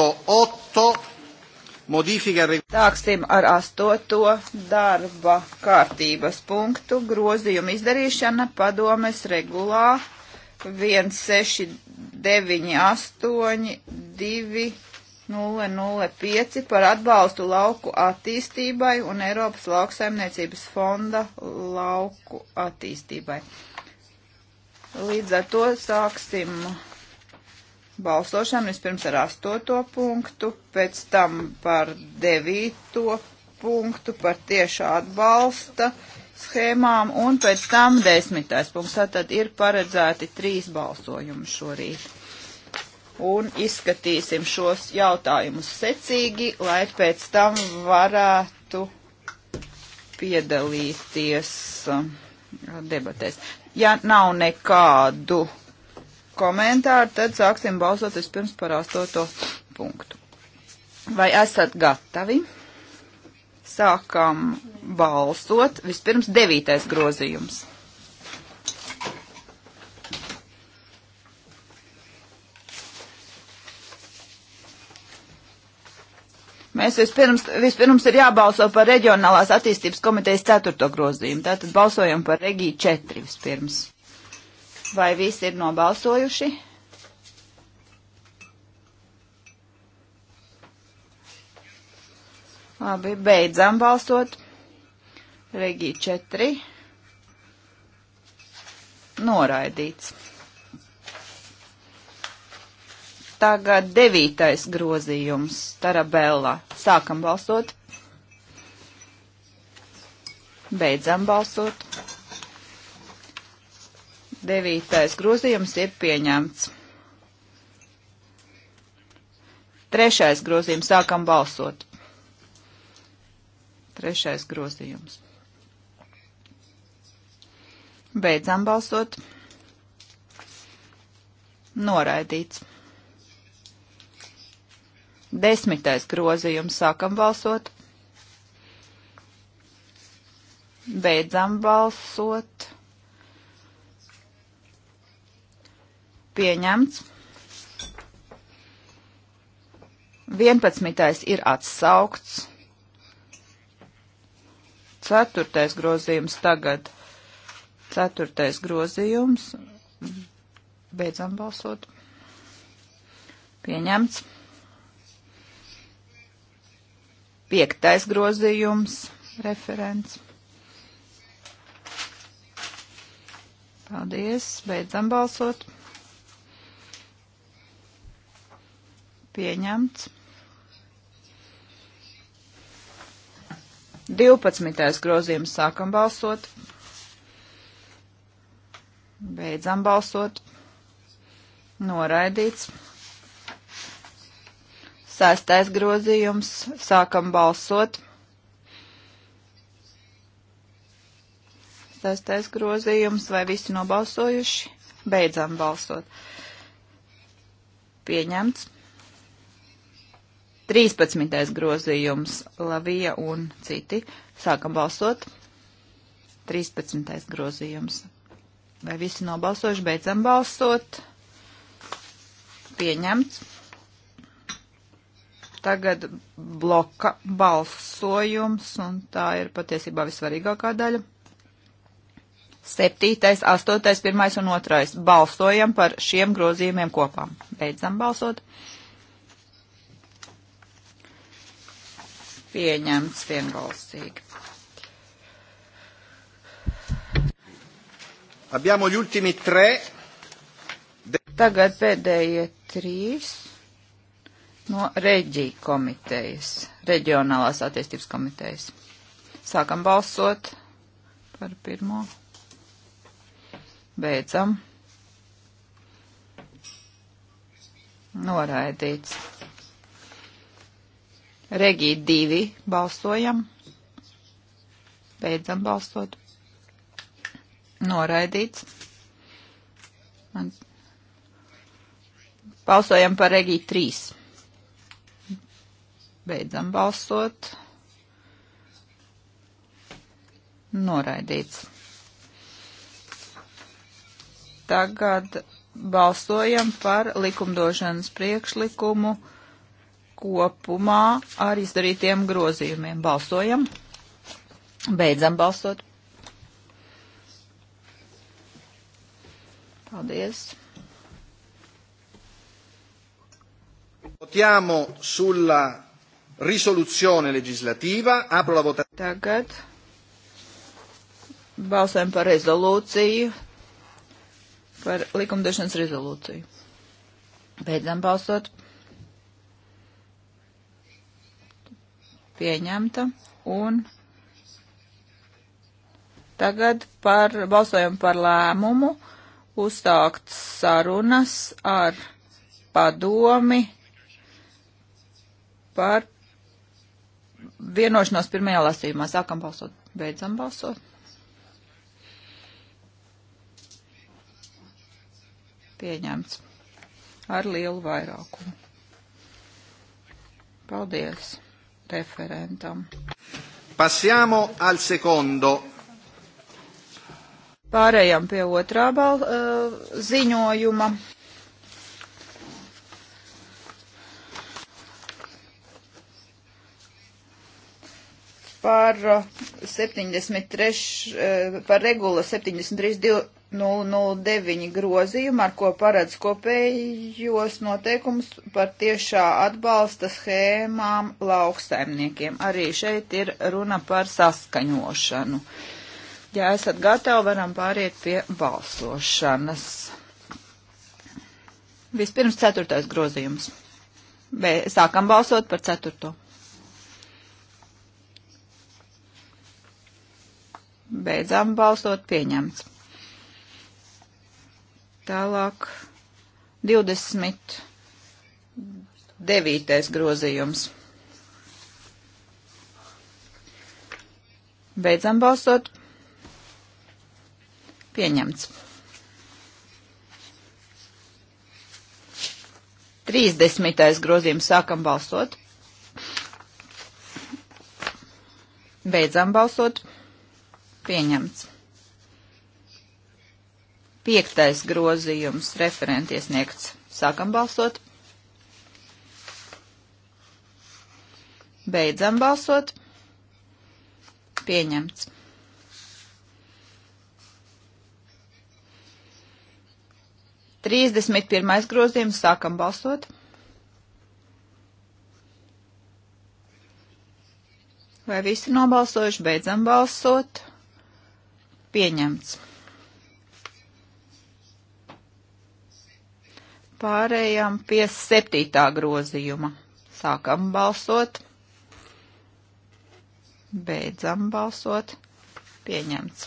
8 modifica Sāksim ar 8. darba kārtības punktu grozījumu izdarīšana padomes regulā 169820005 par atbalstu lauku attīstībai un Eiropas lauksaimniecības fonda lauku attīstībai. Līdz ar to sāksim balsošanu vispirms ar astoto punktu, pēc tam par devīto punktu, par tiešā atbalsta schēmām un pēc tam desmitais punkts. Tātad ir paredzēti trīs balsojumi šorīt. Un izskatīsim šos jautājumus secīgi, lai pēc tam varētu piedalīties uh, debatēs. Ja nav nekādu komentāri, tad sāksim balsot vispirms par astoto punktu. Vai esat gatavi? Sākam balsot. Vispirms devītais grozījums. Mēs vispirms, vispirms ir jābalso par reģionālās attīstības komitejas ceturto grozījumu. Tātad balsojam par Regiju 4 vispirms. Vai visi ir nobalsojuši? Labi, beidzam balsot. Regī 4. Noraidīts. Tagad devītais grozījums Tarabellā. Sākam balsot. Beidzam balsot. Devītais grozījums ir pieņemts. Trešais grozījums. Sākam balsot. Trešais grozījums. Beidzam balsot. Noraidīts. Desmitais grozījums. Sākam balsot. Beidzam balsot. pieņemts. 11. ir atsaukts. 4. grozījums tagad. 4. grozījums. Beidzam balsot. Pieņemts. 5. grozījums. Referents. Paldies. Beidzam balsot. pieņemts. 12. grozījums sākam balsot. Beidzam balsot. Noraidīts. Sestais grozījums. Sākam balsot. Sestais grozījums. Vai visi nobalsojuši? Beidzam balsot. Pieņemts. 13. grozījums Lavija un citi. Sākam balsot. 13. grozījums. Vai visi nobalsojuši? Beidzam balsot. Pieņemts. Tagad bloka balsojums, un tā ir patiesībā visvarīgākā daļa. Septītais, astotais, pirmais un otrais. Balsojam par šiem grozījumiem kopā. Beidzam balsot. Uh, pieņemts vienbalsīgi. Abbiamo gli ultimi tre. Tagad pēdējie trīs no reģī komitejas, reģionālās attīstības komitejas. Sākam balsot par pirmo. Beidzam. Noraidīts. Regī divi balsojam. Beidzam balsot. Noraidīts. Man... Balsojam par Regī trīs. Beidzam balsot. Noraidīts. Tagad balsojam par likumdošanas priekšlikumu kopumā ar izdarītiem grozījumiem. Balsojam. Beidzam balsot. Paldies. Votiamo sulla risoluzione legislativa. Apro la votazione. Tagad balsojam par rezolūciju, par likumdošanas rezolūciju. Beidzam balsot. pieņemta. Un tagad par, balsojam par lēmumu uzsākt sarunas ar padomi par vienošanos pirmajā lasījumā. Sākam balsot, beidzam balsot. Pieņemts ar lielu vairākumu. Paldies! referentam. Passiamo al secondo. Pārējām pie otrā bal, uh, ziņojuma. Par, 73, uh, uh, par regulu 73 009 grozījumu, ar ko paredz kopējos noteikumus par tiešā atbalsta schēmām lauksaimniekiem. Arī šeit ir runa par saskaņošanu. Ja esat gatavi, varam pāriet pie balsošanas. Vispirms ceturtais grozījums. Bē, sākam balsot par ceturto. Beidzām balsot pieņemts. Tālāk 29. grozījums. Beidzam balsot. Pieņemts. 30. grozījums sākam balsot. Beidzam balsot. Pieņemts. Piektais grozījums referenti iesniegts. Sākam balsot. Beidzam balsot. Pieņemts. Trīsdesmit pirmais grozījums. Sākam balsot. Vai visi nobalsojuši? Beidzam balsot. Pieņemts. Pārējām pie septītā grozījuma. Sākam balsot. Beidzam balsot. Pieņemts.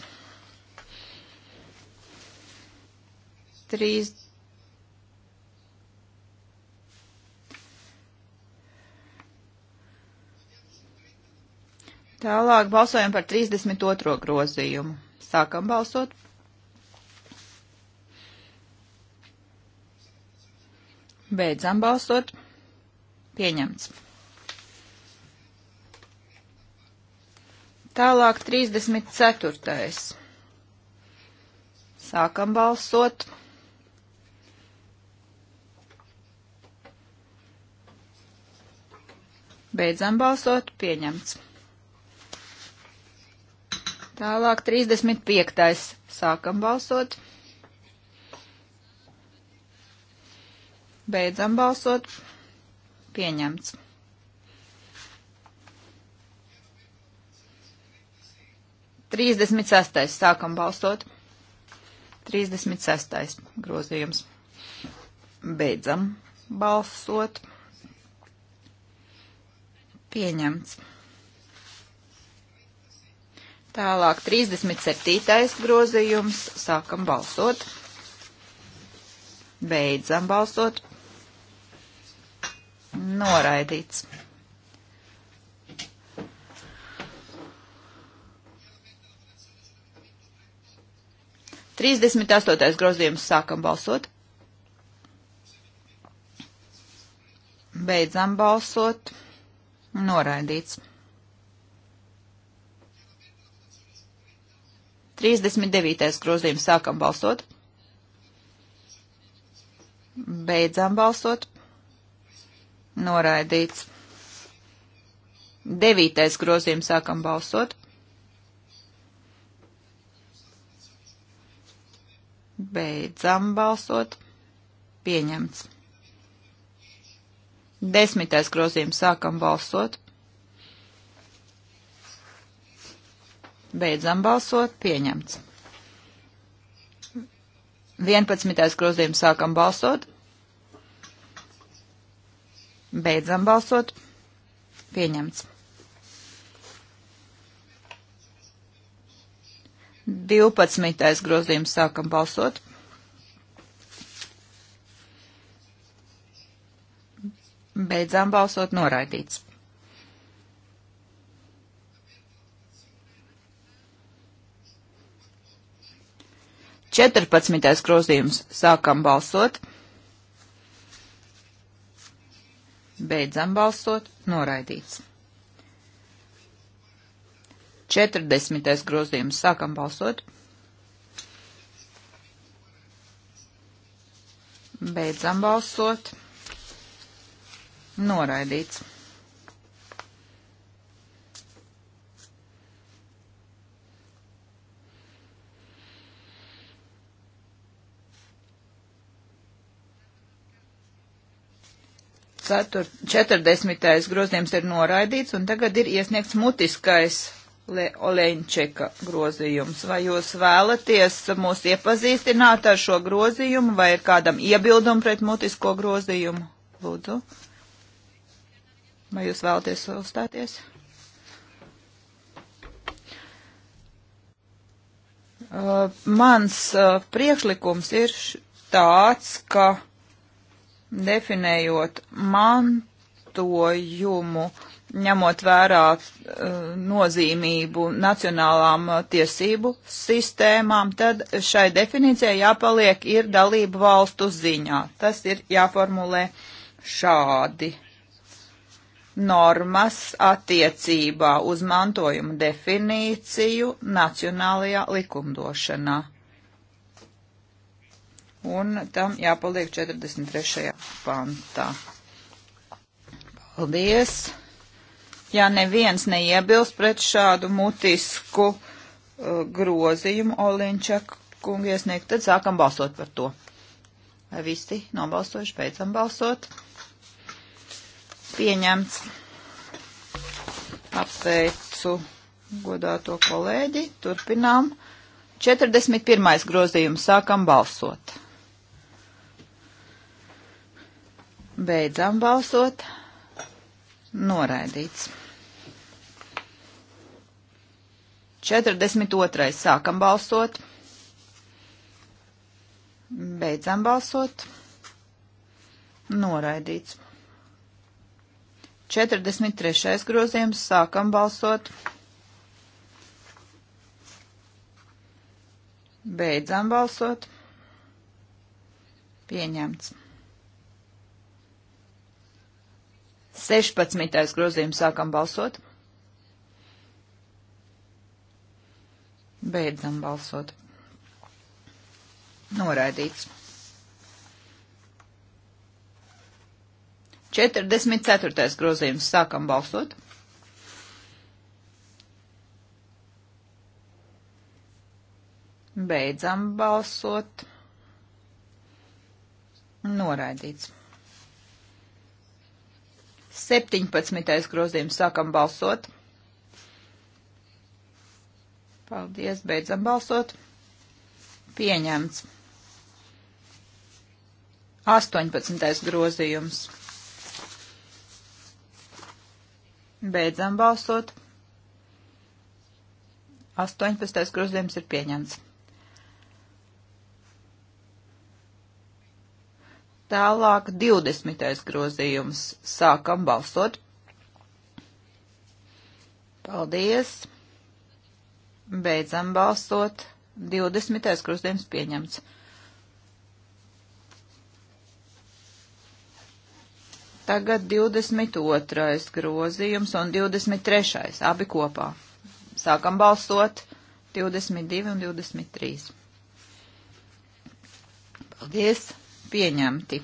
3. Tālāk balsojam par 32. grozījumu. Sākam balsot. Beidzam balsot. Pieņemts. Tālāk 34. Sākam balsot. Beidzam balsot. Pieņemts. Tālāk 35. Sākam balsot. Beidzam balsot. Pieņemts. 36. sākam balsot. 36. grozījums. Beidzam balsot. Pieņemts. Tālāk 37. grozījums. Sākam balsot. Beidzam balsot. Noraidīts. Trīsdesmit astotais grozījums sākam balsot. Beidzam balsot. Noraidīts. 39. grozījums sākam balsot. Beidzam balsot noraidīts. Devītais grozījums sākam balsot. Beidzam balsot. Pieņemts. Desmitais grozījums sākam balsot. Beidzam balsot. Pieņemts. Vienpadsmitais grozījums sākam balsot. Beidzam balsot. Pieņemts. 12. grozījums sākam balsot. Beidzām balsot noraidīts. Četrpadsmitais grozījums sākam balsot. Beidzam balsot. Noraidīts. 40. grozījums. Sākam balsot. Beidzam balsot. Noraidīts. Cetur, 40. grozījums ir noraidīts, un tagad ir iesniegts mutiskais Le, Oleņčeka grozījums. Vai jūs vēlaties mūs iepazīstināt ar šo grozījumu, vai ir kādam iebildumi pret mutisko grozījumu? Lūdzu. Vai jūs vēlaties uzstāties? Uh, mans uh, priekšlikums ir tāds, ka definējot mantojumu, ņemot vērā uh, nozīmību nacionālām uh, tiesību sistēmām, tad šai definīcijai jāpaliek ir dalību valstu ziņā. Tas ir jāformulē šādi. Normas attiecībā uz mantojuma definīciju nacionālajā likumdošanā un tam jāpaliek 43. pantā. Paldies! Ja neviens neiebilst pret šādu mutisku uh, grozījumu Olinčak kungu iesniegt, tad sākam balsot par to. Vai visi nobalsojuši, beidzam balsot? Pieņemts. Apsveicu godāto kolēģi. Turpinām. 41. grozījums. Sākam balsot. Beidzam balsot. Noraidīts. 42. Sākam balsot. Beidzam balsot. Noraidīts. 43. grozījums. Sākam balsot. Beidzam balsot. Pieņemts. 16. grozījums sākam balsot. Beidzam balsot. Noraidīts. 44. grozījums sākam balsot. Beidzam balsot. Noraidīts. 17. grozījums sākam balsot. Paldies, beidzam balsot. Pieņemts. 18. grozījums. Beidzam balsot. 18. grozījums ir pieņemts. Tālāk 20. grozījums. Sākam balsot. Paldies. Beidzam balsot. 20. grozījums pieņemts. Tagad 22. grozījums un 23. abi kopā. Sākam balsot 22 un 23. Paldies! pieņemti.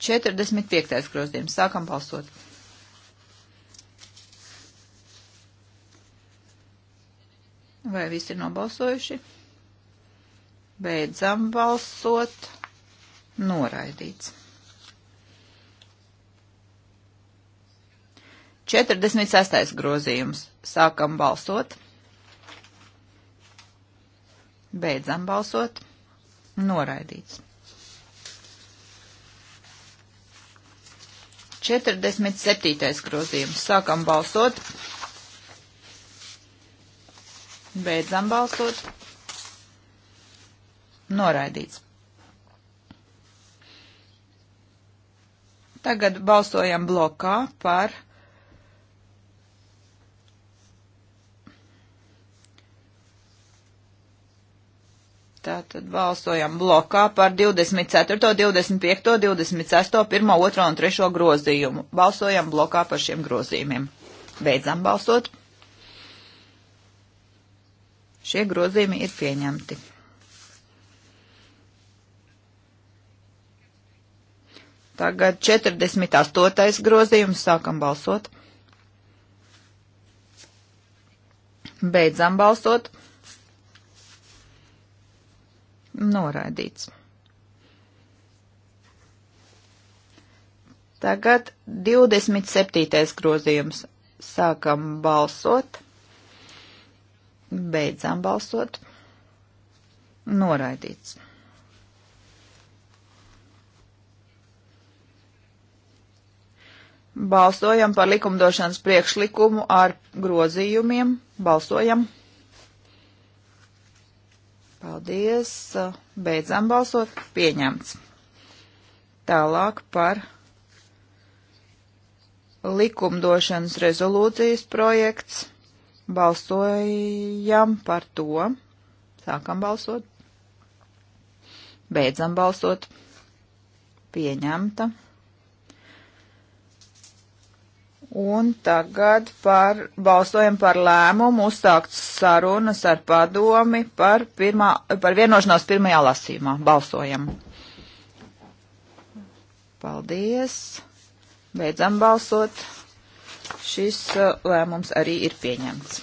45. grozījums. Sākam balsot. Vai visi ir nobalsojuši? Beidzam balsot. Noraidīts. 46. grozījums. Sākam balsot. Beidzam balsot. Noraidīts. 47. grozījums. Sākam balsot. Beidzam balsot. Noraidīts. Tagad balsojam blokā par Tātad balsojam blokā par 24., 25., 26., 1., 2. un 3. grozījumu. Balsojam blokā par šiem grozījumiem. Beidzam balsot. Šie grozījumi ir pieņemti. Tagad 48. grozījums sākam balsot. Beidzam balsot noraidīts. Tagad 27. grozījums. Sākam balsot, beidzam balsot, noraidīts. Balsojam par likumdošanas priekšlikumu ar grozījumiem. Balsojam! Paldies. Beidzam balsot. Pieņemts. Tālāk par likumdošanas rezolūcijas projekts. Balsojam par to. Sākam balsot. Beidzam balsot. Pieņemta. Un tagad par, balsojam par lēmumu uzsākt sarunas ar padomi par, pirmā, par vienošanos pirmajā lasīmā. Balsojam. Paldies. Beidzam balsot. Šis uh, lēmums arī ir pieņemts.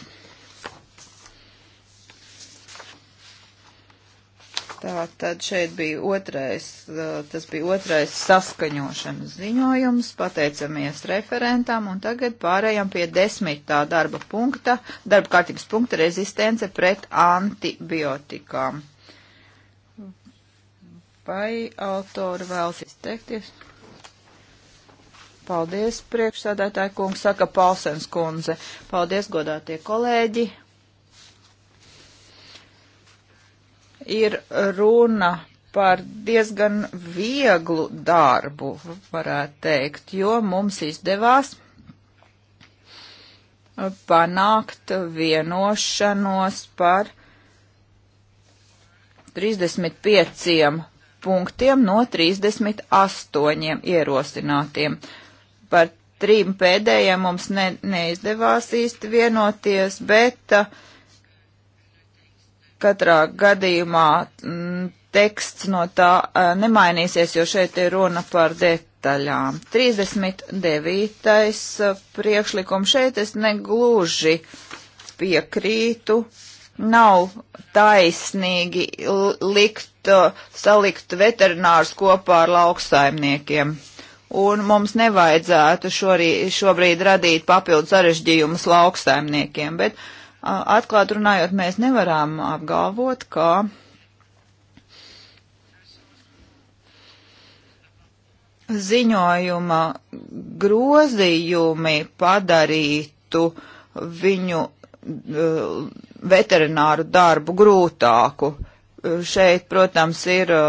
Tā tad šeit bija otrais, tas bija otrais saskaņošanas ziņojums, pateicamies referentam, un tagad pārējām pie desmitā darba punkta, darba kārtības punkta rezistence pret antibiotikām. Vai autori vēlas izteikties? Paldies, priekšsādātāja kungs, saka Palsens kundze. Paldies, godātie kolēģi. ir runa par diezgan vieglu darbu, varētu teikt, jo mums izdevās panākt vienošanos par 35 punktiem no 38 ierosinātiem. Par trim pēdējiem mums ne, neizdevās īsti vienoties, bet uh, Katrā gadījumā m, mm, teksts no tā e, nemainīsies, jo šeit ir runa par detaļām. 39. E, priekšlikums šeit es negluži piekrītu. Nav taisnīgi likt, e, salikt veterinārus kopā ar lauksaimniekiem. Un mums nevajadzētu šorī, šobrīd radīt papildus sarežģījumus lauksaimniekiem, bet uh, Atklāt runājot, mēs nevaram apgalvot, ka ziņojuma grozījumi padarītu viņu e, veterināru darbu grūtāku. E, šeit, protams, ir e,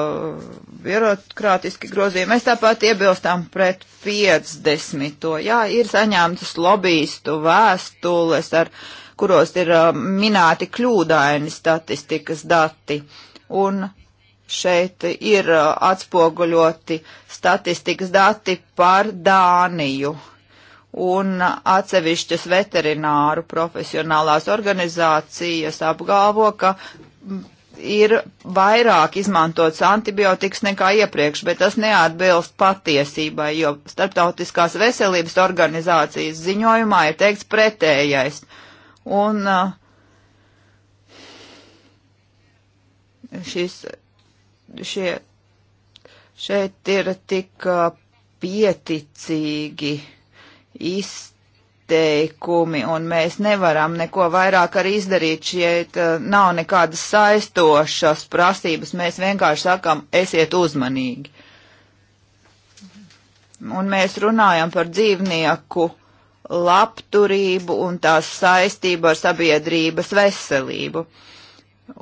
birokrātiski grozījumi. Mēs tāpat iebilstam pret 50. Jā, ir saņemtas lobbyistu vēstules ar uh, kuros ir uh, minēti kļūdaini statistikas dati. Un šeit ir uh, atspoguļoti statistikas dati par Dāniju un atsevišķas veterināru profesionālās organizācijas apgalvo, ka ir vairāk izmantots antibiotikas nekā iepriekš, bet tas neatbilst patiesībai, jo starptautiskās veselības organizācijas ziņojumā ir teikts pretējais. Uh, un šis, šie, šeit ir tik pieticīgi izteikumi, un mēs nevaram neko vairāk arī izdarīt. Šeit nav nekādas saistošas prasības, mēs vienkārši sakam, esiet uzmanīgi. Un mēs runājam par dzīvnieku labturību un tās saistību ar sabiedrības veselību.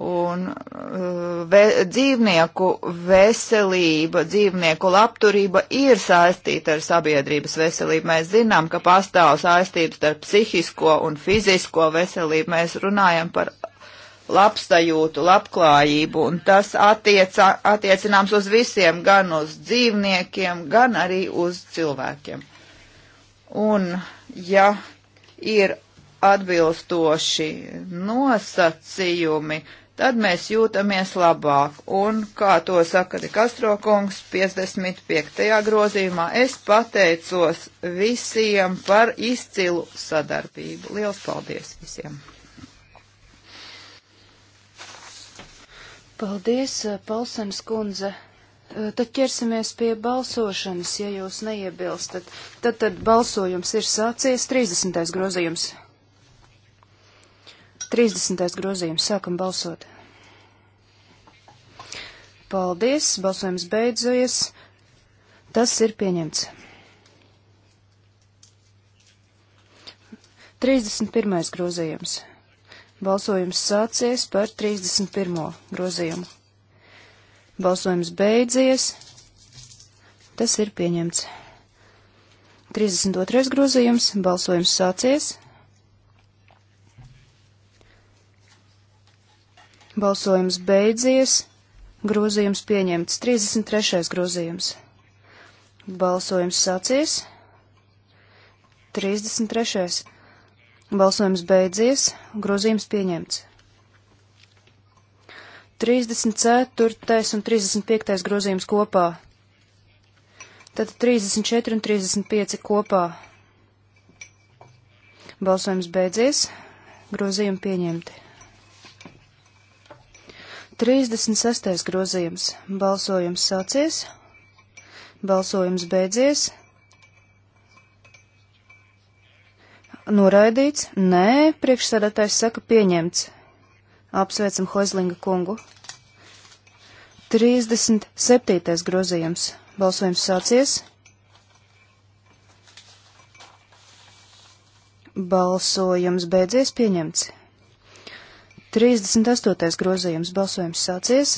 Un uh, ve, dzīvnieku veselība, dzīvnieku labturība ir saistīta ar sabiedrības veselību. Mēs zinām, ka pastāv saistības starp psihisko un fizisko veselību. Mēs runājam par labstajūtu, labklājību, un tas attieca, attiecināms uz visiem, gan uz dzīvniekiem, gan arī uz cilvēkiem. Un uh, ja ir atbilstoši nosacījumi, tad mēs jūtamies labāk. Un, kā to saka Dikastro kungs, 55. grozījumā es pateicos visiem par izcilu sadarbību. Liels paldies visiem! Paldies, Polsens kundze! Eh, tad ķersimies pie balsošanas, ja jūs neiebilstat. Tad, tad balsojums ir sācies 30. grozījums. 30. grozījums. Sākam balsot. Paldies. Balsojums beidzies. Tas ir pieņemts. 31. grozījums. Balsojums sācies par 31. grozījumu. Balsojums beidzies. Tas ir pieņemts. 32. grozījums. Balsojums sācies. Balsojums beidzies. Grozījums pieņemts. 33. grozījums. Balsojums sācies. 33. Balsojums beidzies. Grozījums pieņemts. 34. un 35. grozījums kopā. Tad 34 un 35 kopā. Balsojums beidzies. Grozījumi pieņemti. 36. grozījums. Balsojums sācies. Balsojums beidzies. Noraidīts? Nē, priekšsēdētājs saka pieņemts. Apsveicam Hoizlinga kungu. 37. grozījums. Balsojums sācies. Balsojums beidzies pieņemts. 38. grozījums. Balsojums sācies.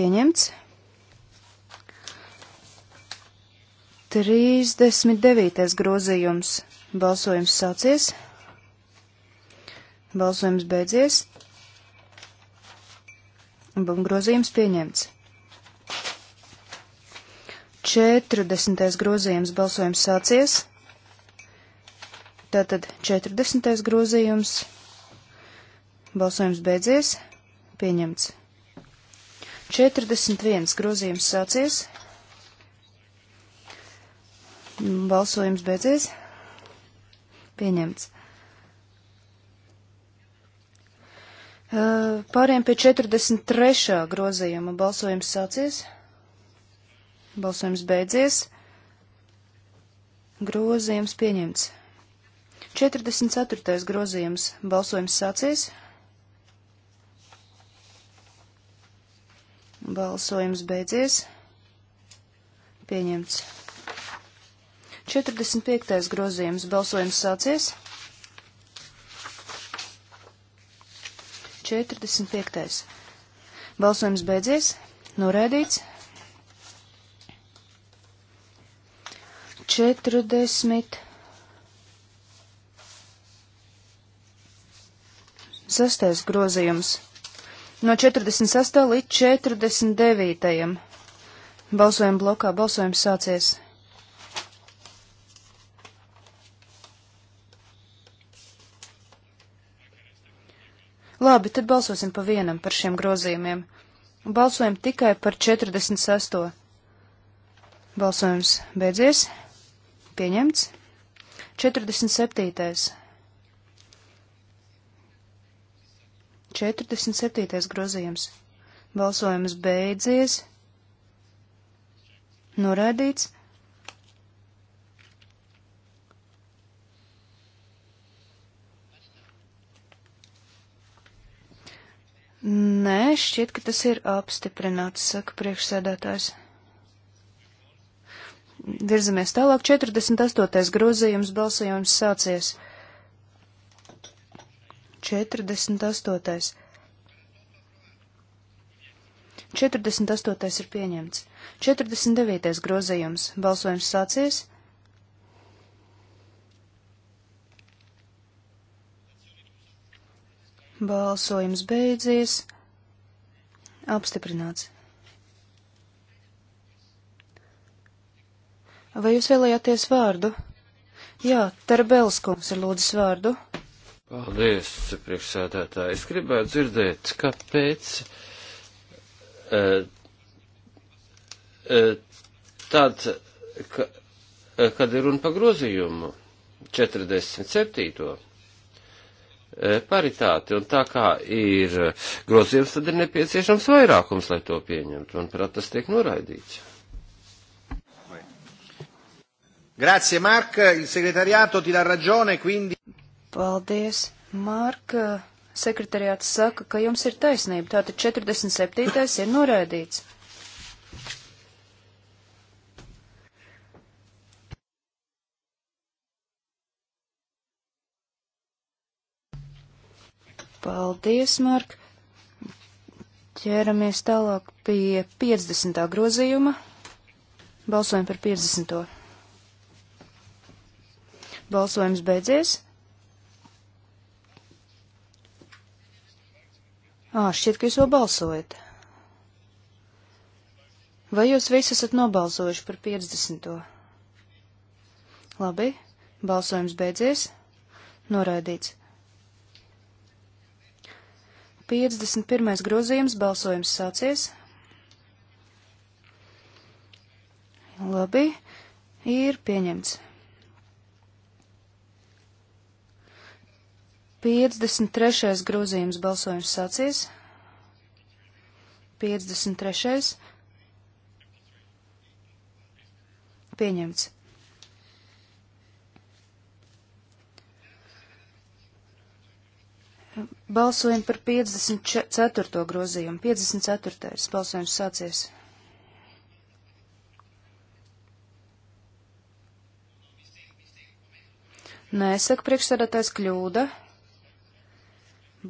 Pieņemts. 39. grozījums. Balsojums sācies. Pieņemts. Balsojums beidzies. Grozījums pieņemts. 40. grozījums balsojums sācies. Tātad 40. grozījums balsojums beidzies. Pieņemts. 41. grozījums sācies. Balsojums beidzies. Pieņemts. Eh, pāriem pie 43. grozījuma balsojums sācies, balsojums beidzies, grozījums pieņemts. 44. grozījums balsojums sācies, balsojums beidzies, pieņemts. 45. grozījums balsojums sācies. 45. Balsojums beidzies. Norēdīts. 40. Sastais grozījums. No 46. līdz 49. Balsojuma blokā balsojums sācies. Labi, tad balsosim pa vienam par šiem grozījumiem. Balsojam tikai par 46. Balsojums beidzies. Pieņemts. 47. 47. grozījums. Balsojums beidzies. Norādīts. Nē, šķiet, ka tas ir apstiprināts, saka priekšsēdētājs. Virzamies tālāk. 48. grozījums balsojums sācies. 48. 48. ir pieņemts. 49. grozījums balsojums sācies. Balsojums beidzies. Apstiprināts. Vai jūs vēlējāties vārdu? Jā, Tarbelskungs ir lūdzis vārdu. Paldies, priekšsēdētāji. Es gribētu dzirdēt, kāpēc uh, uh, tad, ka, uh, kad ir runa par grozījumu 47. E, paritāti, un tā kā ir grozījums, tad ir nepieciešams vairākums, lai to pieņemtu. Manuprāt, tas tiek noraidīts. Grazie, Mark. Il segretariato ti dà ragione, quindi. Paldies, Mark. Sekretariāts saka, ka jums ir taisnība, tātad 47. ir noraidīts. Paldies, Mark. Ķeramies tālāk pie 50. grozījuma. Balsojam par 50. Balsojums beidzies. Ā, šķiet, ka jūs vēl balsojat. Vai jūs visi esat nobalsojuši par 50. Labi, balsojums beidzies. Noraidīts. 51. grozījums balsojums sācies. Labi, ir pieņemts. 53. grozījums balsojums sācies. 53. pieņemts. Balsojam par 54. grozījumu. 54. balsojums sācies. Nē, saka priekšsēdētājs kļūda.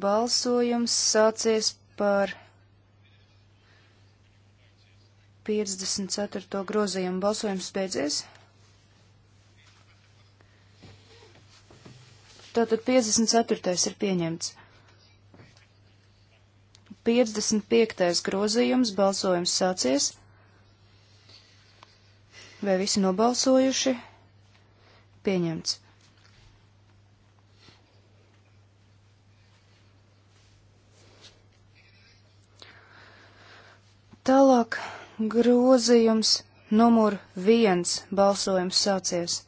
Balsojums sācies par 54. grozījumu. Balsojums beidzies. Tātad 54. ir pieņemts. 55. grozījums, balsojums sācies. Vai visi nobalsojuši? Pieņemts. Tālāk grozījums numur viens balsojums sācies.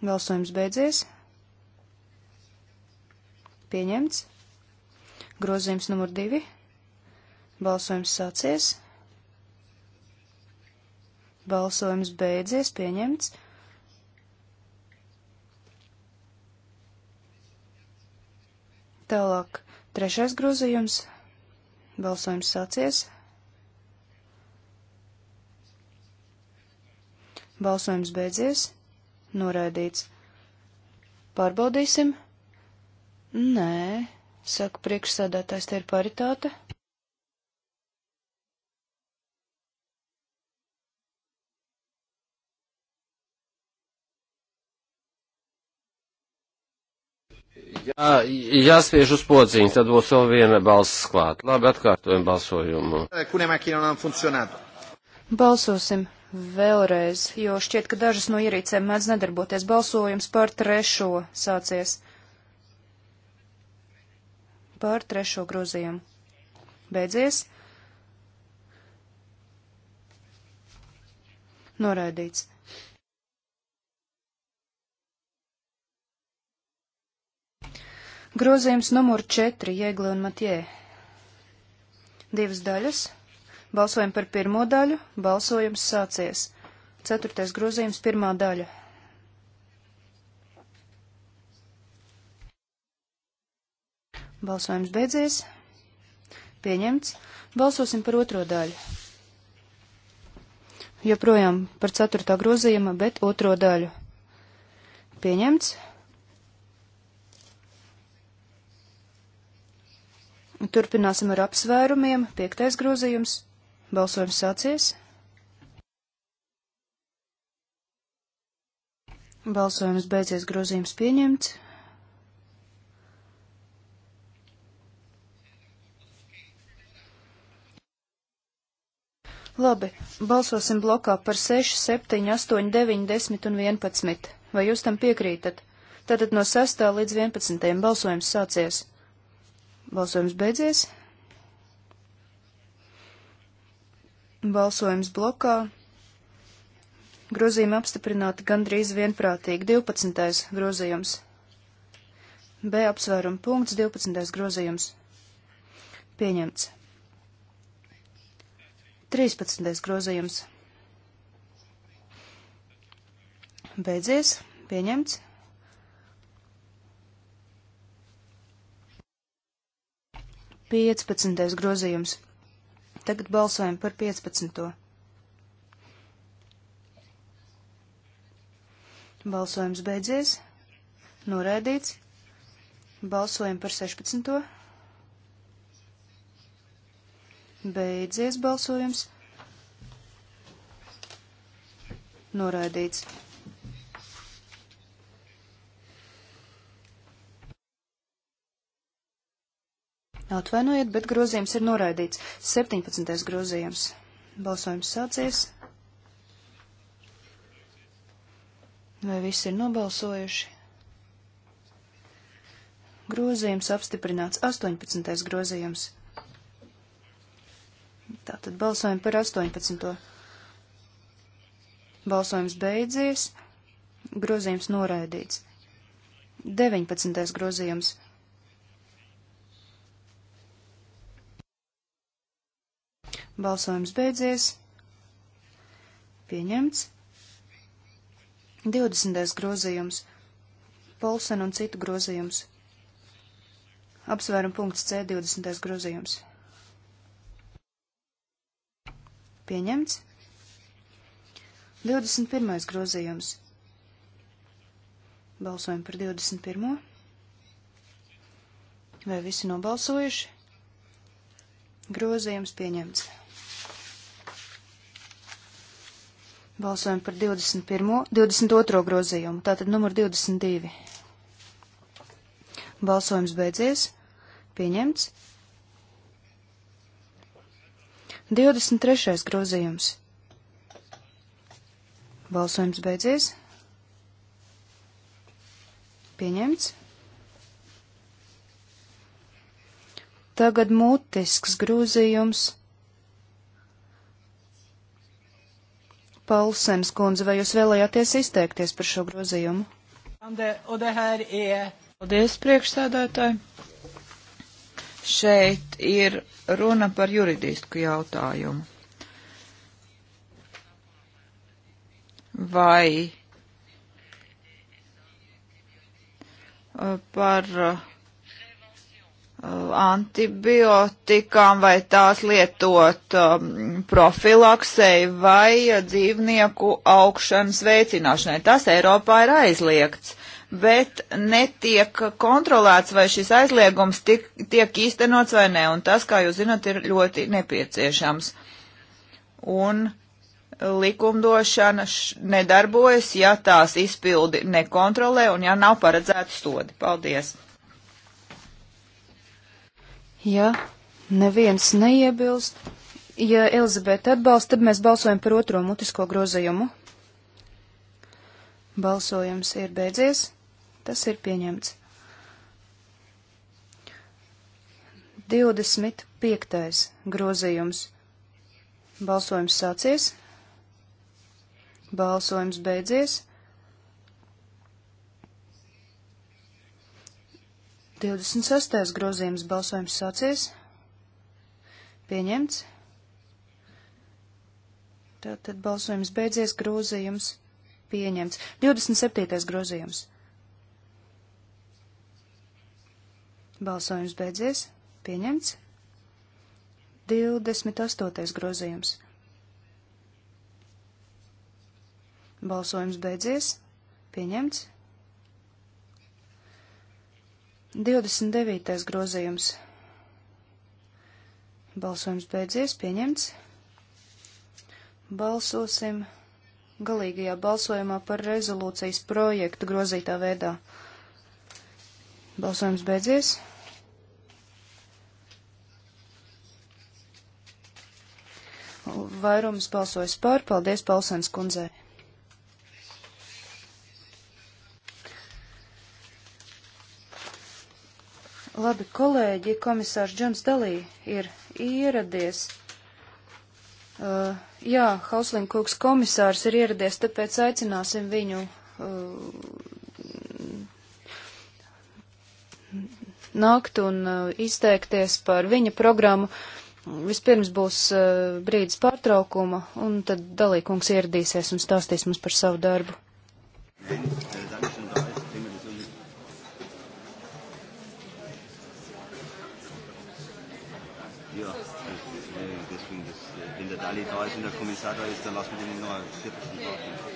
Balsojums beidzies. Pieņemts. Grozījums numur divi. Balsojums sācies. Balsojums beidzies, pieņemts. Tālāk, trešais grozījums. Balsojums sācies. Balsojums beidzies. Noraidīts. Pārbaudīsim? Nē. Saka priekšsādātājs, te ir paritāte. Jā, jāspiež uz pociņu, tad būs vēl viena balss klāt. Labi, atkārtojam balsojumu. Balsosim vēlreiz, jo šķiet, ka dažas no ierīcēm mēdz nedarboties. Balsojums par trešo sācies par trešo grozījumu. Beidzies. Noraidīts. Grozījums numur 4, Jēgle un Matjē. Divas daļas. Balsojam par pirmo daļu. Balsojums sācies. Ceturtais grozījums, pirmā daļa. Balsojums beidzies. Pieņemts. Balsosim par otro daļu. Joprojām par ceturtā grozījuma, bet otro daļu. Pieņemts. Turpināsim ar apsvērumiem. Piektais grozījums. Balsojums sācies. Balsojums beidzies grozījums pieņemts. Labi, balsosim blokā par 6, 7, 8, 9, 10 un 11. Vai jūs tam piekrītat? Tātad no 6. līdz 11. balsojums sācies. Balsojums beidzies. Balsojums blokā. Grozījumi apstiprināti gandrīz vienprātīgi. 12. grozījums. B apsvērumu punkts 12. grozījums. Pieņemts. 13. grozījums. Beidzies, pieņemts. Piecpadsmitais grozījums. Tagad balsojam par piecpadsmito. Balsojums beidzies. Noraidīts. Balsojam par 16. Beidzies balsojums. Noraidīts. Atvainojiet, bet grozījums ir noraidīts. 17. grozījums. Balsojums sācies. Vai visi ir nobalsojuši? Grozījums apstiprināts. 18. grozījums. Tātad balsojam par 18. Balsojums beidzies, grozījums noraidīts. 19. grozījums. Balsojums beidzies, pieņemts. 20. grozījums. Polsen un citu grozījums. Apsvērum punkts C 20. grozījums. Pieņemts. 21. grozījums. Balsojam par 21. Vai visi nobalsojuši? Grozījums pieņemts. Balsojam par 21. 22. grozījumu, tātad numur 22. Balsojums beidzies. Pieņemts. 23. grozījums. Balsojums beidzies. Pieņemts. Tagad mutisks grozījums. Paulsens kundze, vai jūs vēlējāties izteikties par šo grozījumu? E. Paldies, priekšsēdētāji! Šeit ir runa par juridisku jautājumu. Vai eh, par eh, antibiotikām vai tās lietot eh, profilaksei vai dzīvnieku augšanas veicināšanai. Tas Eiropā ir aizliegts bet netiek kontrolēts, vai šis aizliegums tiek, tiek īstenots vai nē, un tas, kā jūs zinat, ir ļoti nepieciešams. Un likumdošana nedarbojas, ja tās izpildi nekontrolē un ja nav paredzēti sodi. Paldies! Ja neviens neiebilst, ja Elizabete atbalsta, tad mēs balsojam par otro mutisko grozījumu. Balsojums ir beidzies. Tas ir pieņemts. 25. grozījums. Balsojums sācies. Balsojums beidzies. 26. grozījums balsojums sācies. Pieņemts. Tātad balsojums beidzies, grozījums pieņemts. 27. grozījums. Balsojums beidzies. Pieņemts. 28. grozījums. Balsojums beidzies. Pieņemts. 29. grozījums. Balsojums beidzies. Pieņemts. Balsosim galīgajā balsojumā par rezolūcijas projektu grozītā veidā. Balsojums beidzies. Vairums balsojas par. Paldies Palsens kundzei. Labi, kolēģi, komisārs Džons Dalī ir ieradies. Uh, jā, Hauslinkungs komisārs ir ieradies, tāpēc aicināsim viņu uh, nākt un uh, izteikties par viņa programmu. Vispirms būs uh, brīdis pārtraukuma, un tad dalīkungs ieradīsies un stāstīs mums par savu darbu. Ja, äh, deswegen, das, äh, wenn der Dali da ist und der Kommissar da ist, dann lassen wir den noch eine Viertelstunde warten.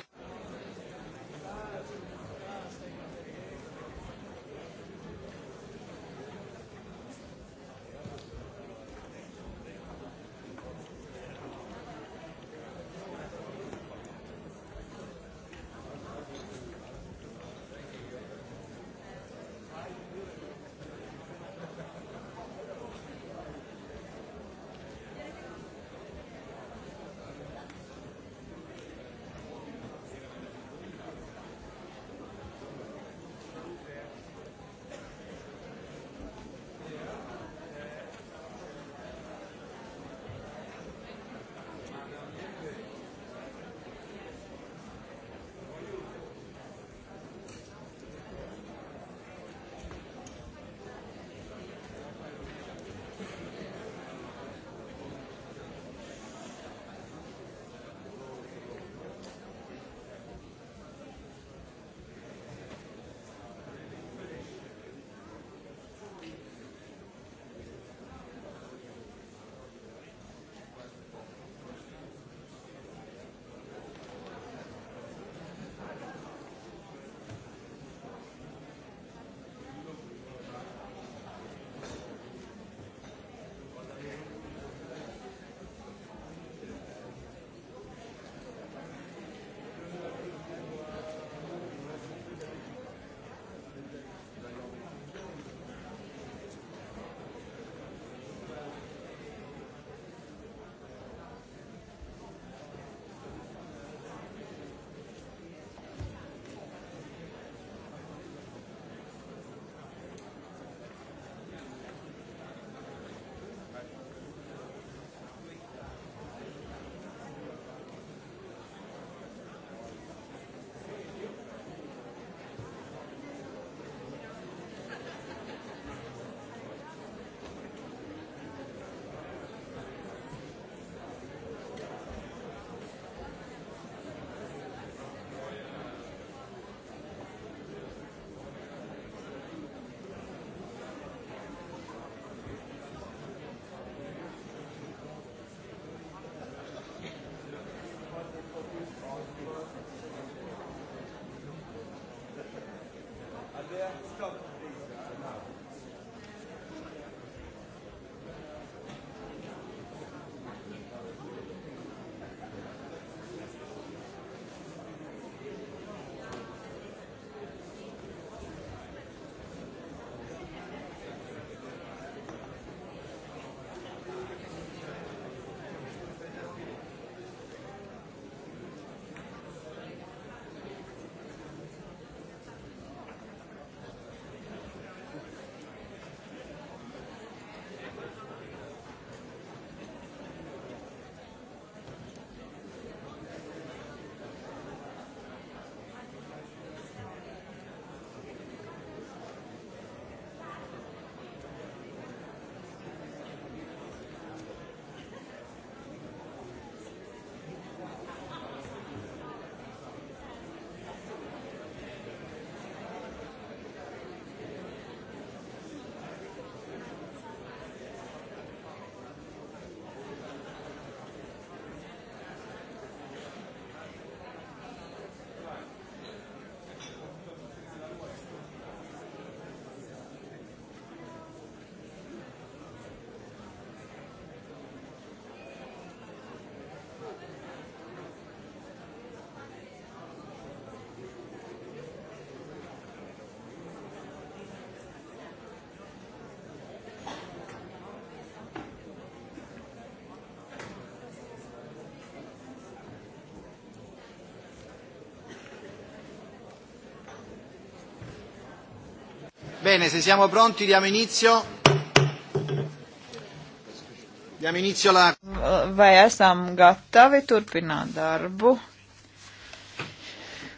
Bene, se siamo pronti diamo inizio. Diamo inizio la... Vai esam gatavi turpināt darbu?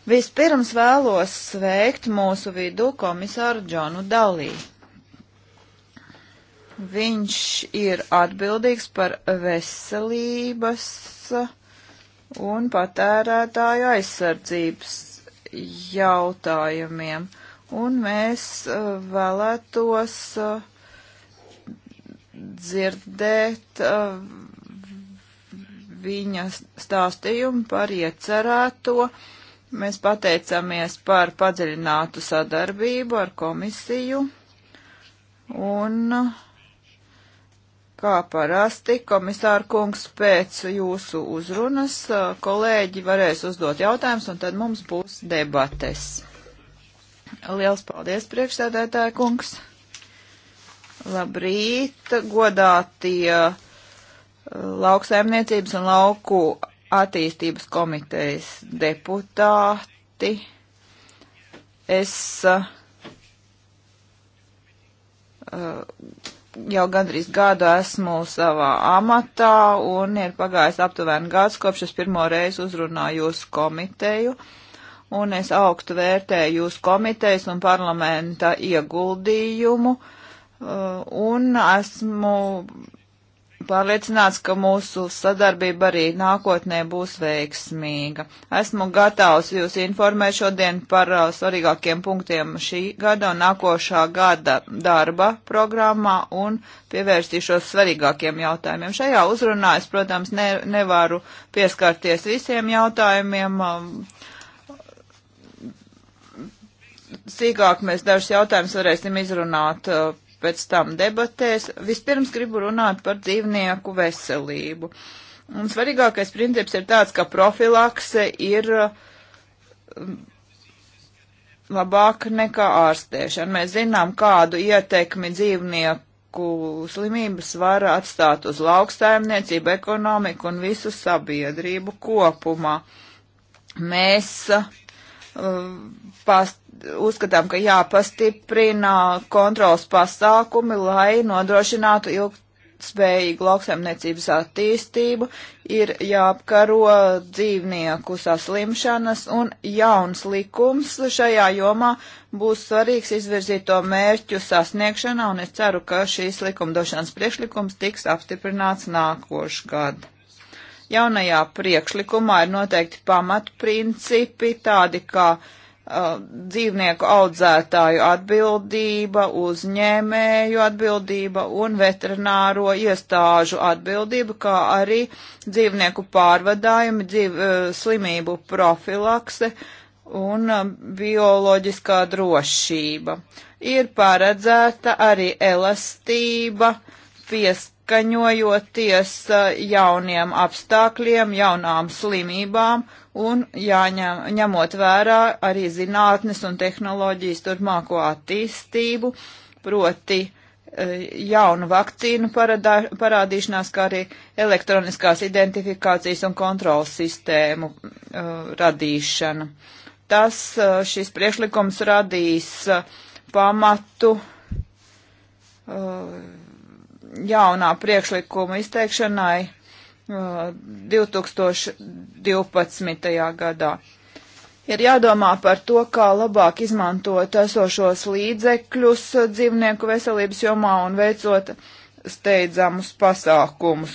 Vispirms vēlos sveikt mūsu vidū komisāru Džonu Dalī. Viņš ir atbildīgs par veselības un patērētāju aizsardzības jautājumiem un mēs uh, vēlētos uh, dzirdēt uh, viņa stāstījumu par iecerēto. Mēs pateicamies par padziļinātu sadarbību ar komisiju un kā parasti komisāra kungs pēc jūsu uzrunas kolēģi varēs uzdot jautājumus un tad mums būs debates. Liels paldies, priekšsēdētāja kungs. Labrīt, godātie eh, lauksaimniecības un lauku attīstības komitejas deputāti. Es uh, jau gandrīz gadu esmu savā amatā un ir pagājis aptuveni gads, kopš es pirmo reizi uzrunāju jūsu komiteju. Uh, un es augstu vērtēju jūsu komitejas un parlamenta ieguldījumu, uh, un esmu pārliecināts, ka mūsu sadarbība arī nākotnē būs veiksmīga. Esmu gatavs jūs informēt šodien par uh, svarīgākiem punktiem šī gada un nākošā gada darba programmā un pievērstīšos svarīgākiem jautājumiem. Šajā uzrunā es, protams, ne, nevaru pieskarties visiem jautājumiem. Uh, sīkāk mēs dažus jautājumus varēsim izrunāt uh, pēc tam debatēs. Vispirms gribu runāt par dzīvnieku veselību. Un svarīgākais princips ir tāds, ka profilakse ir um, labāka nekā ārstēšana. Mēs zinām, kādu ietekmi dzīvnieku slimības var atstāt uz lauksaimniecību, ekonomiku un visu sabiedrību kopumā. Mēs uh, past, uzskatām, ka jāpastiprina kontrols pasākumi, lai nodrošinātu ilgspējīgu lauksaimniecības attīstību, ir jāapkaro dzīvnieku saslimšanas un jauns likums šajā jomā būs svarīgs izvirzīto mērķu sasniegšanā, un es ceru, ka šīs likumdošanas priekšlikums tiks apstiprināts nākošgad. Jaunajā priekšlikumā ir noteikti pamatprincipi, tādi kā uh, dzīvnieku audzētāju atbildība, uzņēmēju atbildība un veterināro iestāžu atbildība, kā arī dzīvnieku pārvadājumi, dzīv, uh, slimību profilakse un uh, bioloģiskā drošība. Ir paredzēta arī elastība piest pieskaņojoties eh, jauniem apstākļiem, jaunām slimībām un jāņem, ņemot vērā arī zinātnes un tehnoloģijas turpmāko attīstību, proti eh, jaunu vakcīnu paradā, parādīšanās, kā arī elektroniskās identifikācijas un kontrolas sistēmu uh, radīšana. Tas uh, šis priekšlikums radīs uh, pamatu uh, jaunā priekšlikuma izteikšanai uh, 2012. gadā. Ir jādomā par to, kā labāk izmantot esošos līdzekļus dzīvnieku veselības jomā un veicot steidzamus pasākumus.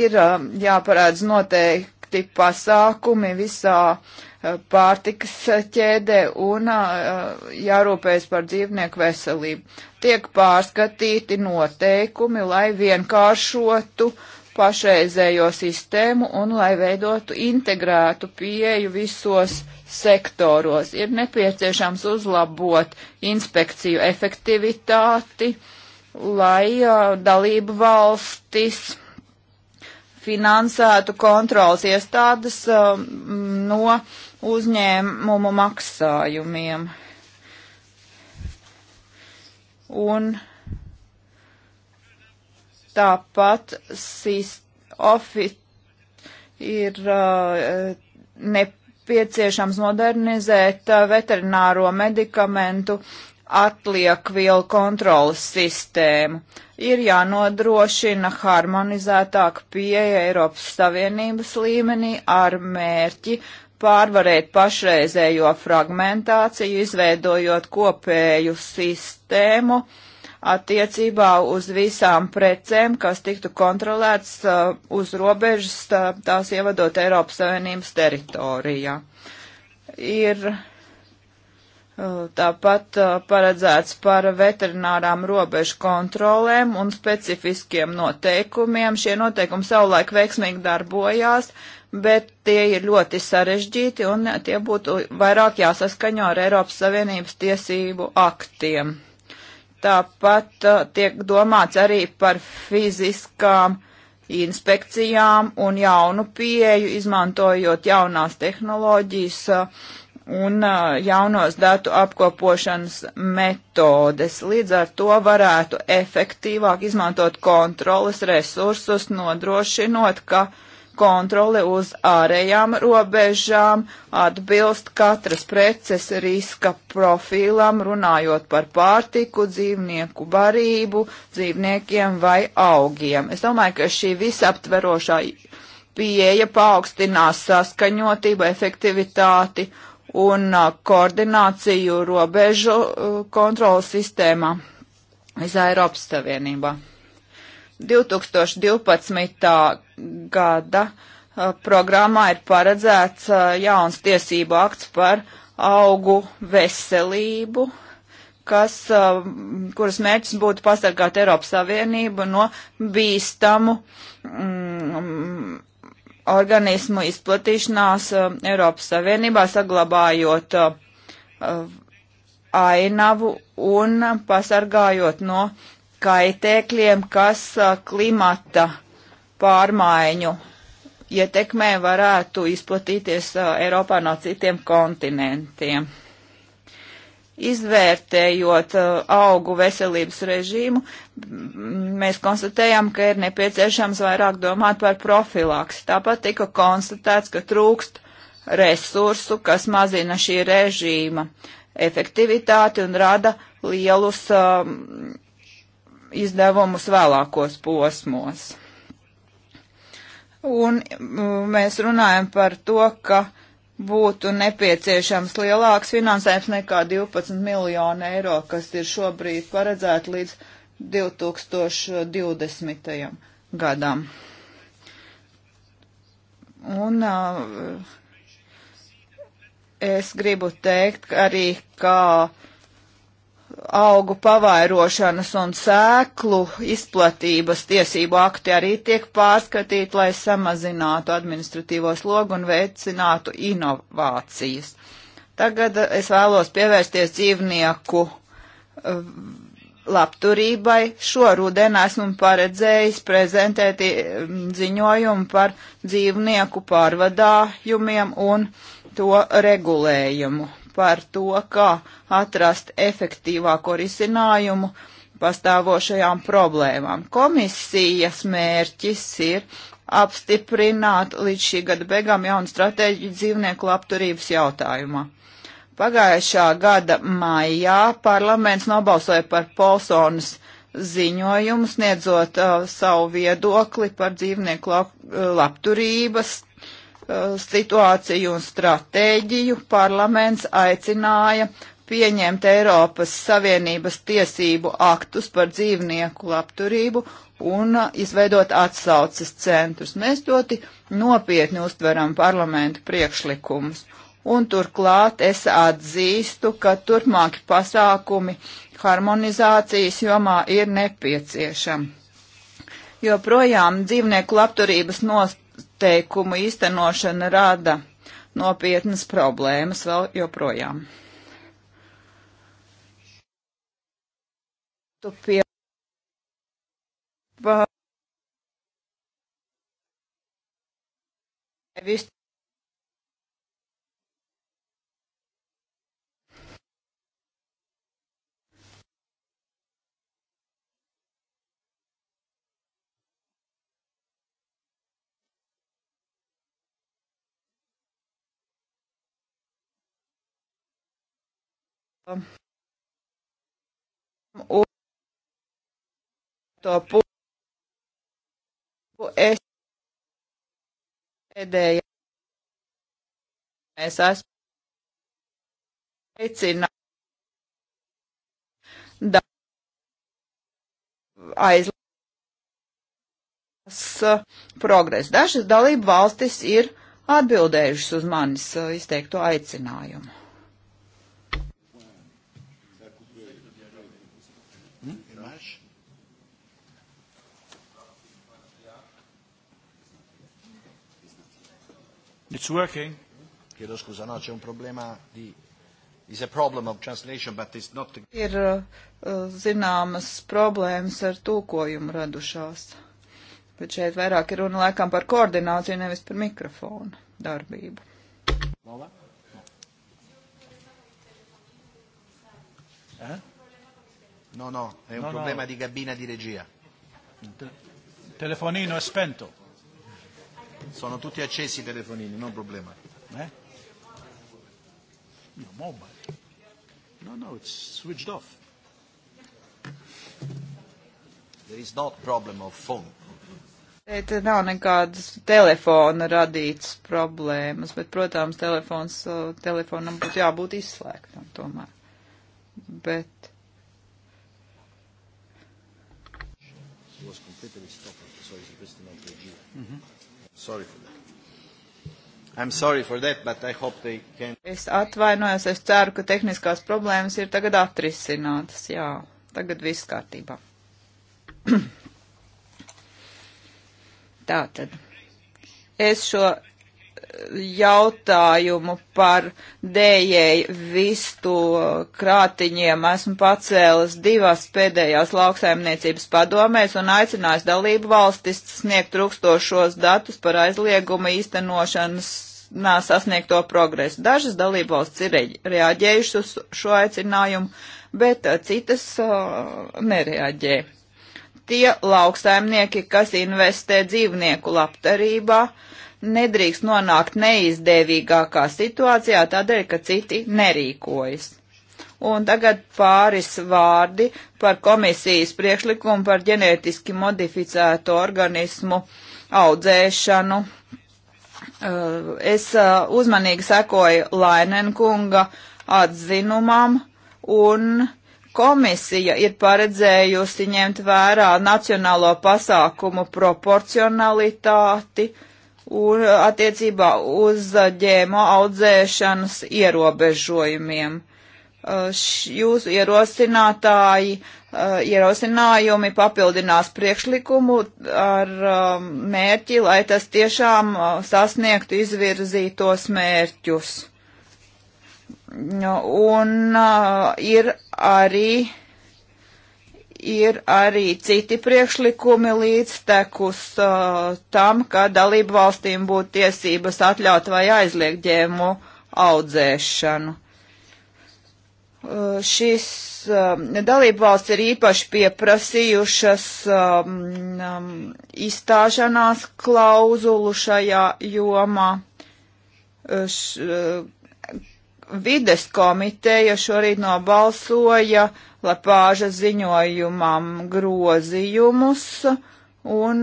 Ir uh, jāparādz noteikti pasākumi visā uh, pārtikas ķēdē un jārūpējas par dzīvnieku veselību. Tiek pārskatīti noteikumi, lai vienkāršotu pašreizējo sistēmu un lai veidotu integrētu pieeju visos sektoros. Ir nepieciešams uzlabot inspekciju efektivitāti, lai uh, dalību valstis finansētu kontrols iestādes uh, no uzņēmumu maksājumiem. Un tāpat ofit ir uh, nepieciešams modernizēt uh, veterināro medikamentu atliekvielu kontrolas sistēmu. Ir jānodrošina harmonizētāka pieeja Eiropas Savienības līmenī ar mērķi pārvarēt pašreizējo fragmentāciju, izveidojot kopēju sistēmu attiecībā uz visām precēm, kas tiktu kontrolēts uh, uz robežas tā, tās ievadot Eiropas Savienības teritorijā. Ir uh, tāpat uh, paredzēts par veterinārām robežu kontrolēm un specifiskiem noteikumiem. Šie noteikumi savulaik veiksmīgi darbojās, uh, bet tie ir ļoti sarežģīti un tie būtu vairāk jāsaskaņo ar Eiropas Savienības tiesību aktiem. Tāpat uh, tiek domāts arī par fiziskām inspekcijām un jaunu pieeju, izmantojot jaunās tehnoloģijas uh, un uh, jaunos datu apkopošanas metodes. Līdz ar to varētu efektīvāk izmantot kontrolas resursus, nodrošinot, ka uh, kontrole uz ārējām robežām atbilst katras preces riska profilam, runājot par pārtiku, dzīvnieku barību, dzīvniekiem vai augiem. Es domāju, ka šī visaptverošā pieeja paaugstinās saskaņotību, efektivitāti un koordināciju robežu kontrolas sistēmā visā Eiropas Savienībā. 2012. gada uh, programmā ir paredzēts uh, jauns tiesību akts par augu veselību, kas, uh, kuras mērķis būtu pasargāt Eiropas Savienību no bīstamu mm, organismu izplatīšanās Eiropas Savienībā, saglabājot ainavu un pasargājot no uh, kaitēkļiem, kas klimata pārmaiņu ietekmē varētu izplatīties Eiropā no citiem kontinentiem. Izvērtējot augu veselības režīmu, mēs konstatējām, ka ir nepieciešams vairāk domāt par profilaks. Tāpat tika konstatēts, ka trūkst resursu, kas mazina šī režīma efektivitāti un rada lielus um, izdevumus vēlākos posmos. Un mm, mēs runājam par to, ka būtu nepieciešams lielāks finansējums nekā 12 miljonu eiro, kas ir šobrīd paredzēti līdz 2020. gadam. Un uh, es gribu teikt arī, ka uh, augu pavairošanas un sēklu izplatības tiesību akti arī tiek pārskatīti, lai samazinātu administratīvo slogu un veicinātu inovācijas. Tagad es vēlos pievērsties dzīvnieku eh, labturībai. Šo rudenu esmu paredzējis prezentēt eh, ziņojumu par dzīvnieku pārvadājumiem un to regulējumu par to, kā atrast efektīvāko risinājumu pastāvošajām problēmām. Komisijas mērķis ir apstiprināt līdz šī gada beigām jaunu stratēģiju dzīvnieku labturības jautājumā. Pagājušā gada maijā parlaments nobalsoja par Polsonas ziņojumu, sniedzot uh, savu viedokli par dzīvnieku lab uh, labturības Eh, situāciju un stratēģiju parlaments aicināja pieņemt Eiropas Savienības tiesību aktus par dzīvnieku labturību un izveidot atsauces centrus. Mēs ļoti nopietni uztveram parlamentu priekšlikumus. Un turklāt es atzīstu, ka turpmāki pasākumi harmonizācijas jomā ir nepieciešami. Jo projām dzīvnieku labturības nos noteikumu īstenošana rada nopietnas problēmas vēl joprojām. Tu pie visu Un to pušu es pēdējā. Es esmu aicinājis da aizlās uh, progres. Dažas dalību valstis ir atbildējušas uz manis uh, izteikto aicinājumu. It's working. Chiedo scusa, no, c'è un problema di is a problem of translation, but it's not. The... Ir uh, zināmas problēmas ar tūkojumu radušās, bet šeit vairāk ir runa laikam par koordināciju, nevis par mikrofonu darbību. Lola? Eh? No, no, è un no, problema no. di cabina di regia. Te- telefonino è spento. Sono tutti accesi i telefonini, non problema. Eh? Your mobile. No, no, it's switched off. There is no problem of phone. Šeit nav nekādas telefona radītas problēmas, bet, protams, telefons, telefonam būtu jābūt izslēgtam tomēr. Bet. Mm -hmm. Sorry for that. I'm sorry for that, but I hope they can. Es atvainojos, es ceru, ka tehniskās problēmas ir tagad atrisinātas. Jā, tagad viss kārtībā. Tātad. Es šo jautājumu par dējēju vistu krātiņiem esmu pacēlis divās pēdējās lauksaimniecības padomēs un aicinājis dalību valstis sniegt trūkstošos datus par aizliegumu īstenošanas nā, sasniegto progresu. Dažas dalību valsts ir reaģējušas uz šo aicinājumu, bet uh, citas uh, nereaģē. Tie lauksaimnieki, kas investē dzīvnieku labdarībā, uh, nedrīkst nonākt neizdevīgākā situācijā tādēļ, ka citi nerīkojas. Un tagad pāris vārdi par komisijas priekšlikumu par ģenētiski modificētu organismu audzēšanu. Uh, es uh, uzmanīgi sekoju Lainenkunga atzinumam un komisija ir paredzējusi ņemt vērā nacionālo pasākumu proporcionalitāti, uh, un uh, attiecībā uz uh, ģēmo audzēšanas ierobežojumiem. Uh, jūsu ierosinātāji, ierosinājumi papildinās priekšlikumu ar um, mērķi, lai tas tiešām sasniegtu izvirzītos mērķus. Nu, un ir arī ir arī citi priekšlikumi līdztekus uh, tam, ka dalību valstīm būtu tiesības atļaut vai aizliegt ģēmu audzēšanu. Uh, šis uh, dalību valsts ir īpaši pieprasījušas um, um, izstāšanās klauzulu šajā jomā. Uh, š, uh, vides komiteja šorīt nobalsoja uh, Lapāža ziņojumam grozījumus. Un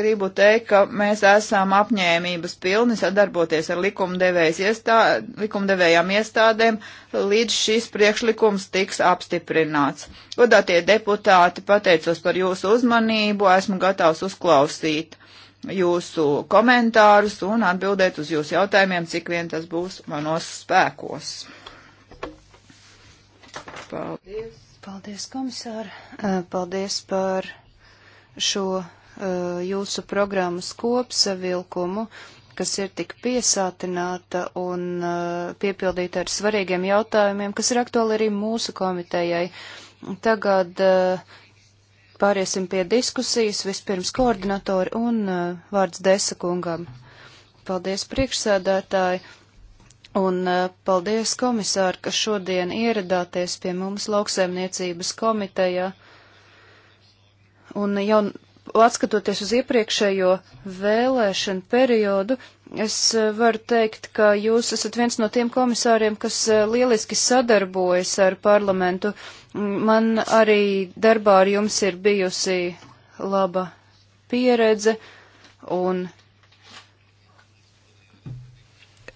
gribu teikt, ka mēs esam apņēmības pilni sadarboties ar iestā, likumdevējām iestādēm, līdz šis priekšlikums tiks apstiprināts. Godātie deputāti, pateicos par jūsu uzmanību, esmu gatavs uzklausīt jūsu komentārus un atbildēt uz jūsu jautājumiem, cik vien tas būs manos spēkos. Paldies. Paldies, komisār. Paldies par šo jūsu programmas kopsavilkumu, kas ir tik piesātināta un piepildīta ar svarīgiem jautājumiem, kas ir aktuāli arī mūsu komitejai. Tagad pāriesim pie diskusijas. Vispirms koordinatori un vārds Desa kungam. Paldies, priekšsēdētāji. Un uh, paldies, komisāri, ka šodien ieradāties pie mums lauksaimniecības komitejā. Un jau atskatoties uz iepriekšējo vēlēšanu periodu, es uh, varu teikt, ka jūs esat viens no tiem komisāriem, kas uh, lieliski sadarbojas ar parlamentu. Man arī darbā ar jums ir bijusi laba pieredze, un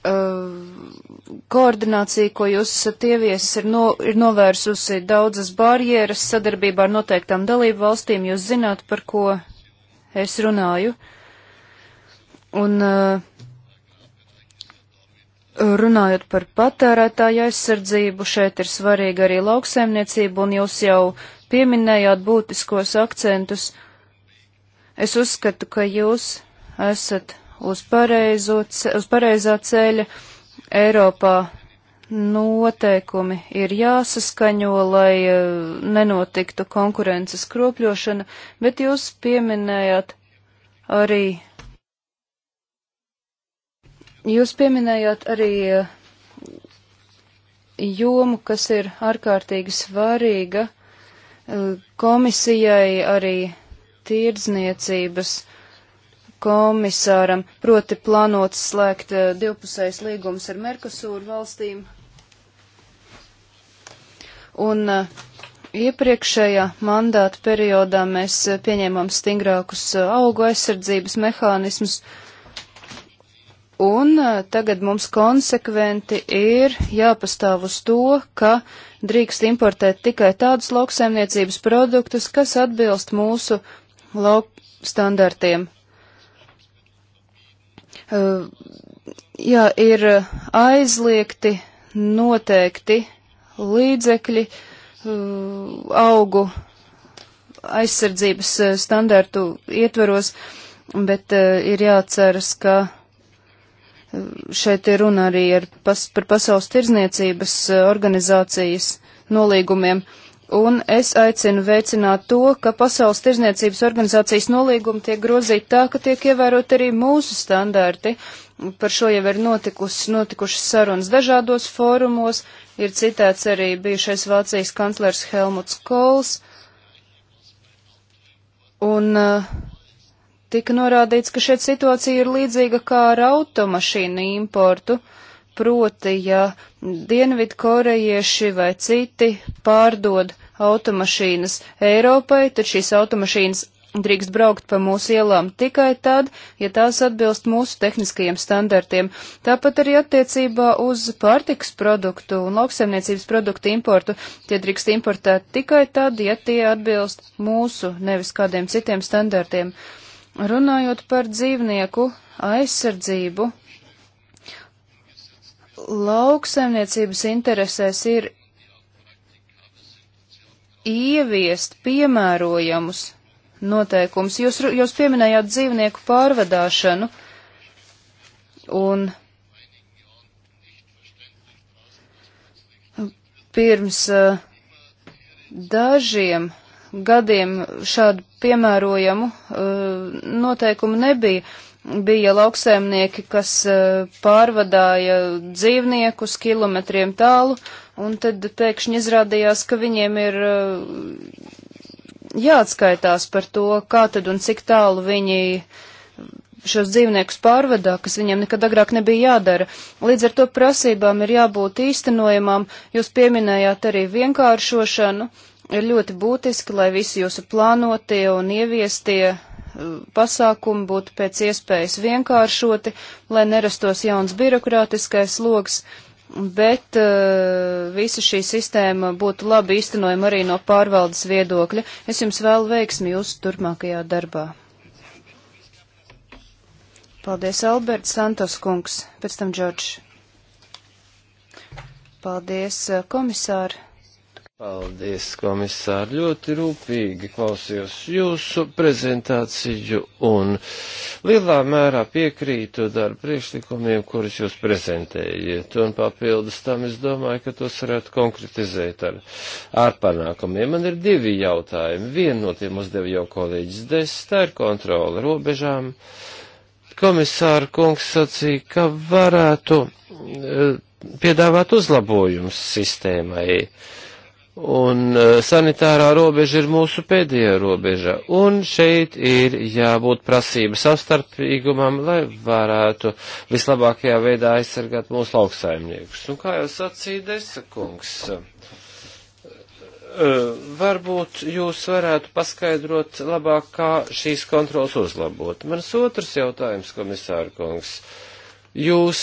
Uh, koordinācija, ko jūs esat ieviesis, ir, no, ir novērsusi daudzas barjeras sadarbībā ar noteiktām dalību valstīm. Jūs zināt, par ko es runāju. Un uh, runājot par patērētāju aizsardzību, šeit ir svarīga arī lauksaimniecība, un jūs jau pieminējāt būtiskos akcentus. Es uzskatu, ka jūs esat uz, pareizo, uz pareizā ceļa. Eiropā noteikumi ir jāsaskaņo, lai e, nenotiktu konkurences kropļošana, bet jūs pieminējāt arī. Jūs pieminējāt arī e, jomu, kas ir ārkārtīgi svarīga e, komisijai arī tirdzniecības komisāram, proti plānot slēgt eh, divpusējs līgums ar Merkosūru valstīm. Un eh, iepriekšējā mandāta periodā mēs eh, pieņēmām stingrākus augu aizsardzības mehānismus, un tagad mums konsekventi ir jāpastāv uz to, ka drīkst importēt tikai tādus lauksaimniecības produktus, kas atbilst mūsu lauk standartiem. Eh, jā, ir aizliegti noteikti līdzekļi eh, augu aizsardzības eh, standartu ietveros, bet ir jāceras, ka šeit ir runa arī ar pas, par pasaules tirzniecības organizācijas nolīgumiem. Uh, un es aicinu veicināt to, ka Pasaules tirzniecības organizācijas nolīgumi tiek grozīti tā, ka tiek ievērot arī mūsu standarti. Par šo jau ir notikusi, notikušas sarunas dažādos fórumos, ir citēts arī bijušais Vācijas kanclers Helmuts Kols, un uh, tika norādīts, ka šeit situācija ir līdzīga kā ar automašīnu importu proti, ja Dienvidkorejieši vai citi pārdod automašīnas Eiropai, tad šīs automašīnas drīkst braukt pa mūsu ielām tikai tad, ja tās atbilst mūsu tehniskajiem standartiem. Tāpat arī attiecībā uz pārtiks produktu un lauksaimniecības produktu importu tie drīkst importēt tikai tad, ja tie atbilst mūsu, nevis kādiem citiem standartiem. Runājot par dzīvnieku aizsardzību, lauksaimniecības interesēs ir ieviest piemērojamus noteikumus. Jūs, jūs pieminējāt dzīvnieku pārvedāšanu un pirms uh, dažiem gadiem šādu piemērojamu uh, noteikumu nebija. Bija lauksēmnieki, kas uh, pārvadāja dzīvniekus kilometriem tālu Un tad pēkšņi izrādījās, ka viņiem ir eh, jāatskaitās par to, kā tad un cik tālu viņi šos dzīvniekus pārvedā, kas viņiem nekad agrāk nebija jādara. Līdz ar to prasībām ir jābūt īstenojamām. Jūs pieminējāt arī vienkāršošanu. Ir ļoti būtiski, lai visi jūsu plānotie un ieviestie eh, pasākumi būtu pēc iespējas vienkāršoti, lai nerastos jauns birokrātiskais loks. Uh, bet uh, visa šī sistēma būtu labi iztenojama arī no pārvaldes viedokļa. Es jums vēlu veiksmi jūsu turpmākajā darbā. Paldies, Alberts Santos kungs, pēc tam Džordžs. Paldies, uh, komisāri. Paldies, komisār. Ļoti rūpīgi klausījos jūsu prezentāciju un lielā mērā piekrītu darba priekšlikumiem, kurus jūs prezentējiet. Un papildus tam es domāju, ka tos varētu konkretizēt ar, ar panākumiem. Man ir divi jautājumi. Vienu no tiem uzdeva jau kolēģis Des, tā ir kontrola robežām. Komisāra kungs sacīja, ka varētu eh, piedāvāt uzlabojumus sistēmai. Ja Un eh, sanitārā robeža ir mūsu pēdējā robeža. Un šeit ir jābūt prasība savstarpīgumam, lai varētu vislabākajā veidā aizsargāt mūsu lauksaimniekus. Un kā jau sacīja Desakungs, eh, varbūt jūs varētu paskaidrot labāk, kā šīs kontrols uzlabot. Mans otrs jautājums, komisāra kungs. Jūs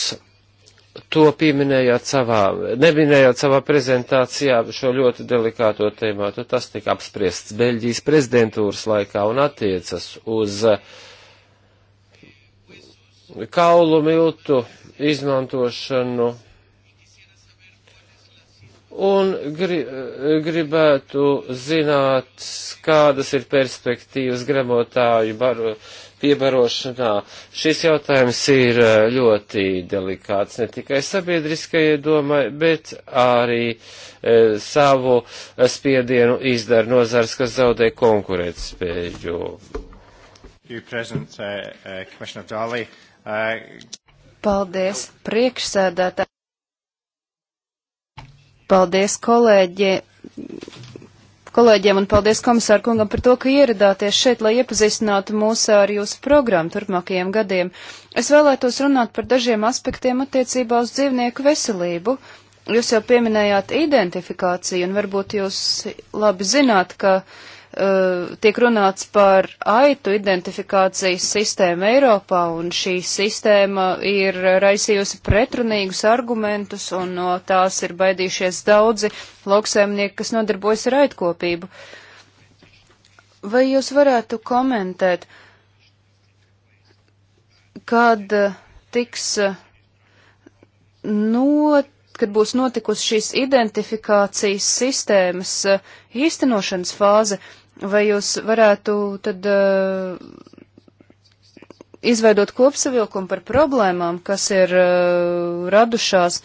to pieminējāt savā, neminējāt savā prezentācijā šo ļoti delikāto tēmātu. Tas tika apspriests Beļģijas prezidentūras laikā un attiecas uz eh, kaulu miltu izmantošanu. Un gri, eh, gribētu zināt, kādas ir perspektīvas gramotāju baru piebarošanā. Šis jautājums ir eh, ļoti delikāts ne tikai sabiedriskajai domai, bet arī e, savu eh, spiedienu izdara nozars, kas zaudē konkurētspēju. Uh, uh, uh, Paldies, priekšsēdētāji. Paldies, kolēģi kolēģiem un paldies komisāru kungam par to, ka ieradāties šeit, lai iepazīstinātu mūs ar jūsu programmu turpmākajiem gadiem. Es vēlētos runāt par dažiem aspektiem attiecībā uz dzīvnieku veselību. Jūs jau pieminējāt identifikāciju un varbūt jūs labi zināt, ka uh, uh, tiek runāts par aitu identifikācijas sistēmu Eiropā, un šī sistēma ir raisījusi pretrunīgus argumentus, un no tās ir baidījušies daudzi lauksēmnieki, kas nodarbojas ar aitkopību. Vai jūs varētu komentēt, kad tiks eh, not kad būs notikusi šīs identifikācijas sistēmas eh, īstenošanas fāze, vai jūs varētu tad eh, izveidot kopsavilkumu par problēmām, kas ir eh, radušās,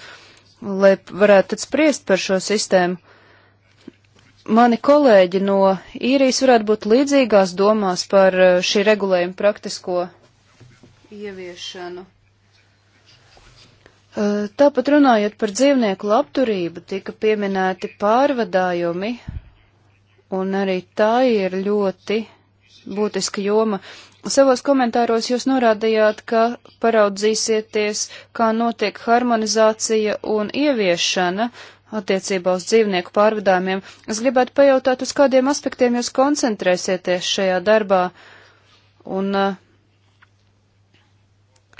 lai varētu tad spriest par šo sistēmu? mani kolēģi no īrijas varētu būt līdzīgās domās par šī regulējuma praktisko ieviešanu. Eh, tāpat runājot par dzīvnieku labturību, tika pieminēti pārvadājumi, un arī tā ir ļoti būtiska joma. Savos komentāros jūs norādījāt, ka paraudzīsieties, kā notiek harmonizācija un ieviešana attiecībā uz dzīvnieku pārvadājumiem. Es gribētu pajautāt, uz kādiem aspektiem jūs koncentrēsieties šajā darbā, un uh,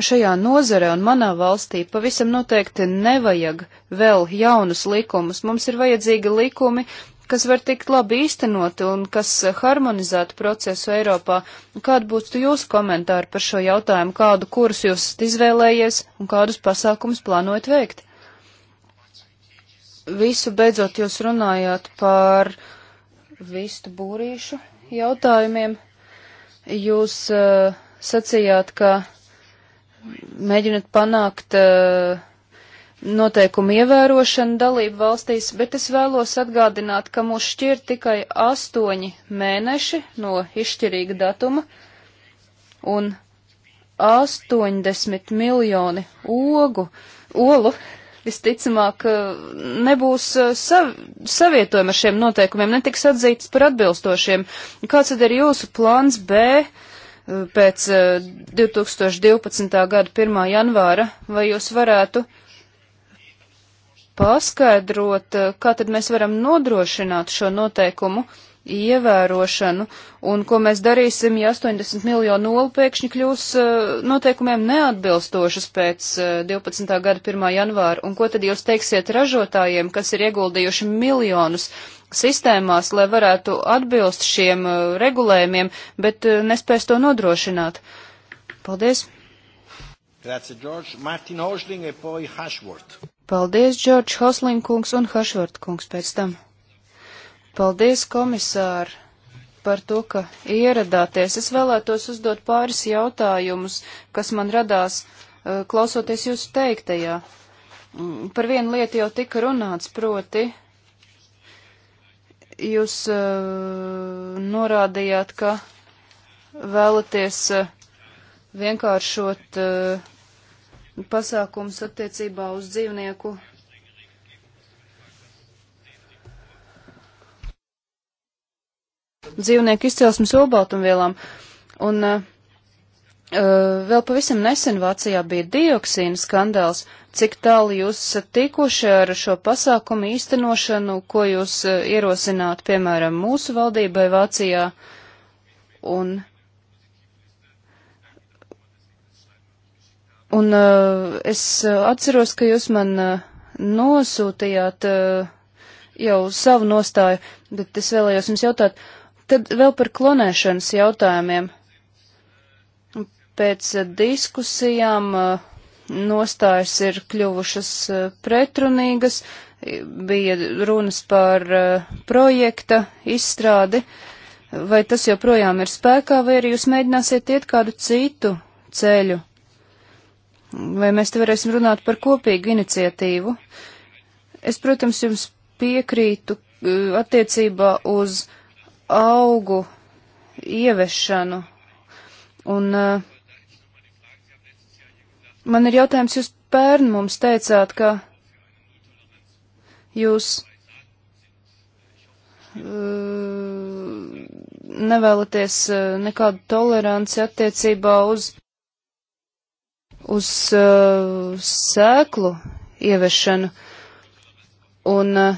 šajā nozare un manā valstī pavisam noteikti nevajag vēl jaunus likumus. Mums ir vajadzīgi likumi, kas var tikt labi īstenoti un kas harmonizētu procesu Eiropā. Kāda būtu jūsu komentāri par šo jautājumu, kādu kurus jūs esat izvēlējies un kādus pasākumus plānojat veikt? Visu beidzot jūs runājāt par vistu būrīšu jautājumiem. Jūs uh, sacījāt, ka mēģinat panākt uh, noteikumu ievērošanu dalību valstīs, bet es vēlos atgādināt, ka mūs šķir tikai astoņi mēneši no izšķirīga datuma un 80 miljoni ogu, olu visticamāk eh, nebūs eh, sav, savietojama ar šiem noteikumiem, netiks atzītas par atbilstošiem. Kāds tad ir jūsu plāns B? Uh, pēc 2012. Eh, gada 1. janvāra, vai jūs varētu paskaidrot, eh, kā tad mēs varam nodrošināt šo noteikumu ievērošanu, un ko mēs darīsim, ja 80 miljonu olu pēkšņi kļūs uh, noteikumiem neatbilstošas pēc uh, eh, 12. gada 1. janvāra, un ko tad jūs teiksiet ražotājiem, kas ir ieguldījuši miljonus sistēmās, lai varētu atbilst šiem uh, regulējumiem, bet nespēs to nodrošināt? Paldies! Grazie, George. Martin Hošling e poi Hashworth. Paldies, George Hosling kungs un Hashworth kungs pēc tam. Paldies, komisāri, par to, ka ieradāties. Es vēlētos uzdot pāris jautājumus, kas man radās eh, klausoties jūsu teiktajā. Mm, par vienu lietu jau tika runāts, proti, jūs eh, norādījāt, ka vēlaties eh, vienkāršot pasākums attiecībā uz dzīvnieku dzīvnieku izcelsmes olbaltumvielām. Un uh, vēl pavisam nesen Vācijā bija dioksīna skandāls. Cik tālu jūs esat tikuši ar šo pasākumu īstenošanu, ko jūs uh, ierosināt, piemēram, mūsu valdībai Vācijā? Un, un uh, es atceros, ka jūs man uh, nosūtījāt uh, jau savu nostāju, bet es vēlējos jums jautāt, uh, Tad vēl par klonēšanas jautājumiem. Pēc diskusijām eh, nostājas ir kļuvušas eh, pretrunīgas, bija runas par eh, projekta izstrādi. Vai tas joprojām ir spēkā, vai arī jūs mēģināsiet iet kādu citu ceļu? Vai mēs te varēsim runāt par kopīgu iniciatīvu? Es, protams, jums piekrītu attiecībā uz uh, augu ievešanu. Un uh, man ir jautājums, jūs pērn mums teicāt, ka jūs uh, nevēlaties uh, nekādu toleranci attiecībā uz, uz uh, sēklu ieviešanu. Un uh,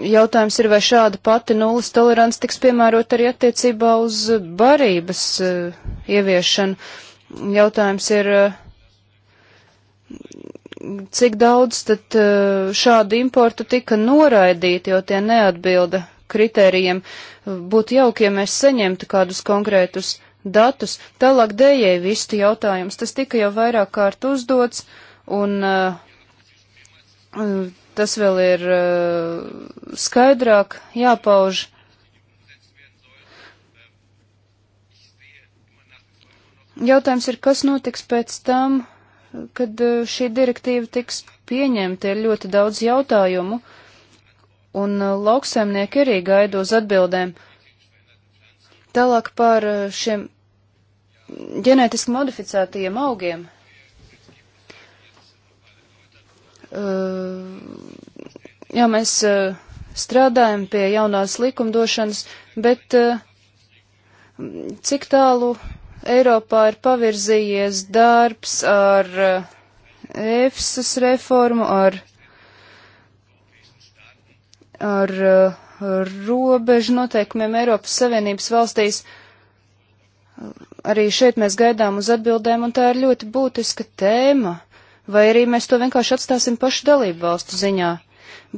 Jautājums ir, vai šāda pati nulles tolerants tiks piemērot arī attiecībā uz barības eh, ieviešanu. Jautājums ir, eh, cik daudz tad eh, šādu importu tika noraidīti, jo tie neatbilda kritērijiem. Būtu jauki, ja mēs saņemtu kādus konkrētus datus. Tālāk dējai vistu jautājums. Tas tika jau vairāk kārt uzdots, un uh, tas vēl ir uh, skaidrāk jāpauž. Jautājums ir, kas notiks pēc tam, kad uh, šī direktīva tiks pieņemta, ir ļoti daudz jautājumu, un uh, lauksaimnieki arī gaida uz atbildēm. Tālāk par uh, šiem ģenētiski modificētajiem augiem. Eh, jā, mēs eh, strādājam pie jaunās likumdošanas, bet eh, cik tālu Eiropā ir pavirzījies darbs ar EFSAS reformu, ar, ar, ar robežu noteikumiem Eiropas Savienības valstīs. Arī šeit mēs gaidām uz atbildēm, un tā ir ļoti būtiska tēma vai arī mēs to vienkārši atstāsim pašu dalību valstu ziņā.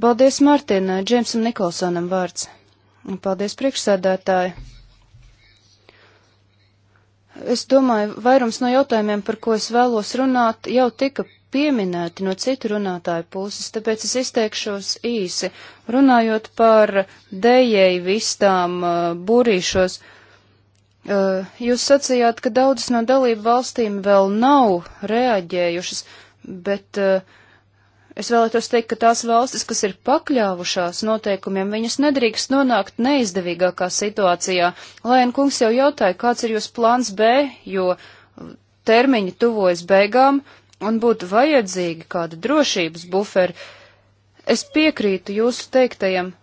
Paldies Martina, Džeimsam Nikolsonam vārds. Un paldies priekšsēdētāji. Es domāju, vairums no jautājumiem, par ko es vēlos runāt, jau tika pieminēti no citu runātāju puses, tāpēc es izteikšos īsi, runājot par dējēju vistām uh, burīšos. Uh, jūs sacījāt, ka daudzas no dalību valstīm vēl nav reaģējušas bet uh, es vēlētos teikt, ka tās valstis, kas ir pakļāvušās noteikumiem, viņas nedrīkst nonākt neizdevīgākā situācijā. Lēn kungs jau jautāja, kāds ir jūs plāns B, jo termiņi tuvojas beigām un būtu vajadzīgi kāda drošības buferi. Es piekrītu jūsu teiktajam.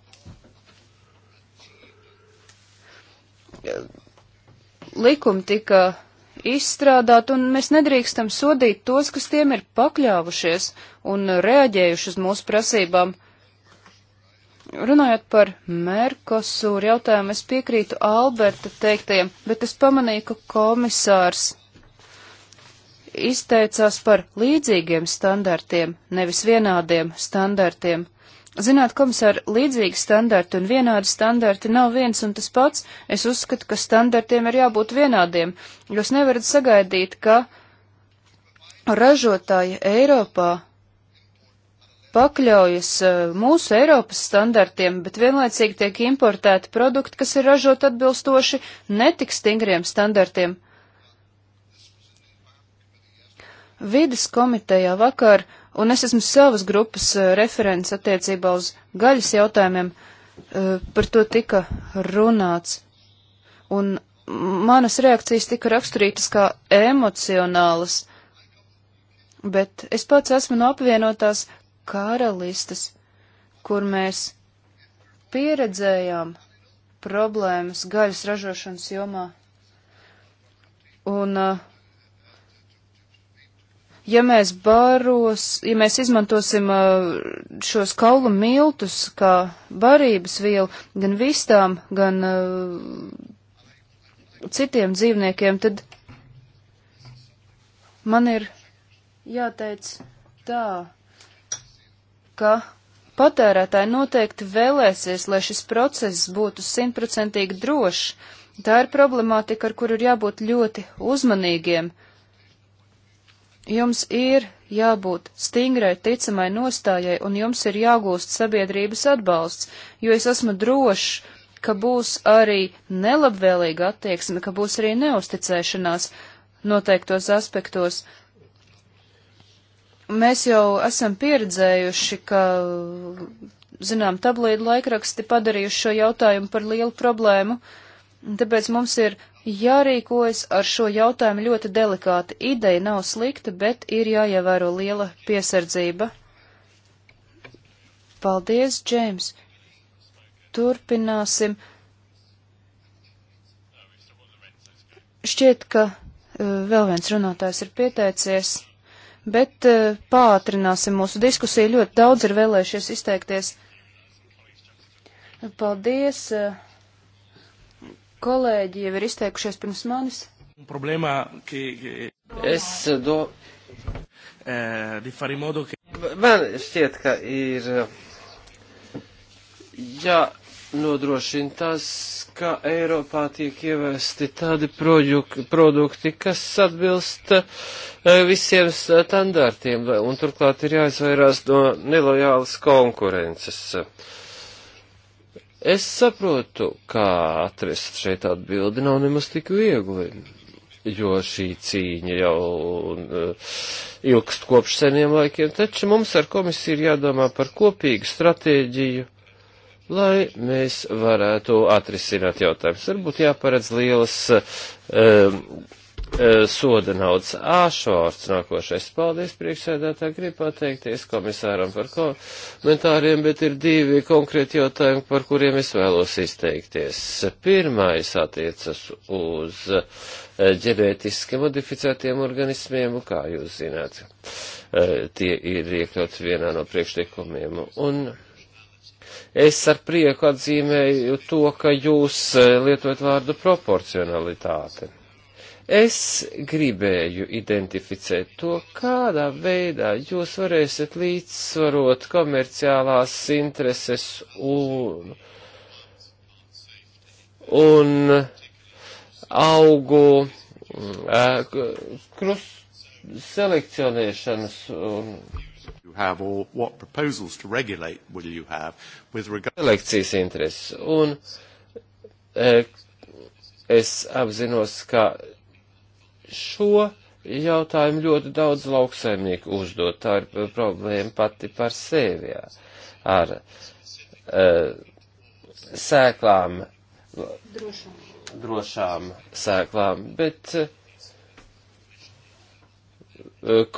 Likumi tika izstrādāt, un mēs nedrīkstam sodīt tos, kas tiem ir pakļāvušies un reaģējuši uz mūsu prasībām. Runājot par Merkosūru jautājumu, es piekrītu Alberta teiktajiem, bet es pamanīju, ka komisārs izteicās par līdzīgiem standartiem, nevis vienādiem standartiem. Zināt, komisār, līdzīgi standarti un vienādi standarti nav viens un tas pats. Es uzskatu, ka standartiem ir jābūt vienādiem. Jūs nevarat sagaidīt, ka ražotāji Eiropā pakļaujas eh, mūsu Eiropas standartiem, bet vienlaicīgi tiek importēti produkti, kas ir ražot atbilstoši netik stingriem standartiem. Vides komitejā vakar uh, un es esmu savas grupas eh, referents attiecībā uz gaļas jautājumiem, eh, par to tika runāts. Un manas reakcijas tika raksturītas kā emocionālas, bet es pats esmu no apvienotās karalistes, kur mēs pieredzējām problēmas gaļas ražošanas jomā. Un uh, ja mēs baros, ja mēs izmantosim uh, šos kaulu miltus kā barības vielu gan vistām, gan uh, citiem dzīvniekiem, tad man ir jāteic tā, ka patērētāji noteikti vēlēsies, lai šis process būtu simtprocentīgi drošs. Tā ir problemātika, ar kuru ir jābūt ļoti uzmanīgiem. Uh, Jums ir jābūt stingrai, ticamai nostājai, un jums ir jāgūst sabiedrības atbalsts, jo es esmu drošs, ka būs arī nelabvēlīga attieksme, ka būs arī neusticēšanās noteiktos aspektos. Mēs jau esam pieredzējuši, ka, zinām, tablīdu laikraksti padarījuši šo jautājumu par lielu problēmu, tāpēc mums ir jārīkojas ar šo jautājumu ļoti delikāti. Ideja nav slikta, bet ir jāievēro liela piesardzība. Paldies, Džēms. Turpināsim. Šķiet, ka eh, vēl viens runātājs ir pieteicies, bet eh, pātrināsim mūsu diskusiju. Ļoti daudz ir vēlējušies izteikties. Paldies. Uh, Kolēģi jau ir izteikušies pirms manis. Problēma, ka, ka... Es eh, do... Eh, man šķiet, ka ir eh, jānodrošina tas, ka Eiropā tiek ievesti tādi produkti, kas atbilst visiem standartiem, un turklāt ir jāizvairās no nelojālas konkurences. Uh, Es saprotu, kā atrast šeit atbildi nav nemaz tik viegli, jo šī cīņa jau eh, ilgst kopš seniem laikiem, taču mums ar komisiju ir jādomā par kopīgu stratēģiju, lai mēs varētu atrisināt jautājumus. Varbūt jāparedz lielas um, Eh, soda naudas āšvārds nākošais. Paldies, priekšsēdētāji, gribu pateikties komisāram par komentāriem, bet ir divi konkrēti jautājumi, par kuriem es vēlos izteikties. Pirmais attiecas uz eh, ģenētiski modificētiem organismiem, kā jūs zināt, eh, tie ir iekļauts vienā no priekšteikumiem. Un es ar prieku atzīmēju to, ka jūs lietojat vārdu proporcionalitāte Es gribēju identificēt to, kādā veidā jūs varēsiet līdzsvarot komerciālās intereses un, un augu krus selekcionēšanas un have or what proposals to regulate will you have with regard selekcijas intereses. Un e, es apzinos, ka šo jautājumu ļoti daudz lauksaimnieku uzdot. Tā ir problēma pati par sevi jā. ar uh, sēklām, drošām, drošām sēklām, bet uh,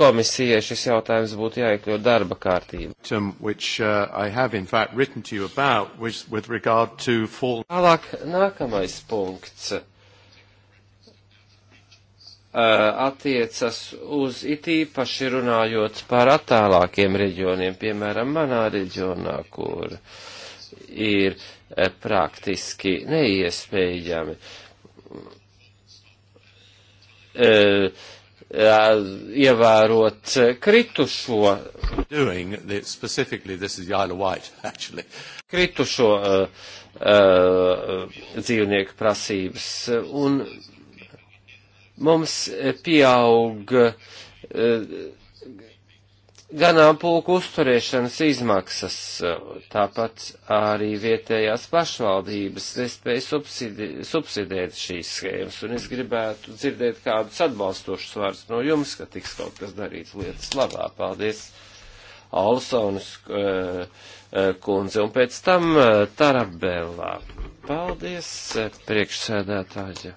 komisijai šis jautājums būtu jāiekļaut darba kārtībā. Uh, Tālāk nākamais punkts Uh, attiecas uz it īpaši runājot par attālākiem reģioniem, piemēram, manā reģionā, kur ir eh, praktiski neiespējami eh, eh, ievērot kritušo, kritušo dzīvnieku prasības. Un mums eh, pieaug eh, ganāmpulku uzturēšanas izmaksas, eh, tāpat arī vietējās pašvaldības nespēja subsidi, subsidēt šīs schēmas, un es gribētu dzirdēt kādus atbalstošus vārdus no jums, ka tiks kaut kas darīts lietas labā. Paldies, Alsonas kundze, un pēc tam Tarabellā. Paldies, priekšsēdētāji.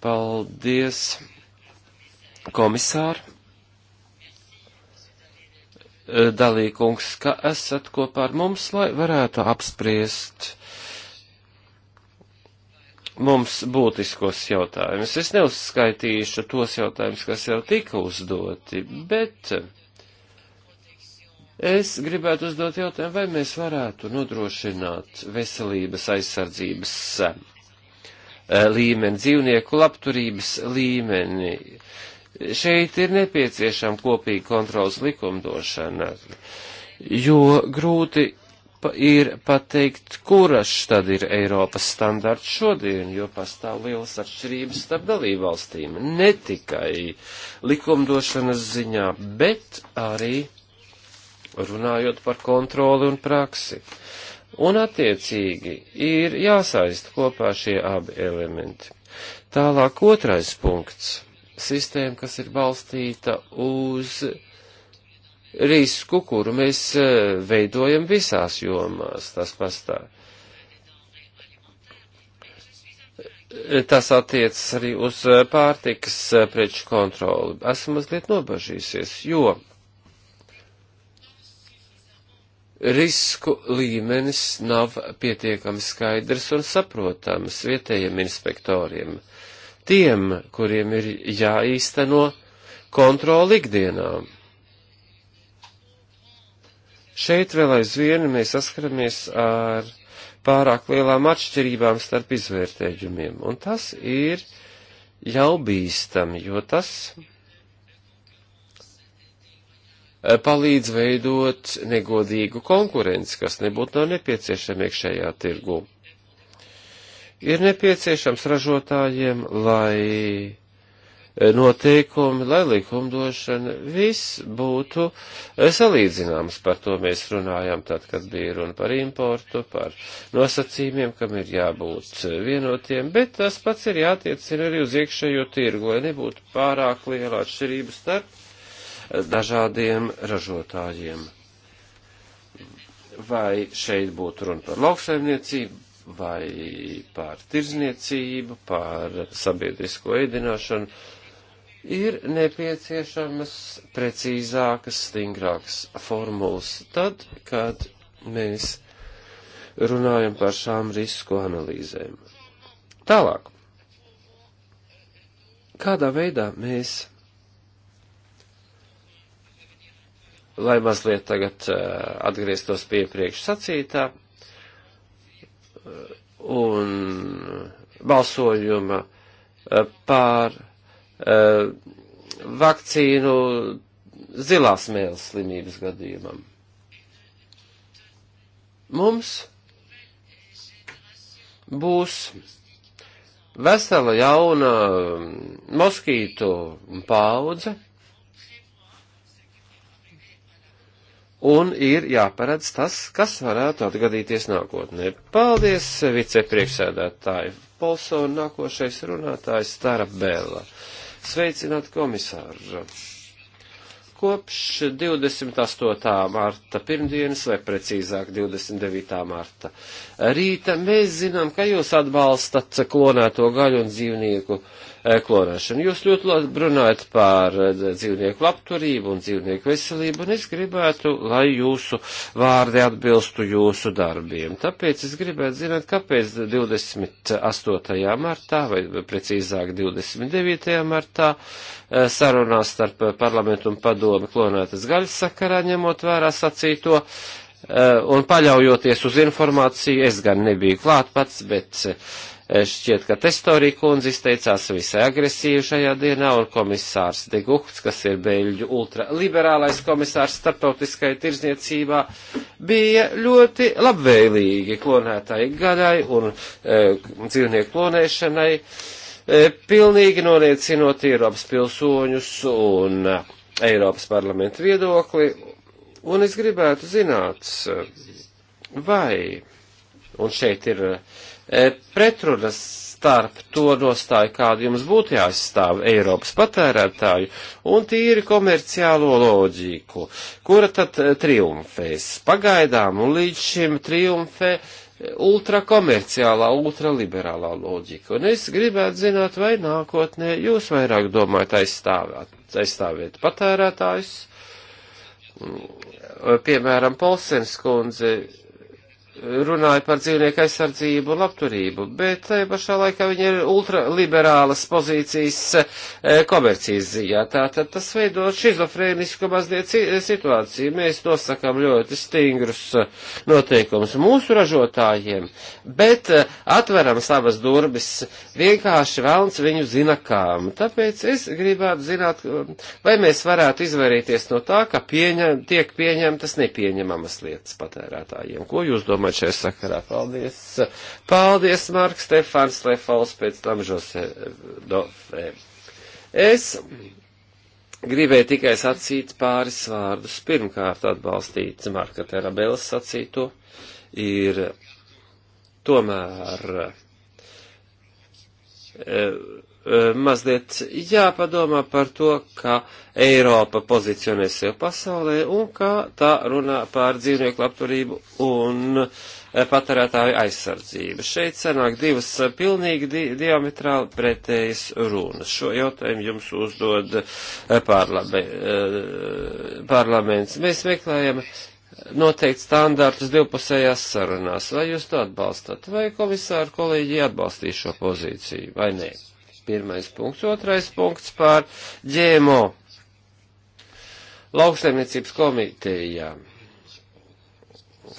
Paldies, komisār. Eh, Dalīkungs, ka esat kopā ar mums, lai varētu apspriest mums būtiskos jautājumus. Es neuzskaitīšu tos jautājumus, kas jau tika uzdoti, bet es gribētu uzdot jautājumu, vai mēs varētu nodrošināt veselības aizsardzības Eh, līmeni, dzīvnieku labturības līmeni. Šeit ir nepieciešama kopīga kontrolas likumdošana, jo grūti ir pateikt, kuras tad ir Eiropas standarts šodien, jo pastāv lielas atšķirības starp dalībvalstīm. Ne tikai likumdošanas ziņā, bet arī runājot par kontroli un praksi. Uh, un attiecīgi ir jāsaista kopā šie abi elementi. Tālāk otrais punkts - sistēma, kas ir balstīta uz risku, kuru mēs e, veidojam visās jomās, tas pastāv. Tas attiecas arī uz e, pārtikas e, preču kontroli. Esmu mazliet nobažīsies, jo risku līmenis nav pietiekami skaidrs un saprotams vietējiem inspektoriem, tiem, kuriem ir jāīsteno kontroli ikdienā. Šeit vēl aizvien mēs saskaramies ar pārāk lielām atšķirībām starp izvērtējumiem, un tas ir jau bīstami, jo tas Eh, palīdz veidot negodīgu konkurenci, kas nebūtu nav nepieciešama iekšējā tirgu. Ir nepieciešams ražotājiem, lai eh, noteikumi, lai likumdošana, viss būtu eh, salīdzināms. Par to mēs runājam tad, kad bija runa par importu, par nosacījumiem, kam ir jābūt vienotiem, bet tas pats ir jātiecina arī uz iekšējo tirgu, lai nebūtu pārāk liela atšķirība starp dažādiem ražotājiem. Vai šeit būtu runa par lauksaimniecību, vai par tirzniecību, par sabiedrisko ēdināšanu, ir nepieciešamas precīzākas, stingrākas formulas tad, kad mēs runājam par šām risku analīzēm. Tālāk. Kādā veidā mēs lai mazliet tagad eh, atgrieztos pie priekš sacītā eh, un balsojuma eh, pār vakcīnu zilās mēles slimības gadījumam. Mums būs vesela jauna moskītu paudze, un ir jāparedz tas, kas varētu atgadīties nākotnē. Paldies, vicepriekšsēdētāji Polsona, nākošais runātājs Stara Bēla. Sveicināt komisāru! Kopš 28. marta pirmdienas, vai precīzāk 29. marta rīta, mēs zinām, ka jūs atbalstat klonēto gaļu un dzīvnieku uh, klonēšanu. Jūs ļoti labi runājat par eh, dzīvnieku labturību un dzīvnieku veselību, un es gribētu, lai jūsu vārdi atbilstu jūsu darbiem. Tāpēc es gribētu zināt, kāpēc 28. martā, vai precīzāk 29. martā, eh, sarunās starp parlamentu un padomi klonētas gaļas sakarā, ņemot vērā sacīto, eh, un paļaujoties uz informāciju, es gan nebiju klāt pats, bet Eh, šķiet, ka Testorija kundze izteicās visai agresīvi šajā dienā, un komisārs Degukts, kas ir beļģu ultraliberālais komisārs starptautiskai tirzniecībā, bija ļoti labvēlīgi klonētāji gadai un e, dzīvnieku klonēšanai, e, pilnīgi noniecinot Eiropas pilsoņus un e, Eiropas parlamentu viedokli, un es gribētu zināt, vai, un šeit ir E, pretrunas starp to nostāju, kādu jums būtu jāizstāv Eiropas patērētāju, un tīri komerciālo loģiku, kura tad e, triumfēs. Pagaidām un līdz šim triumfē e, ultrakomerciālā, ultraliberālā loģika. Un es gribētu zināt, vai nākotnē jūs vairāk domājat aizstāvēt, aizstāvēt patērētājus. Mm, piemēram, Polsens kundze runāja par dzīvnieku aizsardzību un labturību, bet tajā pašā laikā viņa ir ultraliberālas pozīcijas e, komercijas ziņā. Tātad tas veido šizofrēnisku mazliet situāciju. Mēs nosakām ļoti stingrus eh, noteikumus mūsu ražotājiem, bet eh, atveram savas durvis vienkārši velns viņu zinakām. Tāpēc es gribētu zināt, vai mēs varētu izvairīties no tā, ka pieņem, tiek pieņemtas nepieņemamas lietas patērētājiem. Ko jūs domājat? domāt šajā sakarā. Paldies! Paldies, Marks, Stefans, Lefals, pēc tam Žose Dofē. Es gribēju tikai sacīt pāris vārdus. Pirmkārt, atbalstīt Marka Terabēlas sacīto ir tomēr. E, Eh, mazliet jāpadomā par to, ka Eiropa pozicionē sev pasaulē un ka tā runā par dzīvnieku labturību un eh, patērētāju aizsardzību. Šeit sanāk divas pilnīgi di diametrāli pretējas runas. Šo jautājumu jums uzdod eh, parlame parlaments. Mēs meklējam noteikt standārtus divpusējās sarunās. Vai jūs to atbalstat? Vai komisāru kolēģi atbalstīs šo pozīciju vai nē? pirmais punkts. Otrais punkts par ģēmo lauksaimniecības komitejā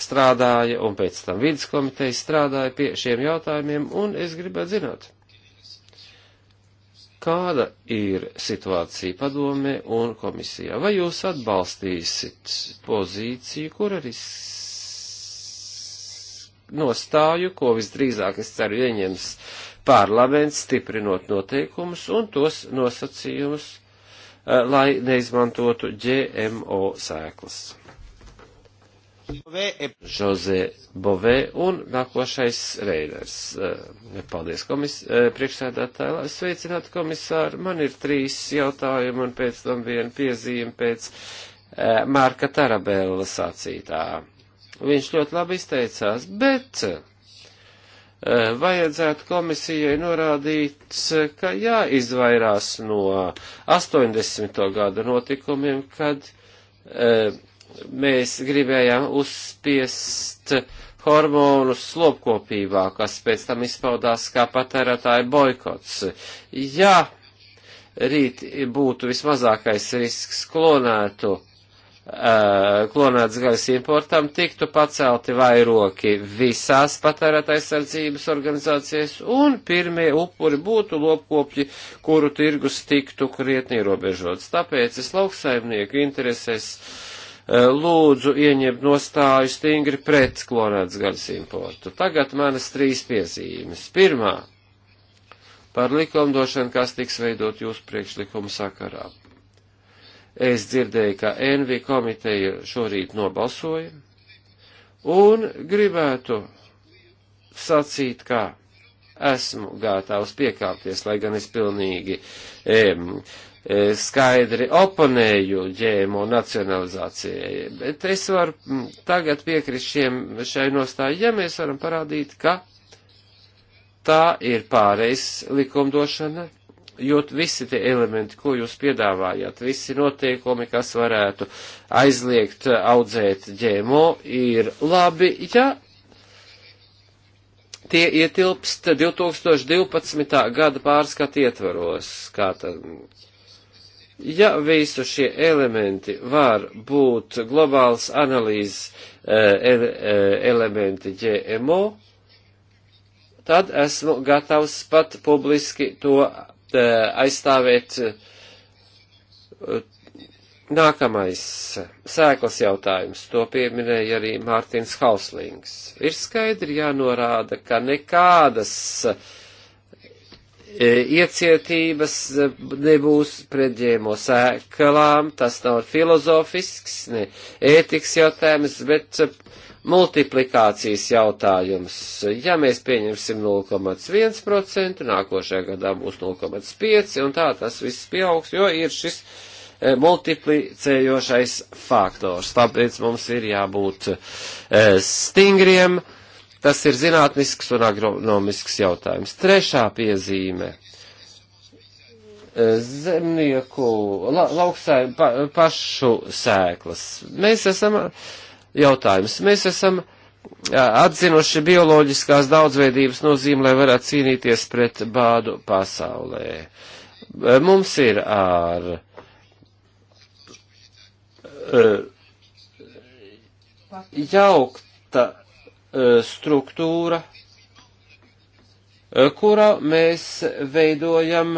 strādāja un pēc tam vidas komiteja strādāja pie šiem jautājumiem, un es gribētu zināt, kāda ir situācija padome un komisijā. Vai jūs atbalstīsit pozīciju, kur arī nostāju, ko visdrīzāk es ceru ieņems parlaments stiprinot noteikumus un tos nosacījumus, eh, lai neizmantotu GMO sēklas. Žozē e- Bovē un nākošais Reiders. Eh, paldies, komis, eh, priekšsēdētāji, lai sveicinātu komisāru. Man ir trīs jautājumi un pēc tam viena piezīme pēc Mārka Tarabēla sacītā. Viņš ļoti labi izteicās, bet Eh, vajadzētu komisijai norādīt, ka jāizvairās no 80. gada notikumiem, kad eh, mēs gribējām uzspiest hormonus slopkopībā, kas pēc tam izpaudās kā patērētāja boikots. Ja rīt būtu vismazākais risks klonētu Eh, klonētas gaļas importam tiktu pacelti vairoki visās patērētājsardzības organizācijas un pirmie upuri būtu lopkopļi, kuru tirgus tiktu krietni ierobežots. Tāpēc es lauksaimnieku interesēs eh, lūdzu ieņemt nostāju stingri pret klonētas gaļas importu. Tagad manas trīs piezīmes. Pirmā. Par likumdošanu, kas tiks veidot jūsu priekšlikumu sakarā. Es dzirdēju, ka NV komiteja šorīt nobalsoja un gribētu sacīt, ka esmu gatavs piekāpties, lai gan es pilnīgi em, e, skaidri oponēju ģēmo nacionalizācijai. Bet es varu tagad piekrist šiem, šai nostāju, ja mēs varam parādīt, ka tā ir pāreiz likumdošana, jo visi tie elementi, ko jūs piedāvājat, visi noteikumi, kas varētu aizliegt audzēt ģēmo, ir labi, ja tie ietilpst 2012. gada pārskatu ietvaros. Kā tad? Ja visu šie elementi var būt globāls analīzes ele, e, e, elementi GMO, tad esmu gatavs pat publiski to Eh, aizstāvēt. Eh, nākamais sēklas jautājums, to pieminēja arī Mārtiņš Hauslings. Ir skaidri jānorāda, ka nekādas eh, iecietības nebūs pret ģēmo sēklām, tas nav filozofisks, ne ētikas jautājums, bet multiplikācijas jautājums. Ja mēs pieņemsim 0,1%, nākošajā gadā būs 0,5% un tā tas viss pieaugs, jo ir šis e, multiplicējošais faktors. Tāpēc mums ir jābūt e, stingriem. Tas ir zinātnisks un agronomisks jautājums. Trešā piezīme e, zemnieku, la, lauksaim pa, pašu sēklas. Mēs esam jautājums. Mēs esam atzinuši bioloģiskās daudzveidības nozīmi, lai varētu cīnīties pret bādu pasaulē. Mums ir ar jaukta struktūra, kurā mēs veidojam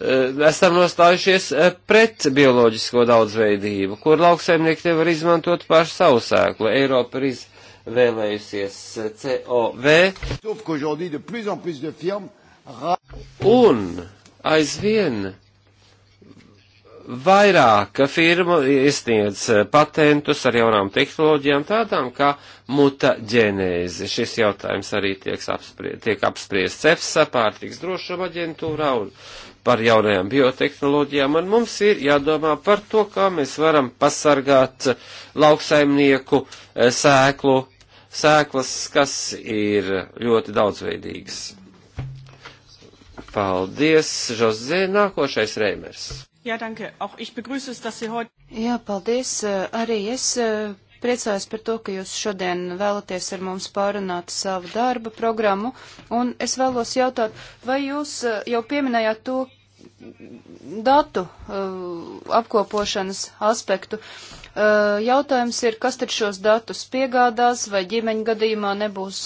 Eh, esam nostājušies eh, pret bioloģisko daudzveidību, kur lauksaimnieki nevar izmantot pašu sausēklu. Eiropa ir izvēlējusies eh, COV. Un aizvien vairāk firma iesniedz patentus ar jaunām tehnoloģijām, tādām kā mutaģenēzi. Šis jautājums arī tiek, apsprie, tiek apspriests EFSA, pārtiks drošuma aģentūrā un par jaunajām biotehnoloģijām, un mums ir jādomā par to, kā mēs varam pasargāt lauksaimnieku eh, sēklu, sēklas, kas ir ļoti daudzveidīgas. Paldies, Žozē, nākošais Reimers. Jā, danke. Auch ich begrüße es, dass Sie heute. Jā, paldies. Arī es eh, priecājos par to, ka jūs šodien vēlaties ar mums pārunāt savu darba programmu, un es vēlos jautāt, vai jūs eh, jau pieminējāt to datu eh, apkopošanas aspektu? Eh, jautājums ir, kas tad šos datus piegādās, vai ģimeņa gadījumā nebūs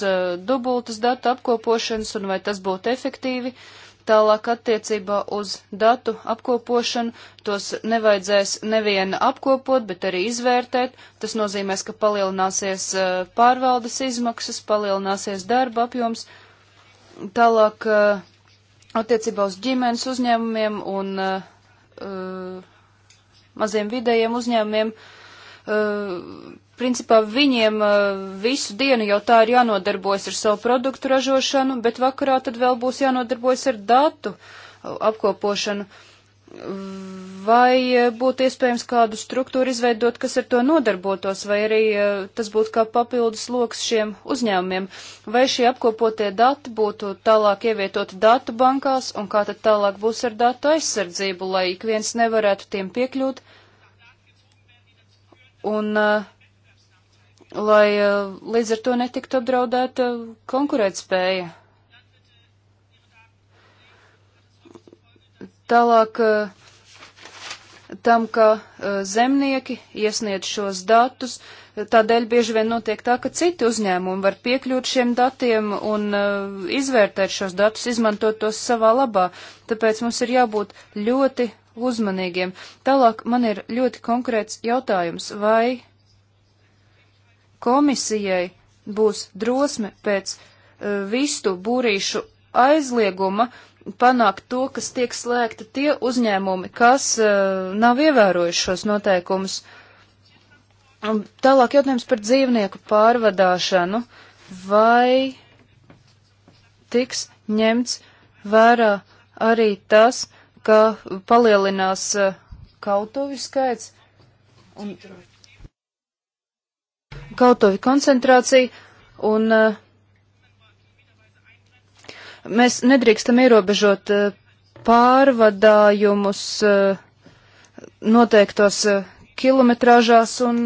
dubultas datu apkopošanas, un vai tas būtu efektīvi? Uh, Tālāk attiecībā uz datu apkopošanu tos nevajadzēs nevien apkopot, bet arī izvērtēt. Tas nozīmēs, ka palielināsies eh, pārvaldes izmaksas, palielināsies darba apjoms. Tālāk eh, attiecībā uz ģimenes uzņēmumiem un uh, maziem vidējiem uzņēmumiem. Uh, Principā viņiem uh, visu dienu jau tā ir jānodarbojas ar savu produktu ražošanu, bet vakarā tad vēl būs jānodarbojas ar datu uh, apkopošanu. Vai uh, būtu iespējams kādu struktūru izveidot, kas ar to nodarbotos, vai arī tas būtu kā papildus lokus šiem uzņēmumiem? Vai šie apkopotie dati būtu tālāk ievietoti datu bankās, un kā tad tālāk būs ar datu aizsardzību, lai ik viens nevarētu tiem piekļūt? Un uh, lai eh, līdz ar to netiktu apdraudēta konkurētspēja. Tālāk eh, tam, ka eh, zemnieki iesniedz šos datus, tādēļ bieži vien notiek tā, ka citi uzņēmumi var piekļūt šiem datiem un izvērtēt šos datus, izmantot tos savā labā. Tāpēc mums ir jābūt ļoti uzmanīgiem. Tālāk man ir ļoti konkrēts jautājums, vai komisijai būs drosme pēc uh, vistu būrīšu aizlieguma panākt to, kas tiek slēgta tie uzņēmumi, kas uh, nav ievērojuši šos noteikumus. Un tālāk jautājums par dzīvnieku pārvadāšanu. Vai tiks ņemts vērā arī tas, ka palielinās uh, kautuvi skaits? Un, Detroit kautovi koncentrācija, un eh, mēs nedrīkstam ierobežot eh, pārvadājumus eh, noteiktos kilometrāžās, un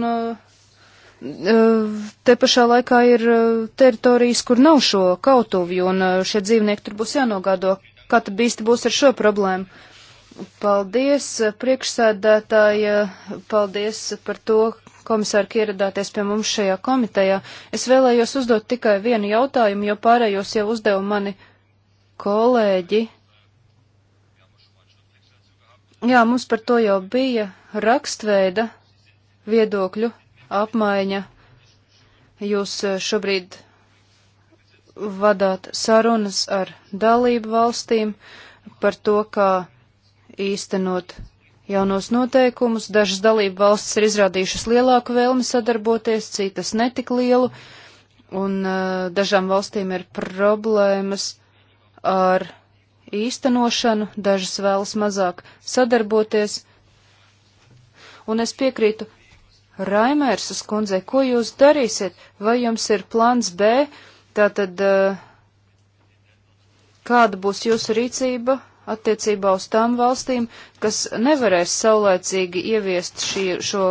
te pašā laikā ir teritorijas, kur nav šo kautuvi, un šie dzīvnieki tur būs jānogādo. Kā tad bīsti būs ar šo problēmu? Paldies, priekšsēdētāja, paldies par to, komisāri, ka ieradāties pie mums šajā komitejā. Es vēlējos uzdot tikai vienu jautājumu, jo pārējos jau uzdeva mani kolēģi. Jā, mums par to jau bija rakstveida viedokļu apmaiņa. Jūs eh, šobrīd vadāt sarunas ar dalību valstīm par to, kā īstenot jaunos noteikumus, dažas dalību valstis ir izrādījušas lielāku vēlmi sadarboties, citas netik lielu, un uh, dažām valstīm ir problēmas ar īstenošanu, dažas vēlas mazāk sadarboties. Un es piekrītu Raimērsas kundzei, ko jūs darīsiet, vai jums ir plāns B, tātad uh, kāda būs jūsu rīcība attiecībā uz tām valstīm, kas nevarēs saulēcīgi ieviest šī, šo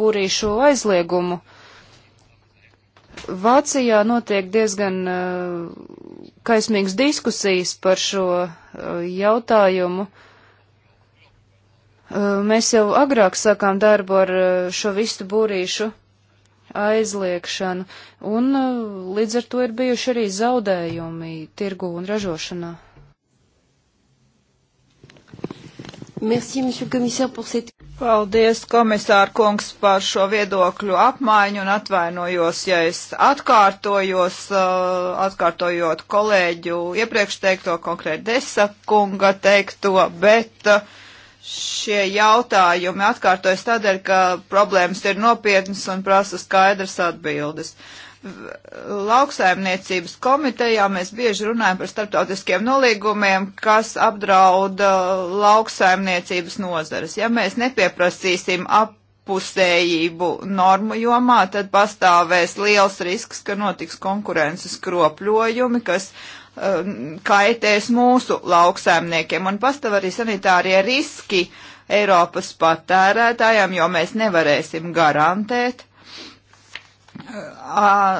būrīšo aizliegumu. Vācijā notiek diezgan uh, kaismīgas diskusijas par šo uh, jautājumu. Uh, mēs jau agrāk sākām darbu ar šo vistu būrīšu aizliekšanu, un līdz ar to ir bijuši arī zaudējumi tirgu un ražošanā. Merci, komisār, cette... Paldies, komisār kungs, par šo viedokļu apmaiņu un atvainojos, ja es atkārtojos, uh, atkārtojot kolēģu iepriekš teikto konkrēti desa kunga teikto, bet uh, šie jautājumi atkārtojas tādēļ, ka problēmas ir nopietnas un prasa skaidras atbildes. Uh, lauksaimniecības komitejā mēs bieži runājam par starptautiskiem nolīgumiem, kas apdrauda uh, lauksaimniecības nozares. Ja mēs nepieprasīsim appusējību normu jomā, tad pastāvēs liels risks, ka notiks konkurences kropļojumi, kas um, kaitēs mūsu lauksaimniekiem un pastāv arī sanitārie riski Eiropas patērētājiem, jo mēs nevarēsim garantēt,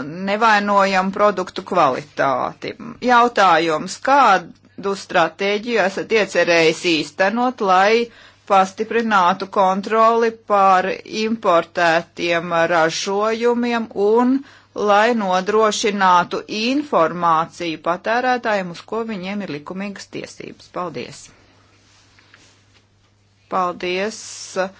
nevainojam produktu kvalitāti. Jautājums, kādu stratēģiju esat iecerējis īstenot, lai pastiprinātu kontroli pār importētiem ražojumiem un lai nodrošinātu informāciju patērētājiem, uz ko viņiem ir likumīgas tiesības. Paldies! Paldies! Uh,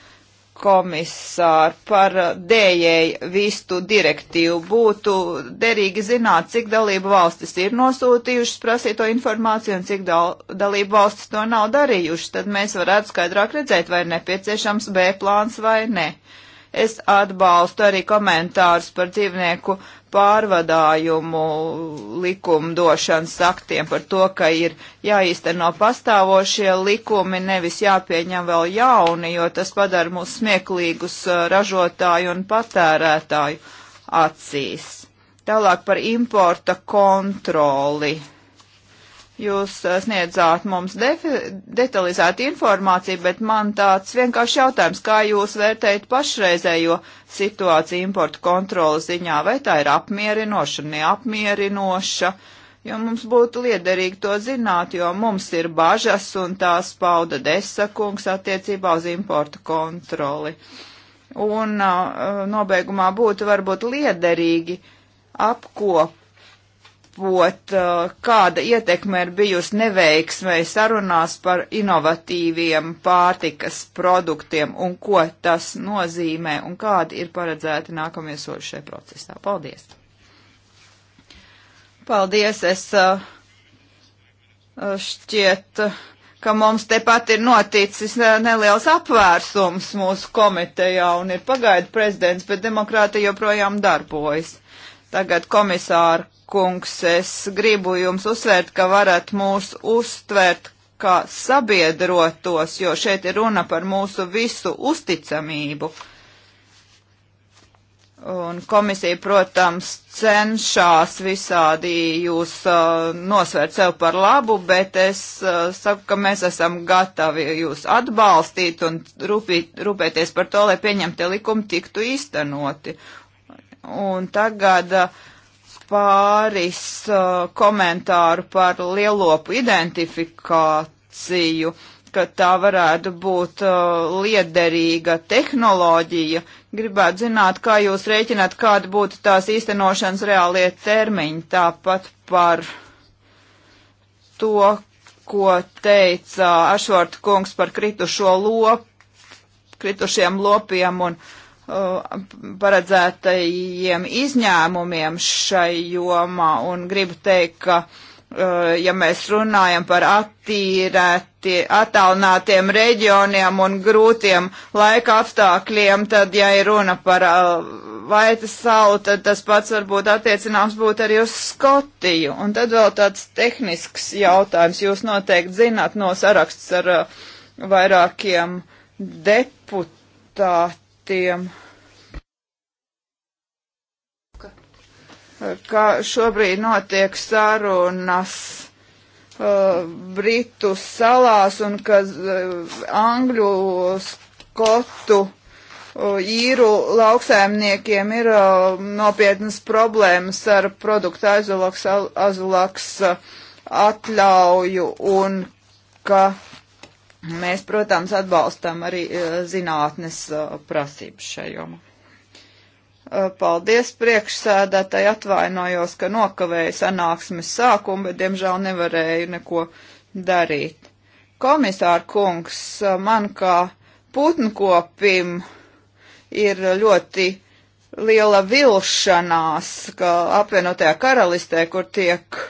komisāri, par dējēju vistu direktīvu. Būtu derīgi zināt, cik dalību valstis ir nosūtījušas prasīto informāciju un cik dal dalību valstis to nav darījušas. Tad mēs varētu skaidrāk redzēt, vai ir nepieciešams B plāns vai ne. Uh, Es atbalstu arī komentārus par dzīvnieku pārvadājumu likumdošanas aktiem par to, ka ir jāīsteno pastāvošie likumi, nevis jāpieņem vēl jauni, jo tas padara mūs smieklīgus uh, ražotāju un patērētāju acīs. Tālāk par importa kontroli Jūs eh, sniedzāt mums detalizētu informāciju, bet man tāds vienkārši jautājums, kā jūs vērtējat pašreizējo situāciju importu kontrolas ziņā, vai tā ir apmierinoša, neapmierinoša, jo mums būtu liederīgi to zināt, jo mums ir bažas un tās pauda desakungs attiecībā uz importu kontroli. Un eh, nobeigumā būtu varbūt liederīgi apkop apkopot, uh, kāda ietekme ir bijusi neveiksmei sarunās par inovatīviem pārtikas produktiem un ko tas nozīmē un kādi ir paredzēti nākamie soļi šajā procesā. Paldies! Paldies! Es uh, šķiet, ka mums tepat ir noticis neliels apvērsums mūsu komitejā un ir pagaidu prezidents, bet demokrātija joprojām darbojas. Tagad komisāra kungs, es gribu jums uzsvērt, ka varat mūs uztvērt kā sabiedrotos, jo šeit ir runa par mūsu visu uzticamību. Un komisija, protams, cenšas visādi jūs uh, nosvērt sev par labu, bet es uh, saku, ka mēs esam gatavi jūs atbalstīt un rūpīt, rūpēties par to, lai pieņemtie likumi tiktu īstenoti. Un tagad uh, pāris uh, komentāru par lielopu identifikāciju, ka tā varētu būt uh, liederīga tehnoloģija. Gribētu zināt, kā jūs rēķināt, kāda būtu tās īstenošanas reālie termiņi, tāpat par to, ko teica Ašvarta kungs par kritušo lopu, kritušiem lopiem un uh, Uh, paredzētajiem izņēmumiem šai jomā un gribu teikt, ka uh, ja mēs runājam par attīrēti, attālinātiem reģioniem un grūtiem laika apstākļiem, tad, ja ir runa par uh, vaitas salu, tad tas pats varbūt attiecināms būtu arī uz Skotiju. Un tad vēl tāds tehnisks jautājums. Jūs noteikti zināt no saraksts ar vairākiem deputātiem aktiem, ka šobrīd notiek sarunas uh, Britu salās un ka uh, Angļu, Skotu, uh, īru lauksaimniekiem ir uh, nopietnas problēmas ar produktu azulaks, azulaks uh, atļauju un ka uh, Mēs, protams, atbalstam arī e, zinātnes e, prasības šajomā. E, paldies priekšsēdētāji, atvainojos, ka nokavēju sanāksmes sākumu, bet diemžēl nevarēju neko darīt. Komisāra kungs, man kā putnkopim ir ļoti liela vilšanās, ka apvienotajā karalistē, kur tiek uh,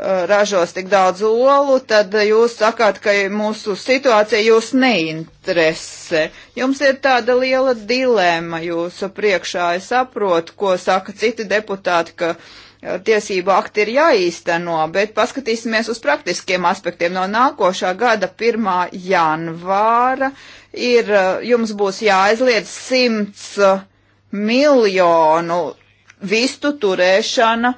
Eh, ražos tik daudz olu, tad jūs sakāt, ka mūsu situācija jūs neinteresē. Jums ir tāda liela dilēma jūsu priekšā. Es saprotu, ko saka citi deputāti, ka eh, tiesību akti ir jāīsteno, bet paskatīsimies uz praktiskiem aspektiem. No nākošā gada 1. janvāra ir, eh, jums būs jāaizliedz 100 miljonu vistu turēšana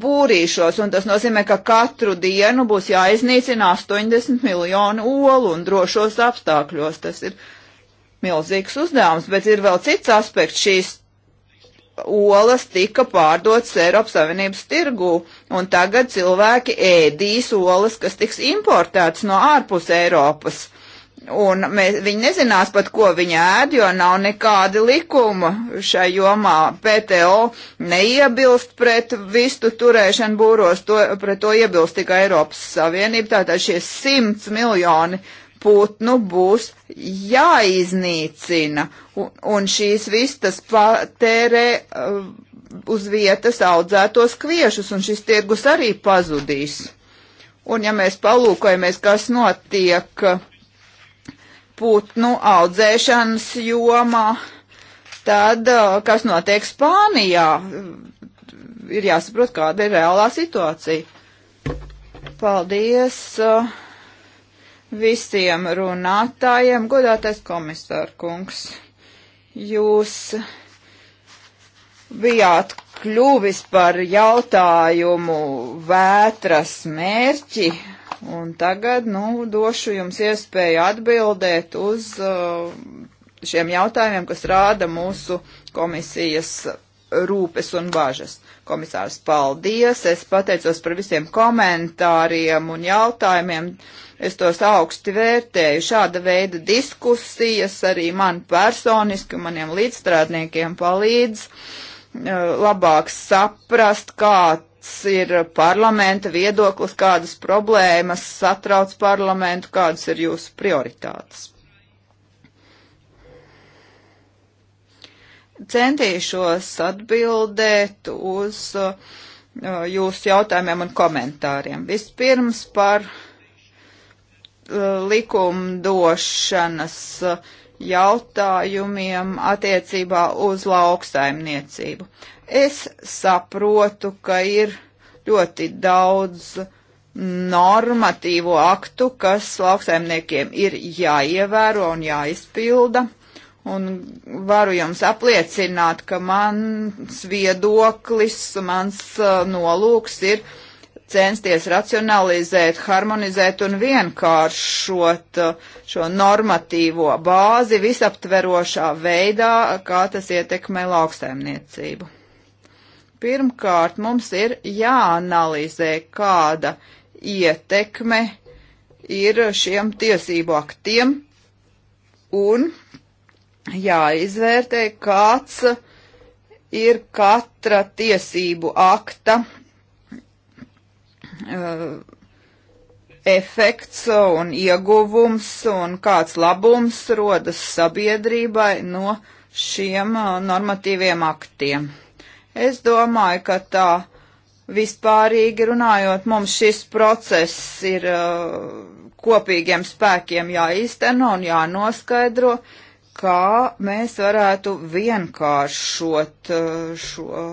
būrīšos, un tas nozīmē, ka katru dienu būs jāiznīcina 80 miljonu olu un drošos apstākļos. Tas ir milzīgs uzdevums, bet ir vēl cits aspekts šīs olas tika pārdotas Eiropas Savienības tirgū, un tagad cilvēki ēdīs olas, kas tiks importētas no ārpus Eiropas. Un mēs, viņi nezinās pat, ko viņi ēd, jo nav nekāda likuma šai jomā. PTO neiebilst pret vistu turēšanu būros, to, pret to iebilst tikai Eiropas Savienība. Tātad šie simts miljoni putnu būs jāiznīcina. Un, un šīs vistas patērē uh, uz vietas audzētos kviešus, un šis tirgus arī pazudīs. Un ja mēs palūkojamies, kas notiek putnu audzēšanas jomā, tad kas notiek Spānijā? Ir jāsaprot, kāda ir reālā situācija. Paldies visiem runātājiem, godātais komisārkungs. Jūs bijāt kļuvis par jautājumu vētras mērķi Un tagad, nu, došu jums iespēju atbildēt uz uh, šiem jautājumiem, kas rāda mūsu komisijas rūpes un bažas. Komisārs, paldies! Es pateicos par visiem komentāriem un jautājumiem. Es tos augsti vērtēju. Šāda veida diskusijas arī man personiski, maniem līdzstrādniekiem palīdz uh, labāk saprast, kā kāds ir parlamenta viedoklis, kādas problēmas satrauc parlamentu, kādas ir jūsu prioritātes. Centīšos atbildēt uz uh, jūsu jautājumiem un komentāriem. Vispirms par uh, likumdošanas uh, jautājumiem attiecībā uz lauksaimniecību. Es saprotu, ka ir ļoti daudz normatīvo aktu, kas lauksaimniekiem ir jāievēro un jāizpilda. Un varu jums apliecināt, ka mans viedoklis, mans uh, nolūks ir censties racionalizēt, harmonizēt un vienkāršot uh, šo normatīvo bāzi visaptverošā veidā, kā tas ietekmē lauksaimniecību. Pirmkārt, mums ir jāanalizē, kāda ietekme ir šiem tiesību aktiem un jāizvērtē, kāds ir katra tiesību akta uh, efekts un ieguvums un kāds labums rodas sabiedrībai no šiem uh, normatīviem aktiem. Es domāju, ka tā vispārīgi runājot, mums šis process ir uh, kopīgiem spēkiem jāīsteno un jānoskaidro, kā mēs varētu vienkāršot uh, šo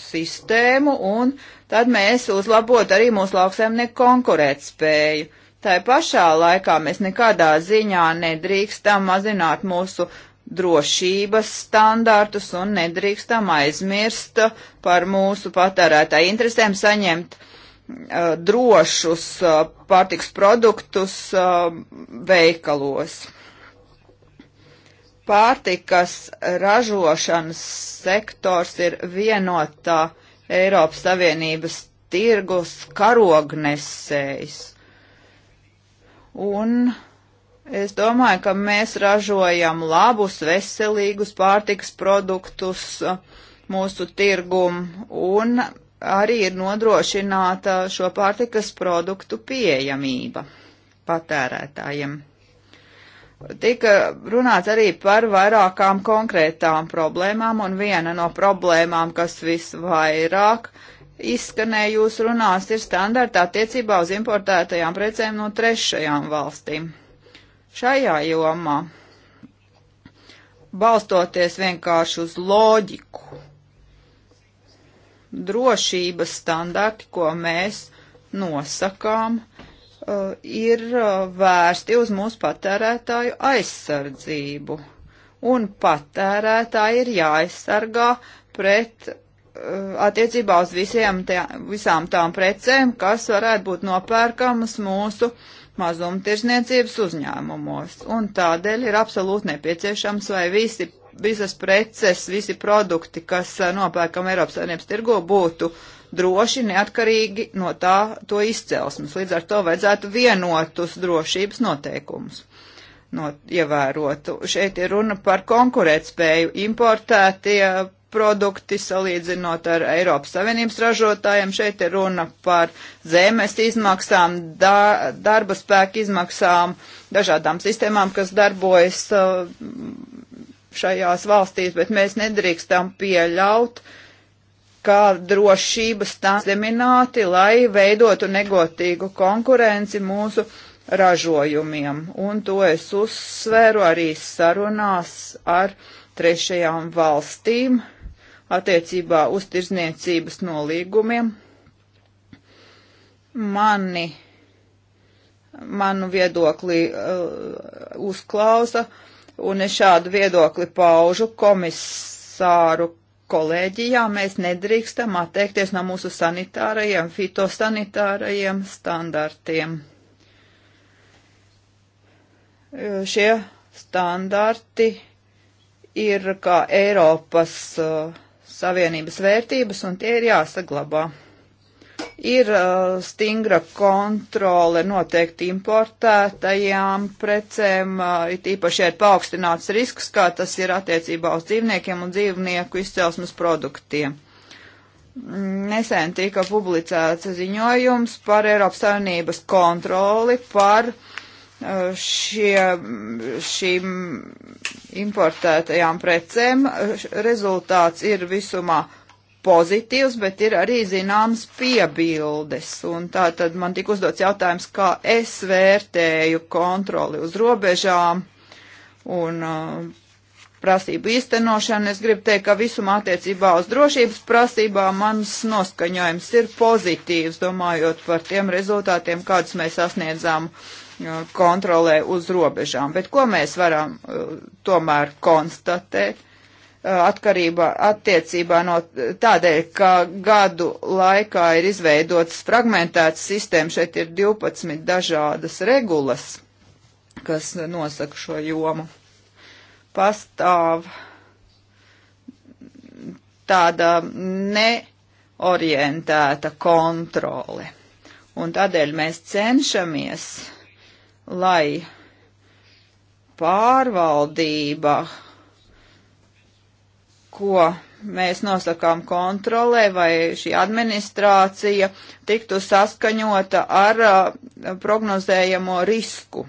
sistēmu un tad mēs uzlabot arī mūsu lauksaimnieku konkurētspēju. Tā pašā laikā mēs nekādā ziņā nedrīkstam mazināt mūsu drošības standārtus un nedrīkstam aizmirst par mūsu patērētāju interesēm saņemt uh, drošus uh, pārtiks produktus uh, veikalos. Pārtikas ražošanas sektors ir vienotā Eiropas Savienības tirgus karognesējs. Un uh, Es domāju, ka mēs ražojam labus, veselīgus pārtikas produktus uh, mūsu tirgumu un arī ir nodrošināta šo pārtikas produktu pieejamība patērētājiem. Tika runāts arī par vairākām konkrētām problēmām, un viena no problēmām, kas visvairāk izskanēja jūs runās, ir standarta attiecībā uz importētajām precēm no trešajām valstīm šajā jomā, balstoties vienkārši uz loģiku. Drošības standarti, ko mēs nosakām, eh, ir eh, vērsti uz mūsu patērētāju aizsardzību, un patērētāji ir jāaizsargā pret eh, attiecībā uz visiem tā, visām tām precēm, kas varētu būt nopērkamas mūsu uh, mazumtirzniecības uzņēmumos. Un tādēļ ir absolūti nepieciešams, lai visi, visas preces, visi produkti, kas eh, nopērkam Eiropas saimnības tirgo, būtu droši neatkarīgi no tā to izcelsmes. Līdz ar to vajadzētu vienotus drošības noteikumus. No, ievērotu. Šeit ir runa par konkurētspēju. Importētie produkti salīdzinot ar Eiropas Savienības ražotājiem. Šeit ir runa par zemes izmaksām, da, darba spēku izmaksām, dažādām sistēmām, kas darbojas uh, šajās valstīs, bet mēs nedrīkstam pieļaut, kā drošības tā zemināti, lai veidotu negotīgu konkurenci mūsu ražojumiem. Un to es uzsveru arī sarunās ar trešajām valstīm, attiecībā uz tirzniecības nolīgumiem. Mani, manu viedokli uh, uzklausa, un es šādu viedokli paužu komisāru kolēģijā. Mēs nedrīkstam atteikties no mūsu sanitārajiem, fitosanitārajiem standartiem. Uh, šie standarti ir kā Eiropas uh, Savienības vērtības, un tie ir jāsaglabā. Ir uh, stingra kontrole noteikti importētajām precēm, uh, it īpaši ir paaugstināts risks, kā tas ir attiecībā uz dzīvniekiem un dzīvnieku izcelsmes produktiem. Nesen tika publicēts ziņojums par Eiropas Savienības kontroli par uh, šie, šīm importētajām precēm rezultāts ir visumā pozitīvs, bet ir arī zināmas piebildes. Un tā tad man tika uzdots jautājums, kā es vērtēju kontroli uz robežām un uh, prasību īstenošanu. Es gribu teikt, ka visumā attiecībā uz drošības prasībām mans noskaņojums ir pozitīvs, domājot par tiem rezultātiem, kādus mēs sasniedzām uh, kontrolē uz robežām. Bet ko mēs varam tomēr konstatēt? atkarībā attiecībā no tādēļ, ka gadu laikā ir izveidotas fragmentētas sistēmas, šeit ir 12 dažādas regulas, kas nosaka šo jomu. Pastāv tāda neorientēta kontrole. Un tādēļ mēs cenšamies uh, lai pārvaldība, ko mēs nosakām kontrolē, vai šī administrācija tiktu saskaņota ar uh, prognozējamo risku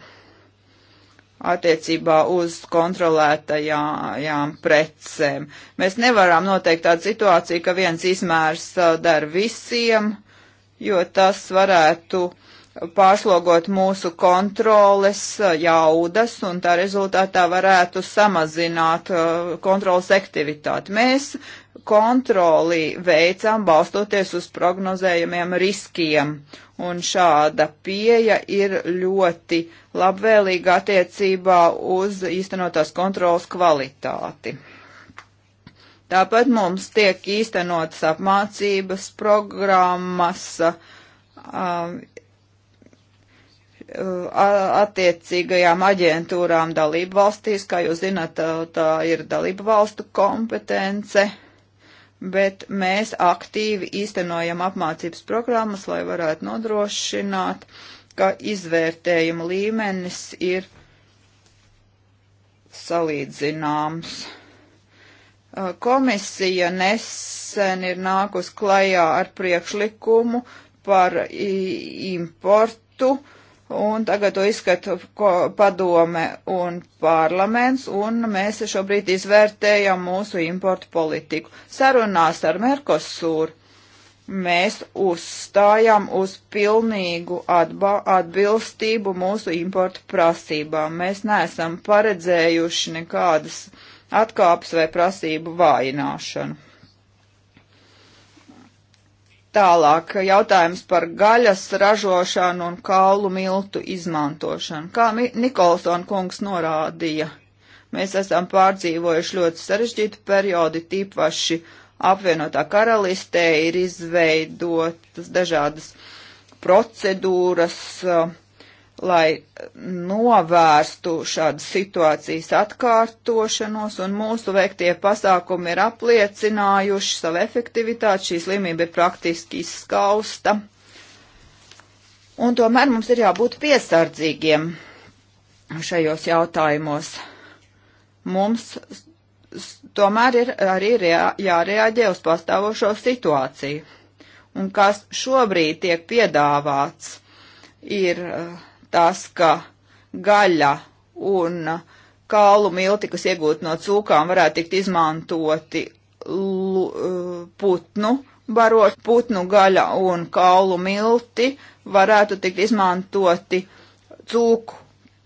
attiecībā uz kontrolētajām precēm. Mēs nevaram noteikt tādu situāciju, ka viens izmērs uh, dar visiem, jo tas varētu uh, pārslogot mūsu kontroles uh, jaudas un tā rezultātā varētu samazināt uh, kontroles aktivitāti. Mēs kontroli veicam balstoties uz prognozējumiem riskiem, un šāda pieeja ir ļoti labvēlīga attiecībā uz īstenotās kontrolas kvalitāti. Tāpat mums tiek īstenotas apmācības programmas, uh, attiecīgajām aģentūrām dalību valstīs. Kā jūs zināt, tā ir dalību valstu kompetence, bet mēs aktīvi īstenojam apmācības programmas, lai varētu nodrošināt, ka izvērtējuma līmenis ir salīdzināms. Komisija nesen ir nākus klajā ar priekšlikumu par importu uh, un tagad to izskata padome un parlaments, un mēs šobrīd izvērtējam mūsu importu politiku. Sarunās ar Merkosūru mēs uzstājam uz pilnīgu atbilstību mūsu importu prasībām. Mēs neesam paredzējuši nekādas atkāpes vai prasību vājināšanu. Tālāk jautājums par gaļas ražošanu un kaulu miltu izmantošanu. Kā Nikolson kungs norādīja, mēs esam pārdzīvojuši ļoti sarežģītu periodi, tīpaši apvienotā karalistē ir izveidotas dažādas procedūras, uh, lai novērstu šādas situācijas atkārtošanos, un mūsu veiktie pasākumi ir apliecinājuši savu efektivitāti, šī slimība ir praktiski izskausta. Un tomēr mums ir jābūt piesardzīgiem šajos jautājumos. Mums tomēr ir arī jāreaģē uz pastāvošo situāciju. Un kas šobrīd tiek piedāvāts, ir uh, tas, ka gaļa un kālu milti, kas iegūti no cūkām, varētu tikt izmantoti eh, putnu barot, putnu gaļa un kālu milti varētu tikt izmantoti cūku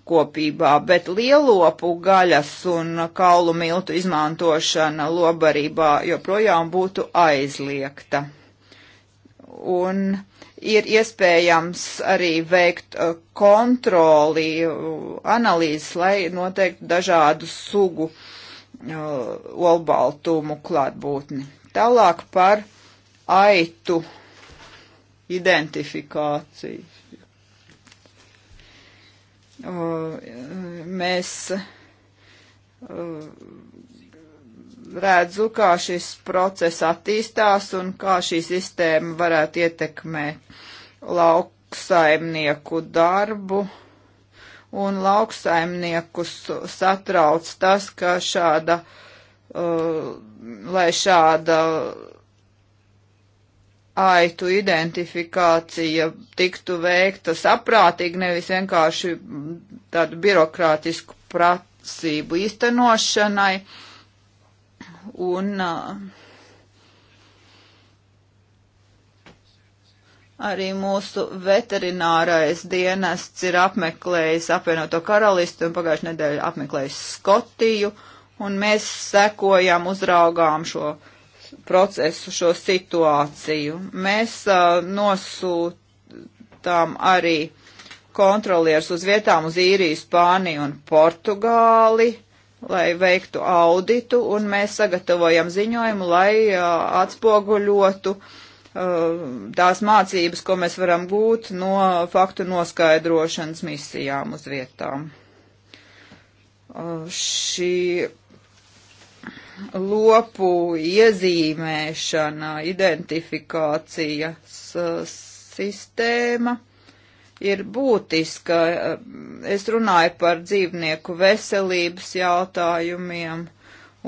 kopībā, bet lielopu gaļas un kaulu miltu izmantošana lobarībā joprojām būtu aizliegta. Un ir iespējams arī veikt uh, kontroli, uh, analīzes, lai noteiktu dažādu sugu uh, olbaltumu klātbūtni. Tālāk par aitu identifikāciju. Mēs redzu, kā šis process attīstās un kā šī sistēma varētu ietekmēt lauksaimnieku darbu. Un lauksaimniekus satrauc tas, ka šāda, uh, lai šāda aitu identifikācija tiktu veikta saprātīgi, nevis vienkārši tādu birokrātisku prasību īstenošanai. Uh, un arī mūsu veterinārais dienests ir apmeklējis apvienoto karalisti un pagājušajā nedēļā apmeklējis Skotiju, un mēs sekojam, uzraugām šo procesu, šo situāciju. Mēs uh, nosūtām arī kontrolieris uz vietām uz Īriju, Spāniju un Portugāli. Uh, lai veiktu auditu, un mēs sagatavojam ziņojumu, lai uh, atspoguļotu uh, tās mācības, ko mēs varam gūt no faktu noskaidrošanas misijām uz vietām. Uh, šī lopu iezīmēšana, identifikācijas uh, sistēma ir būtiska. Es runāju par dzīvnieku veselības jautājumiem.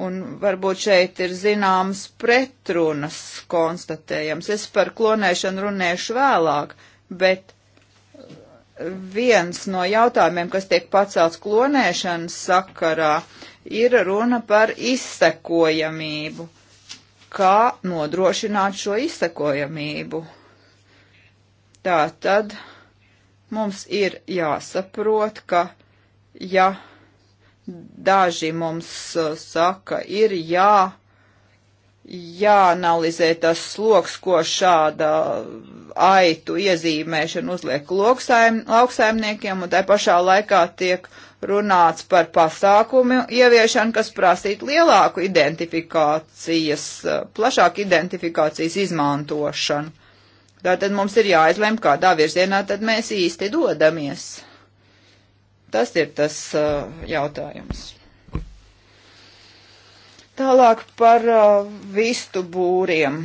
Un varbūt šeit ir zināmas pretrunas konstatējams. Es par klonēšanu runēšu vēlāk, bet viens no jautājumiem, kas tiek pacelts klonēšanas sakarā, ir runa par izsekojamību. Kā nodrošināt šo izsekojamību? Tā tad Mums ir jāsaprot, ka ja daži mums uh, saka, ir jā, jāanalizē tas sloks, ko šāda aitu iezīmēšana uzliek loksaim, lauksaimniekiem, un tai pašā laikā tiek runāts par pasākumu ieviešanu, kas prasītu lielāku identifikācijas, uh, plašāku identifikācijas izmantošanu. Tātad mums ir jāizlem, kādā virzienā tad mēs īsti dodamies. Tas ir tas uh, jautājums. Tālāk par uh, vistu būriem.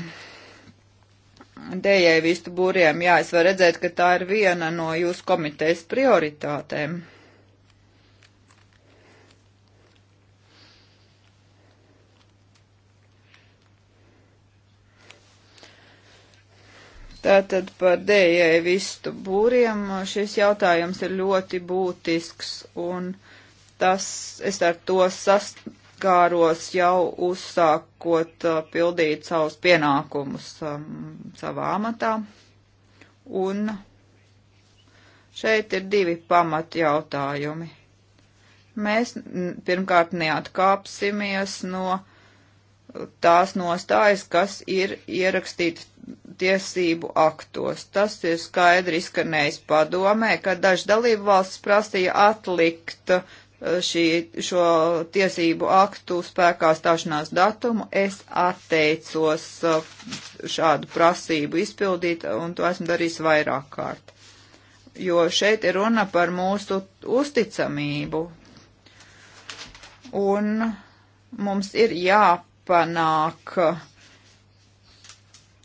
Dējai vistu būriem, jā, es varu redzēt, ka tā ir viena no jūsu komitejas prioritātēm. Tātad par dējai e vistu būriem šis jautājums ir ļoti būtisks un tas, es ar to saskāros jau uzsākot uh, pildīt savus pienākumus um, savā amatā. Un šeit ir divi pamat jautājumi. Mēs pirmkārt neatkāpsimies no tās nostājas, kas ir ierakstītas tiesību aktos. Tas ir skaidri izskanējis padomē, ka daži dalību valsts prasīja atlikt uh, šī, šo tiesību aktu spēkā stāšanās datumu. Es atteicos uh, šādu prasību izpildīt, un to esmu darījis vairāk kārt. Jo šeit ir runa par mūsu uzticamību. Un mums ir jāpārāk jāpanāk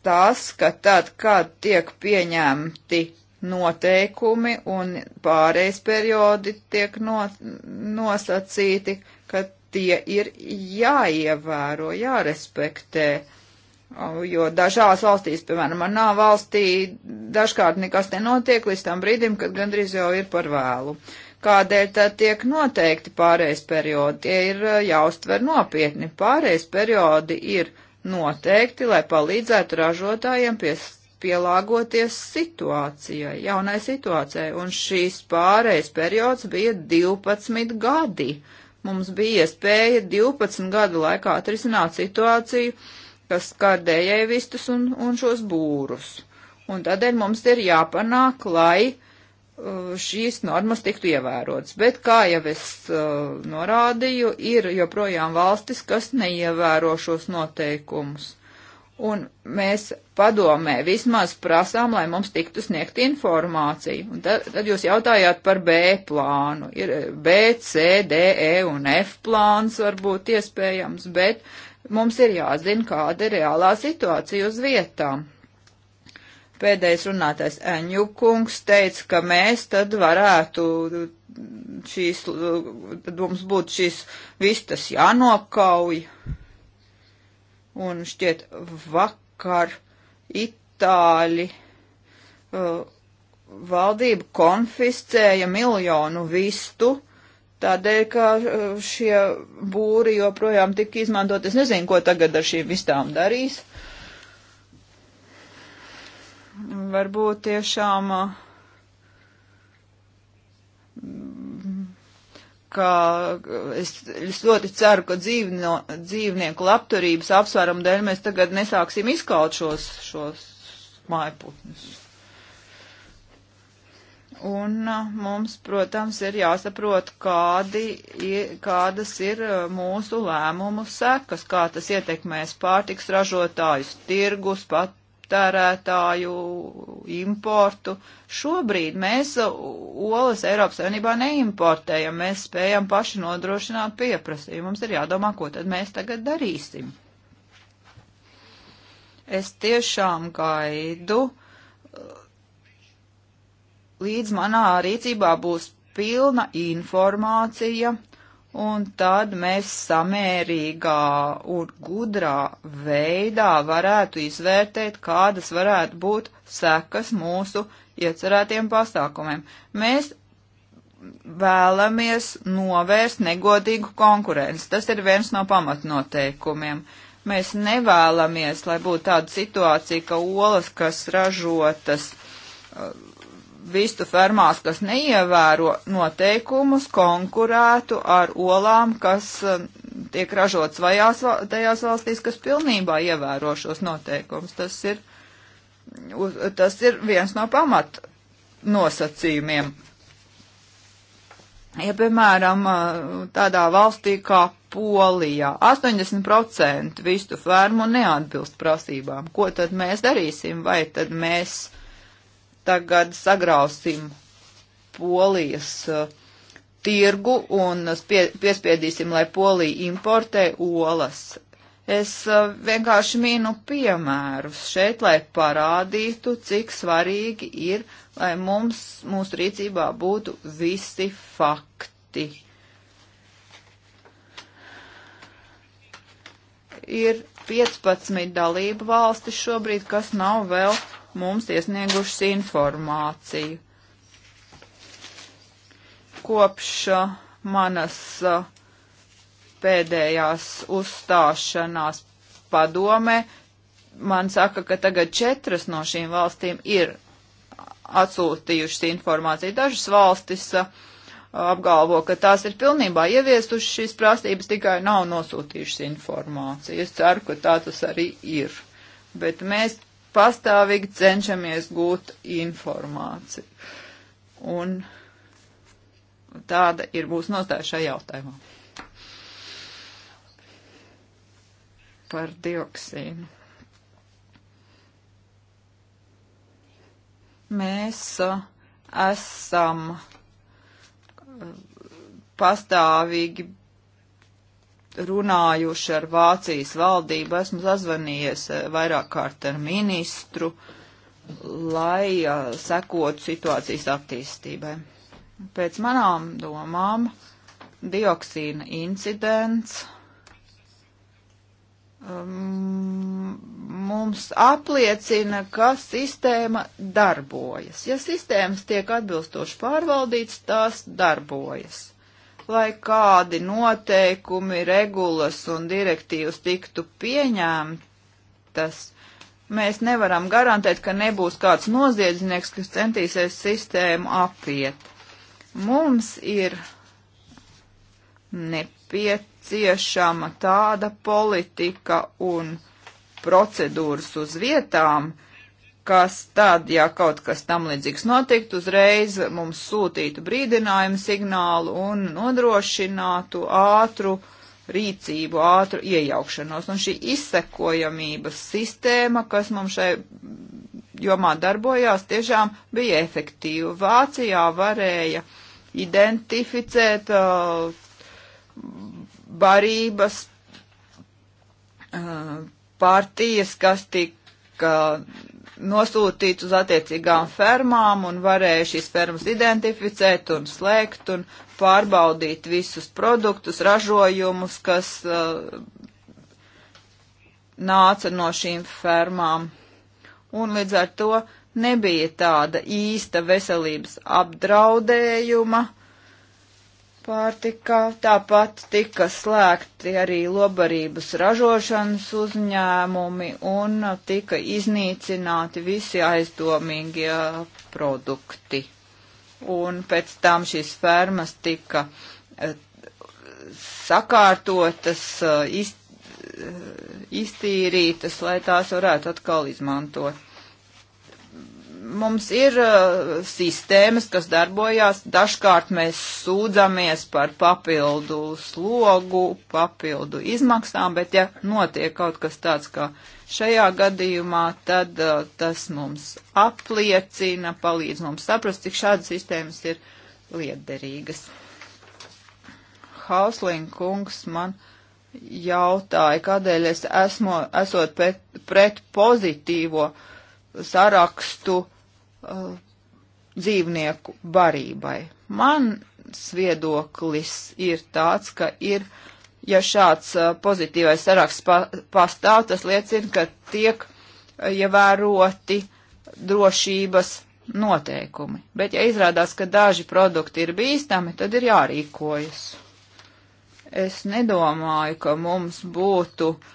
tas, ka tad, kad tiek pieņemti noteikumi un pārējais periodi tiek no, nosacīti, ka tie ir jāievēro, jārespektē. Jo dažās valstīs, piemēram, manā valstī, dažkārt nekas nenotiek līdz tam brīdim, kad gandrīz jau ir par vēlu. Uh, Kādēļ tad tiek noteikti pārējais periodi? Tie ir eh, jāuztver nopietni. Pārējais periodi ir noteikti, lai palīdzētu ražotājiem pies, pielāgoties situācijai, jaunai situācijai. Un šīs pārējais periods bija 12 gadi. Mums bija iespēja 12 gadu laikā atrisināt situāciju, kas skardēja vistus un, un šos būrus. Un tādēļ mums ir jāpanāk, lai Eh, šīs normas tiktu ievērotas. Bet, kā jau es uh, norādīju, ir joprojām valstis, kas neievēro šos noteikumus. Un mēs padomē vismaz prasām, lai mums tiktu sniegt informāciju. Un tad, tad jūs jautājāt par B plānu. Ir eh, B, C, D, E un F plāns varbūt iespējams, bet mums ir jāzina, kāda ir reālā situācija uz vietām pēdējais runātais Eņukungs teica, ka mēs tad varētu šīs, tad mums būtu šīs vistas jānokauj. Un šķiet vakar Itāļi uh, valdība konfiscēja miljonu vistu, tādēļ, ka uh, šie būri joprojām tika izmantot. Es nezinu, ko tagad ar šīm vistām darīs. Uh, varbūt tiešām, uh, ka es, es ļoti ceru, ka dzīvno, dzīvnieku labturības apsvērumu dēļ mēs tagad nesāksim izkaut šos, šos mājputnus. Un uh, mums, protams, ir jāsaprot, kādi, kādas ir uh, mūsu lēmumu sekas, kā tas ietekmēs pārtiks ražotājus, tirgus, pat patērētāju importu. Šobrīd mēs olas Eiropas Savienībā neimportējam, mēs spējam paši nodrošināt pieprasījumu. Mums ir jādomā, ko tad mēs tagad darīsim. Es tiešām gaidu, līdz manā rīcībā būs pilna informācija un tad mēs samērīgā un gudrā veidā varētu izvērtēt, kādas varētu būt sekas mūsu iecerētiem pasākumiem. Mēs vēlamies novērst negodīgu konkurenci. Tas ir viens no pamatnoteikumiem. Mēs nevēlamies, lai būtu tāda situācija, ka olas, kas ražotas uh, vistu fermās, kas neievēro noteikumus, konkurētu ar olām, kas eh, tiek ražots vajās, tajās valstīs, kas pilnībā ievēro šos noteikumus. Tas ir, tas ir viens no pamat nosacījumiem. Ja, piemēram, eh, tādā valstī kā Polijā 80% vistu fermu neatbilst prasībām, ko tad mēs darīsim? Vai tad mēs tagad sagrausim polijas uh, tirgu un pie, piespiedīsim, lai polija importē olas. Es uh, vienkārši mīnu piemērus šeit, lai parādītu, cik svarīgi ir, lai mums, mūsu rīcībā būtu visi fakti. Ir 15 dalību valstis šobrīd, kas nav vēl mums iesniegušas informāciju. Kopš uh, manas uh, pēdējās uzstāšanās padome man saka, ka tagad četras no šīm valstīm ir atsūtījušas informāciju. Dažas valstis uh, apgalvo, ka tās ir pilnībā ieviestušas šīs prasības, tikai nav nosūtījušas informāciju. Es ceru, ka tā tas arī ir. Bet mēs pastāvīgi cenšamies gūt informāciju. Un tāda ir mūsu nostāja šajā jautājumā. Par dioksīnu. Mēs esam pastāvīgi runājuši ar Vācijas valdību, esmu sazvanījies eh, vairāk kārt ar ministru, lai eh, sekotu situācijas attīstībai. Pēc manām domām dioksīna incidents um, mums apliecina, ka sistēma darbojas. Ja sistēmas tiek atbilstoši pārvaldīts, tās darbojas lai kādi noteikumi, regulas un direktīvas tiktu pieņemtas, mēs nevaram garantēt, ka nebūs kāds noziedznieks, kas centīsies sistēmu apiet. Mums ir nepieciešama tāda politika un procedūras uz vietām, kas tad, ja kaut kas tam līdzīgs notiktu, uzreiz mums sūtītu brīdinājumu signālu un nodrošinātu ātru rīcību, ātru iejaukšanos. Un šī izsekojamības sistēma, kas mums šai jomā darbojās, tiešām bija efektīva. Vācijā varēja identificēt uh, barības uh, partijas, kas tika nosūtīts uz attiecīgām fermām un varēja šīs fermas identificēt un slēgt un pārbaudīt visus produktus, ražojumus, kas uh, nāca no šīm fermām. Un līdz ar to nebija tāda īsta veselības apdraudējuma, uh, pārtikā. Tāpat tika slēgti arī lobarības ražošanas uzņēmumi un tika iznīcināti visi aizdomīgie produkti. Un pēc tam šīs fermas tika eh, sakārtotas, eh, iz, eh, iztīrītas, lai tās varētu atkal izmantot mums ir uh, sistēmas, kas darbojās. Dažkārt mēs sūdzamies par papildu slogu, papildu izmaksām, bet ja notiek kaut kas tāds kā šajā gadījumā, tad uh, tas mums apliecina, palīdz mums saprast, cik šādas sistēmas ir lietderīgas. Hauslinkungs man jautāja, kādēļ es esmu, esot pret, pret pozitīvo sarakstu uh, dzīvnieku barībai. Mans viedoklis ir tāds, ka ir, ja šāds uh, pozitīvais saraksts pa, pastāv, tas liecina, ka tiek uh, ievēroti drošības noteikumi. Bet, ja izrādās, ka daži produkti ir bīstami, tad ir jārīkojas. Es nedomāju, ka mums būtu uh,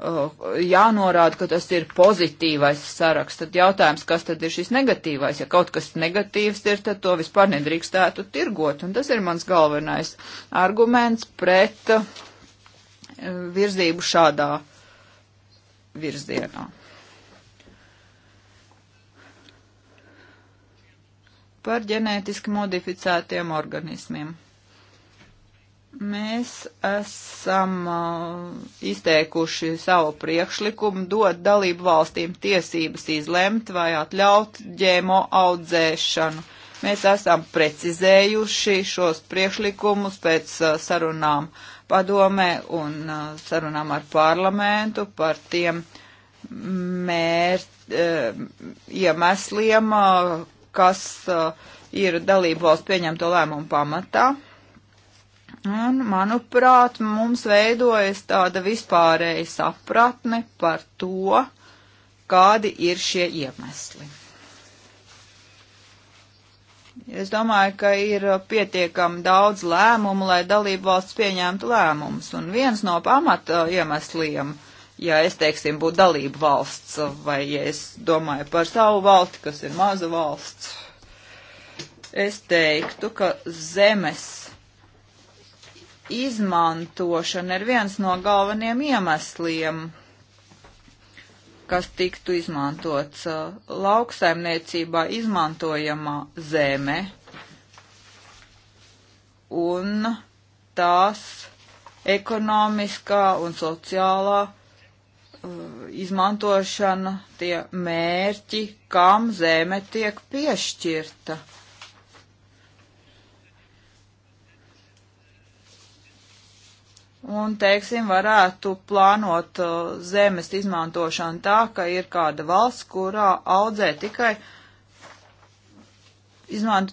Uh, jānorāda, ka tas ir pozitīvais saraksts. Tad jautājums, kas tad ir šis negatīvais? Ja kaut kas negatīvs ir, tad to vispār nedrīkstētu tirgot. Un tas ir mans galvenais arguments pret uh, virzību šādā virzienā. Par ģenētiski modificētiem organismiem. Mēs esam uh, izteikuši savu priekšlikumu dot dalību valstīm tiesības izlemt vai atļaut ģēmo audzēšanu. Mēs esam precizējuši šos priekšlikumus pēc uh, sarunām padomē un uh, sarunām ar parlamentu par tiem mēr, iemesliem, kas ir dalību valsts pieņemto lēmumu pamatā. Un, manuprāt, mums veidojas tāda vispārēja sapratne par to, kādi ir šie iemesli. Es domāju, ka ir pietiekami daudz lēmumu, lai dalību valsts pieņemtu lēmumus. Un viens no pamata iemesliem, ja es, teiksim, būtu dalību valsts, vai ja es domāju par savu valsti, kas ir maza valsts, es teiktu, ka zemes izmantošana ir viens no galveniem iemesliem, kas tiktu izmantots uh, lauksaimniecībā izmantojamā zeme un tās ekonomiskā un sociālā uh, izmantošana, tie mērķi, kam zeme tiek piešķirta. un, teiksim, varētu plānot uh, zemes izmantošanu tā, ka ir kāda valsts, kurā audzē tikai izmant,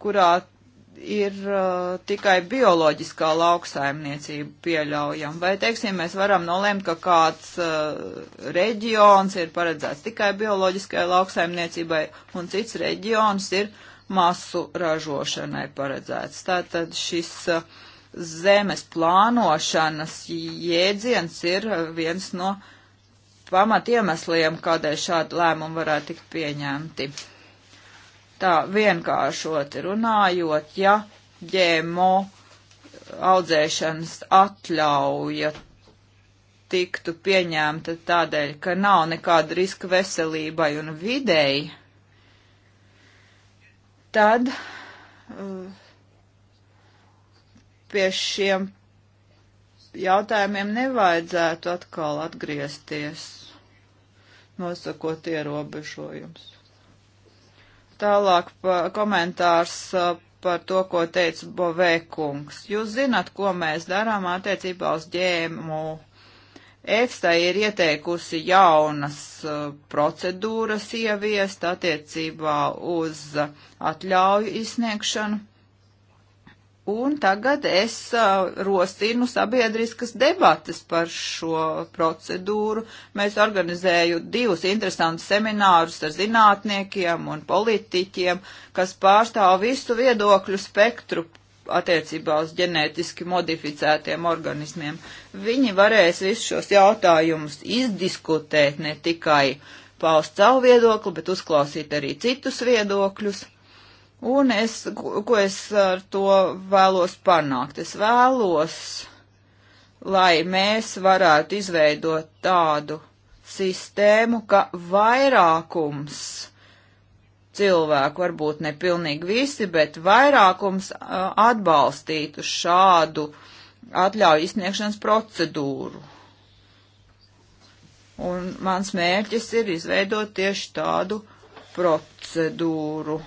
kurā ir uh, tikai bioloģiskā lauksaimniecība pieļaujama. Vai, teiksim, mēs varam nolēmt, ka kāds uh, reģions ir paredzēts tikai bioloģiskai lauksaimniecībai un cits reģions ir masu ražošanai paredzēts. Tātad šis uh, zemes plānošanas jēdziens ir viens no pamatiemesliem, kādēļ šādi lēmumi varētu tikt pieņemti. Tā vienkāršoti runājot, ja ģēmo audzēšanas atļauja tiktu pieņemta tādēļ, ka nav nekāda riska veselībai un videi, tad uh, pie šiem jautājumiem nevajadzētu atkal atgriezties, nosakot ierobežojums. Tālāk pa, komentārs uh, par to, ko teica Bovēkungs. Jūs zinat, ko mēs darām attiecībā uz ģēmu. EFSA ir ieteikusi jaunas uh, procedūras ieviest attiecībā uz atļauju izsniegšanu Un tagad es uh, rosinu sabiedriskas debatas par šo procedūru. Mēs organizēju divus interesantus seminārus ar zinātniekiem un politiķiem, kas pārstāv visu viedokļu spektru attiecībā uz ģenētiski modificētiem organismiem. Viņi varēs visus šos jautājumus izdiskutēt, ne tikai paust savu viedokli, bet uzklausīt arī citus viedokļus. Un es, ko es ar to vēlos panākt? Es vēlos, lai mēs varētu izveidot tādu sistēmu, ka vairākums cilvēku, varbūt ne pilnīgi visi, bet vairākums atbalstītu šādu atļauju izsniegšanas procedūru. Un mans mērķis ir izveidot tieši tādu procedūru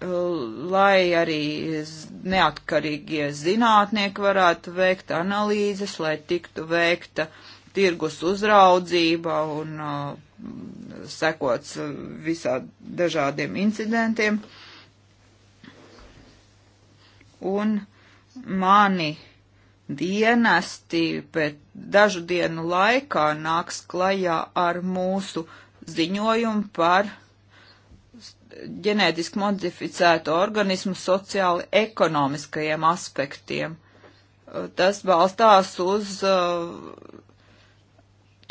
lai arī neatkarīgie zinātnieki varētu veikt analīzes, lai tiktu veikta tirgus uzraudzība un uh, sekots uh, visā dažādiem incidentiem. Un mani dienesti pēc dažu dienu laikā nāks klajā ar mūsu ziņojumu par ģenētiski modificētu organismu sociāli ekonomiskajiem aspektiem. Uh, tas balstās uz uh,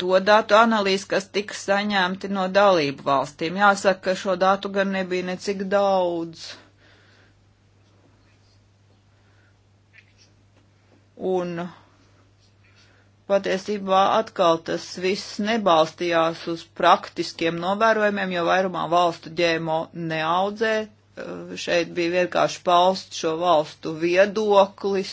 to datu analīzi, kas tika saņemti no dalību valstīm. Jāsaka, ka šo datu gan nebija necik daudz. Un Patiesībā atkal tas viss nebalstījās uz praktiskiem novērojumiem, jo vairumā valstu ģēmo neaudzē. Uh, šeit bija vienkārši paust šo valstu viedoklis,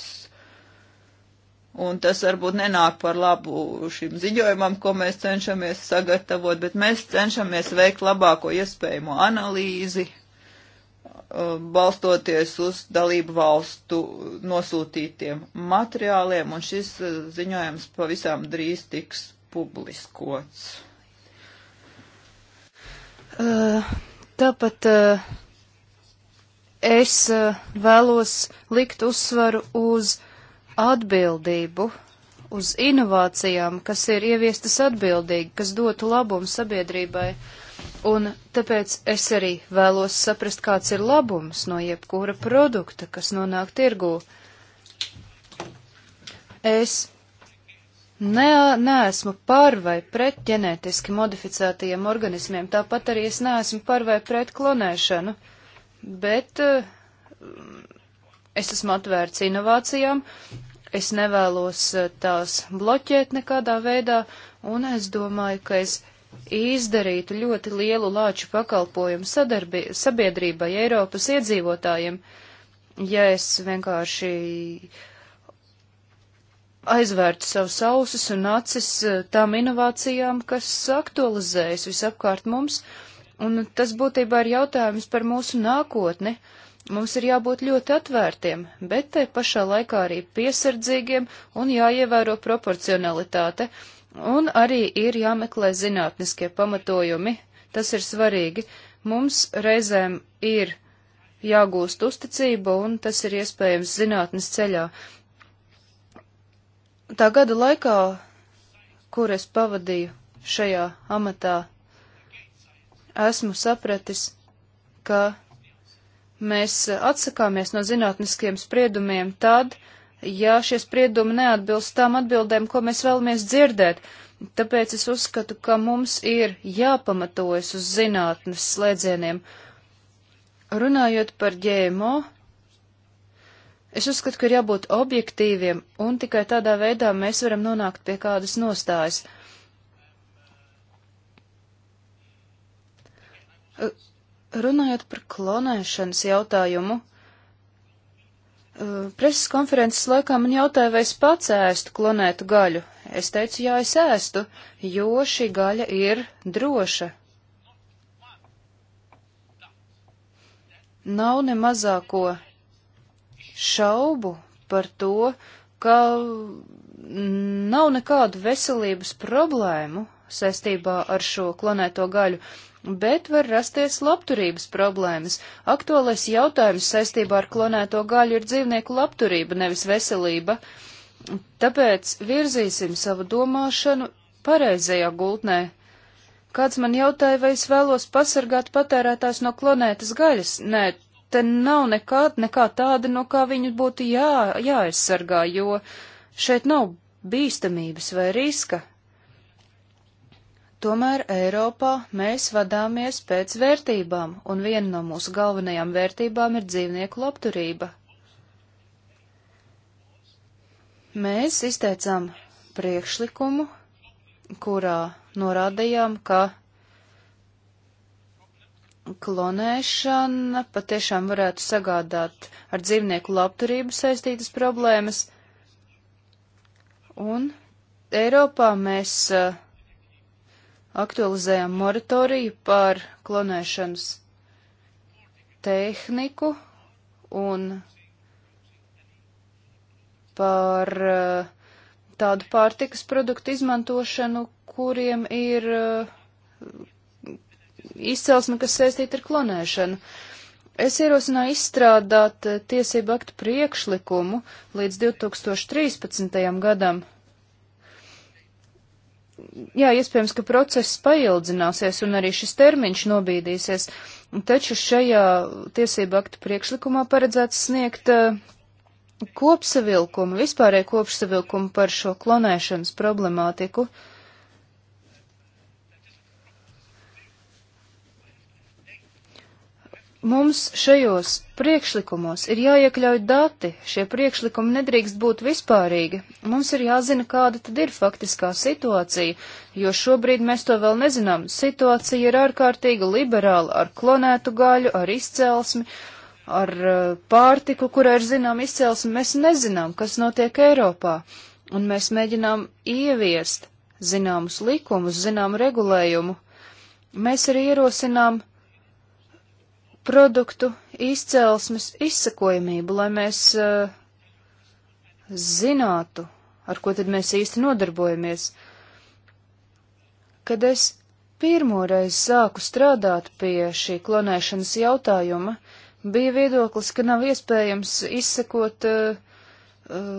un tas varbūt nenāk par labu šim ziņojumam, ko mēs cenšamies sagatavot, bet mēs cenšamies veikt labāko iespējamo analīzi Uh, balstoties uz dalību valstu nosūtītiem materiāliem, un šis uh, ziņojums pavisam drīz tiks publiskots. Uh, tāpat uh, es uh, vēlos likt uzsvaru uz atbildību, uz inovācijām, kas ir ieviestas atbildīgi, kas dotu labumu sabiedrībai. Uh, Un tāpēc es arī vēlos saprast, kāds ir labums no jebkura produkta, kas nonāk tirgū. Es ne, neesmu par vai pret ģenētiski modificētajiem organismiem, tāpat arī es neesmu par vai pret klonēšanu, bet uh, es esmu atvērts inovācijām, es nevēlos eh, tās bloķēt nekādā veidā, un es domāju, ka es izdarītu ļoti lielu lāču pakalpojumu sadarbi, sabiedrībai, Eiropas iedzīvotājiem, ja es vienkārši aizvērtu savus ausis un acis eh, tām inovācijām, kas aktualizējas visapkārt mums, un tas būtībā ir jautājums par mūsu nākotni. Mums ir jābūt ļoti atvērtiem, bet te pašā laikā arī piesardzīgiem un jāievēro proporcionalitāte. Uh, Un arī ir jāmeklē zinātniskie pamatojumi, tas ir svarīgi. Mums reizēm ir jāgūst uzticība, un tas ir iespējams zinātnes ceļā. Tā gada laikā, kur es pavadīju šajā amatā, esmu sapratis, ka mēs atsakāmies no zinātniskiem spriedumiem tad, kad ja šie spriedumi neatbilst tām atbildēm, ko mēs vēlamies dzirdēt. Tāpēc es uzskatu, ka mums ir jāpamatojas uz zinātnes slēdzieniem. Runājot par ģēmo, es uzskatu, ka ir jābūt objektīviem, un tikai tādā veidā mēs varam nonākt pie kādas nostājas. Runājot par klonēšanas jautājumu, Eh, preses konferences laikā man jautāja, vai es pats ēstu klonētu gaļu. Es teicu, jā, es ēstu, jo šī gaļa ir droša. Nav ne mazāko šaubu par to, ka nav nekādu veselības problēmu saistībā ar šo klonēto gaļu bet var rasties labturības problēmas. Aktuālais jautājums saistībā ar klonēto gaļu ir dzīvnieku labturība, nevis veselība. Tāpēc virzīsim savu domāšanu pareizajā gultnē. Kāds man jautāja, vai es vēlos pasargāt patērētājs no klonētas gaļas? Nē, te nav nekā, nekā tāda, no kā viņu būtu jā, jāaizsargā, jo šeit nav bīstamības vai riska. Tomēr Eiropā mēs vadāmies pēc vērtībām, un viena no mūsu galvenajām vērtībām ir dzīvnieku labturība. Mēs izteicām priekšlikumu, kurā norādījām, ka klonēšana patiešām varētu sagādāt ar dzīvnieku labturību saistītas problēmas. Un Eiropā mēs uh, aktualizējam moratoriju par klonēšanas tehniku un par eh, tādu pārtikas produktu izmantošanu, kuriem ir eh, izcelsme, kas saistīta ar klonēšanu. Es ierosināju izstrādāt eh, tiesību aktu priekšlikumu līdz 2013. gadam jā, iespējams, ka process paildzināsies un arī šis termiņš nobīdīsies, taču šajā tiesību aktu priekšlikumā paredzēts sniegt uh, kopsavilkumu, vispārēju kopsavilkumu par šo klonēšanas problemātiku. Uh, mums šajos priekšlikumos ir jāiekļauj dati, šie priekšlikumi nedrīkst būt vispārīgi. Mums ir jāzina, kāda tad ir faktiskā situācija, jo šobrīd mēs to vēl nezinām. Situācija ir ārkārtīgi liberāla, ar klonētu gaļu, ar izcelsmi, ar eh, pārtiku, kurā ir zinām izcelsmi. Mēs nezinām, kas notiek Eiropā, un mēs mēģinām ieviest zināmus likumus, zinām regulējumu. Mēs arī ierosinām produktu izcelsmes izsakojamību, lai mēs uh, zinātu, ar ko tad mēs īsti nodarbojamies. Kad es pirmoreiz sāku strādāt pie šī klonēšanas jautājuma, bija viedoklis, ka nav iespējams izsekot uh, uh,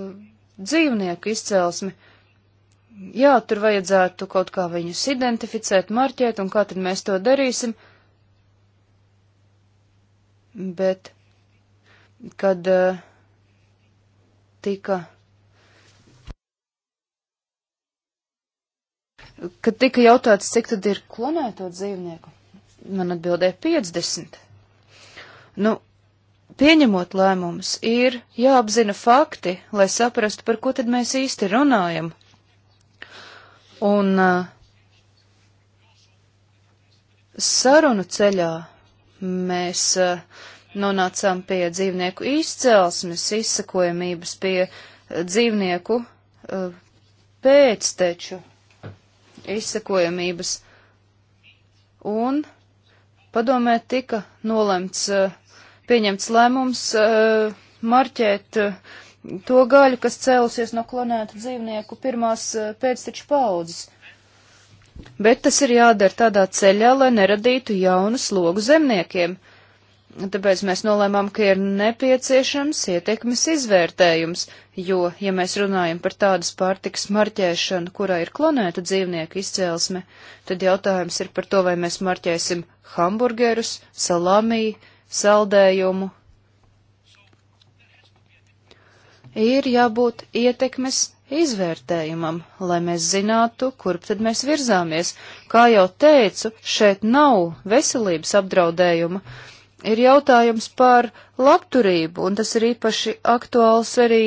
dzīvnieku izcelsmi. Jā, tur vajadzētu kaut kā viņus identificēt, marķēt, un kā tad mēs to darīsim. Uh, bet kad eh, tika. Kad tika jautāts, cik tad ir klonēto dzīvnieku, man atbildēja 50. Nu, pieņemot lēmumus, ir jāapzina fakti, lai saprastu, par ko tad mēs īsti runājam. Un uh, sarunu ceļā mēs eh, nonācām pie dzīvnieku izcelsmes, izsakojamības, pie eh, dzīvnieku eh, pēcteču izsakojamības. Un padomē tika nolemts, pieņemts lēmums marķēt to gaļu, kas cēlusies no klonēta dzīvnieku pirmās pēcteču paudzes bet tas ir jādara tādā ceļā, lai neradītu jaunu slogu zemniekiem. Tāpēc mēs nolēmām, ka ir nepieciešams ietekmes izvērtējums, jo, ja mēs runājam par tādas pārtikas marķēšanu, kurā ir klonēta dzīvnieku izcēlesme, tad jautājums ir par to, vai mēs marķēsim hamburgerus, salāmī, saldējumu. Ir jābūt ietekmes izvērtējumam, lai mēs zinātu, kurp tad mēs virzāmies. Kā jau teicu, šeit nav veselības apdraudējuma. Ir jautājums par labturību, un tas ir īpaši aktuāls arī,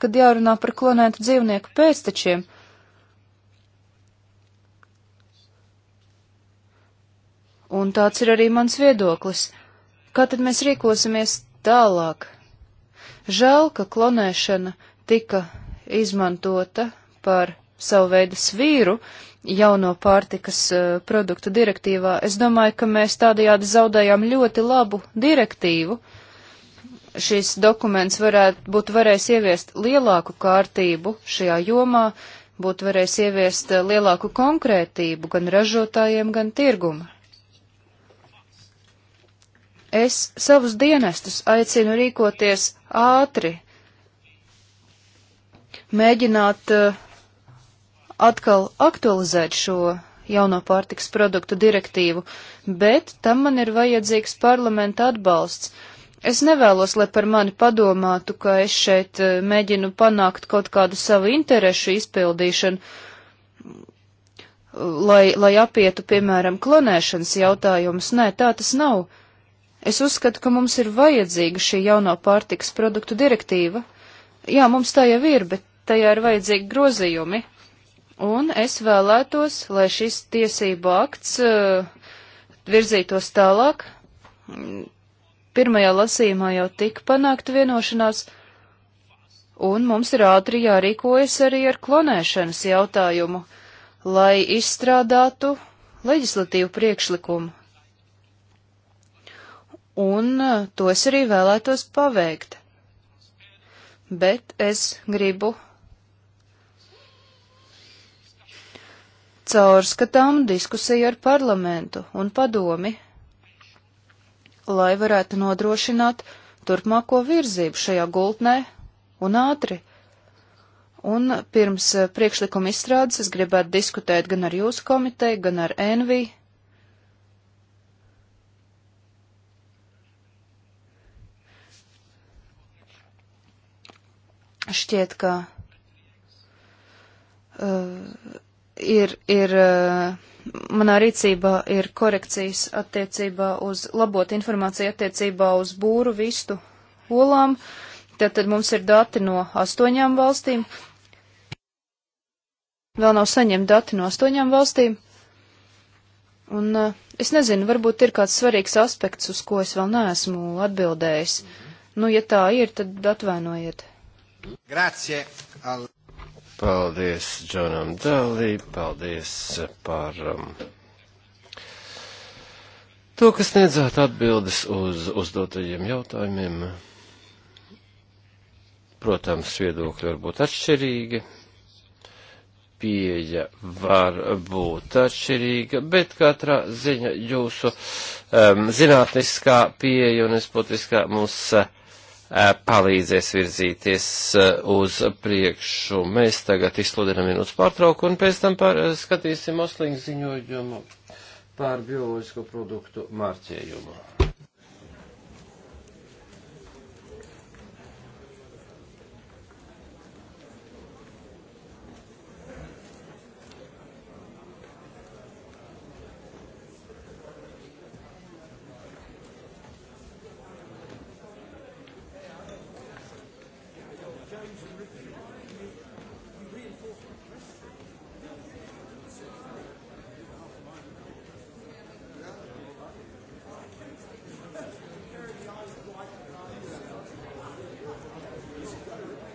kad jārunā par klonētu dzīvnieku pēstečiem. Un tāds ir arī mans viedoklis. Kā tad mēs rīkosimies tālāk? Žēl, ka klonēšana tika izmantota par savu veidu svīru jauno pārtikas eh, produktu direktīvā, es domāju, ka mēs tādajādi zaudējām ļoti labu direktīvu. Šis dokuments varētu būt varējis ieviest lielāku kārtību šajā jomā, būtu varējis ieviest eh, lielāku konkrētību gan ražotājiem, gan tirgumu. Es savus dienestus aicinu rīkoties ātri, mēģināt eh, atkal aktualizēt šo jauno pārtiks produktu direktīvu, bet tam man ir vajadzīgs parlamenta atbalsts. Es nevēlos, lai par mani padomātu, ka es šeit eh, mēģinu panākt kaut kādu savu interešu izpildīšanu, lai, lai apietu, piemēram, klonēšanas jautājumus. Nē, tā tas nav. Es uzskatu, ka mums ir vajadzīga šī jauno pārtiks produktu direktīva. Jā, mums tā jau ir, bet tajā ir vajadzīgi grozījumi. Un es vēlētos, lai šis tiesību akts uh, virzītos tālāk. Pirmajā lasījumā jau tika panākta vienošanās, un mums ir ātri jārīkojas arī ar klonēšanas jautājumu, lai izstrādātu leģislatīvu priekšlikumu. Un uh, eh, tos arī vēlētos paveikt bet es gribu caurskatām diskusiju ar parlamentu un padomi, lai varētu nodrošināt turpmāko virzību šajā gultnē un ātri. Un pirms priekšlikuma izstrādes es gribētu diskutēt gan ar jūsu komiteju, gan ar Enviju Šķiet, ka uh, ir, ir uh, manā rīcībā ir korekcijas attiecībā uz labot informāciju attiecībā uz būru vistu olām. Tātad mums ir dati no astoņām valstīm. Vēl nav saņemti dati no astoņām valstīm. Un uh, es nezinu, varbūt ir kāds svarīgs aspekts, uz ko es vēl neesmu atbildējis. Nu, ja tā ir, tad atvainojiet. Grazie. Al... Paldies Džonam Dalī, paldies par um, to, ka sniedzāt atbildes uz uzdotajiem jautājumiem. Protams, viedokļi var būt atšķirīgi, pieeja var būt atšķirīga, bet katrā ziņa jūsu um, zinātniskā pieeja un es būtiskā mūsu uh, palīdzēs virzīties uz priekšu. Mēs tagad izsludinam minūtes pārtrauku un pēc tam pār, skatīsim Oslinga ziņojumu par bioloģisko produktu mārķējumu.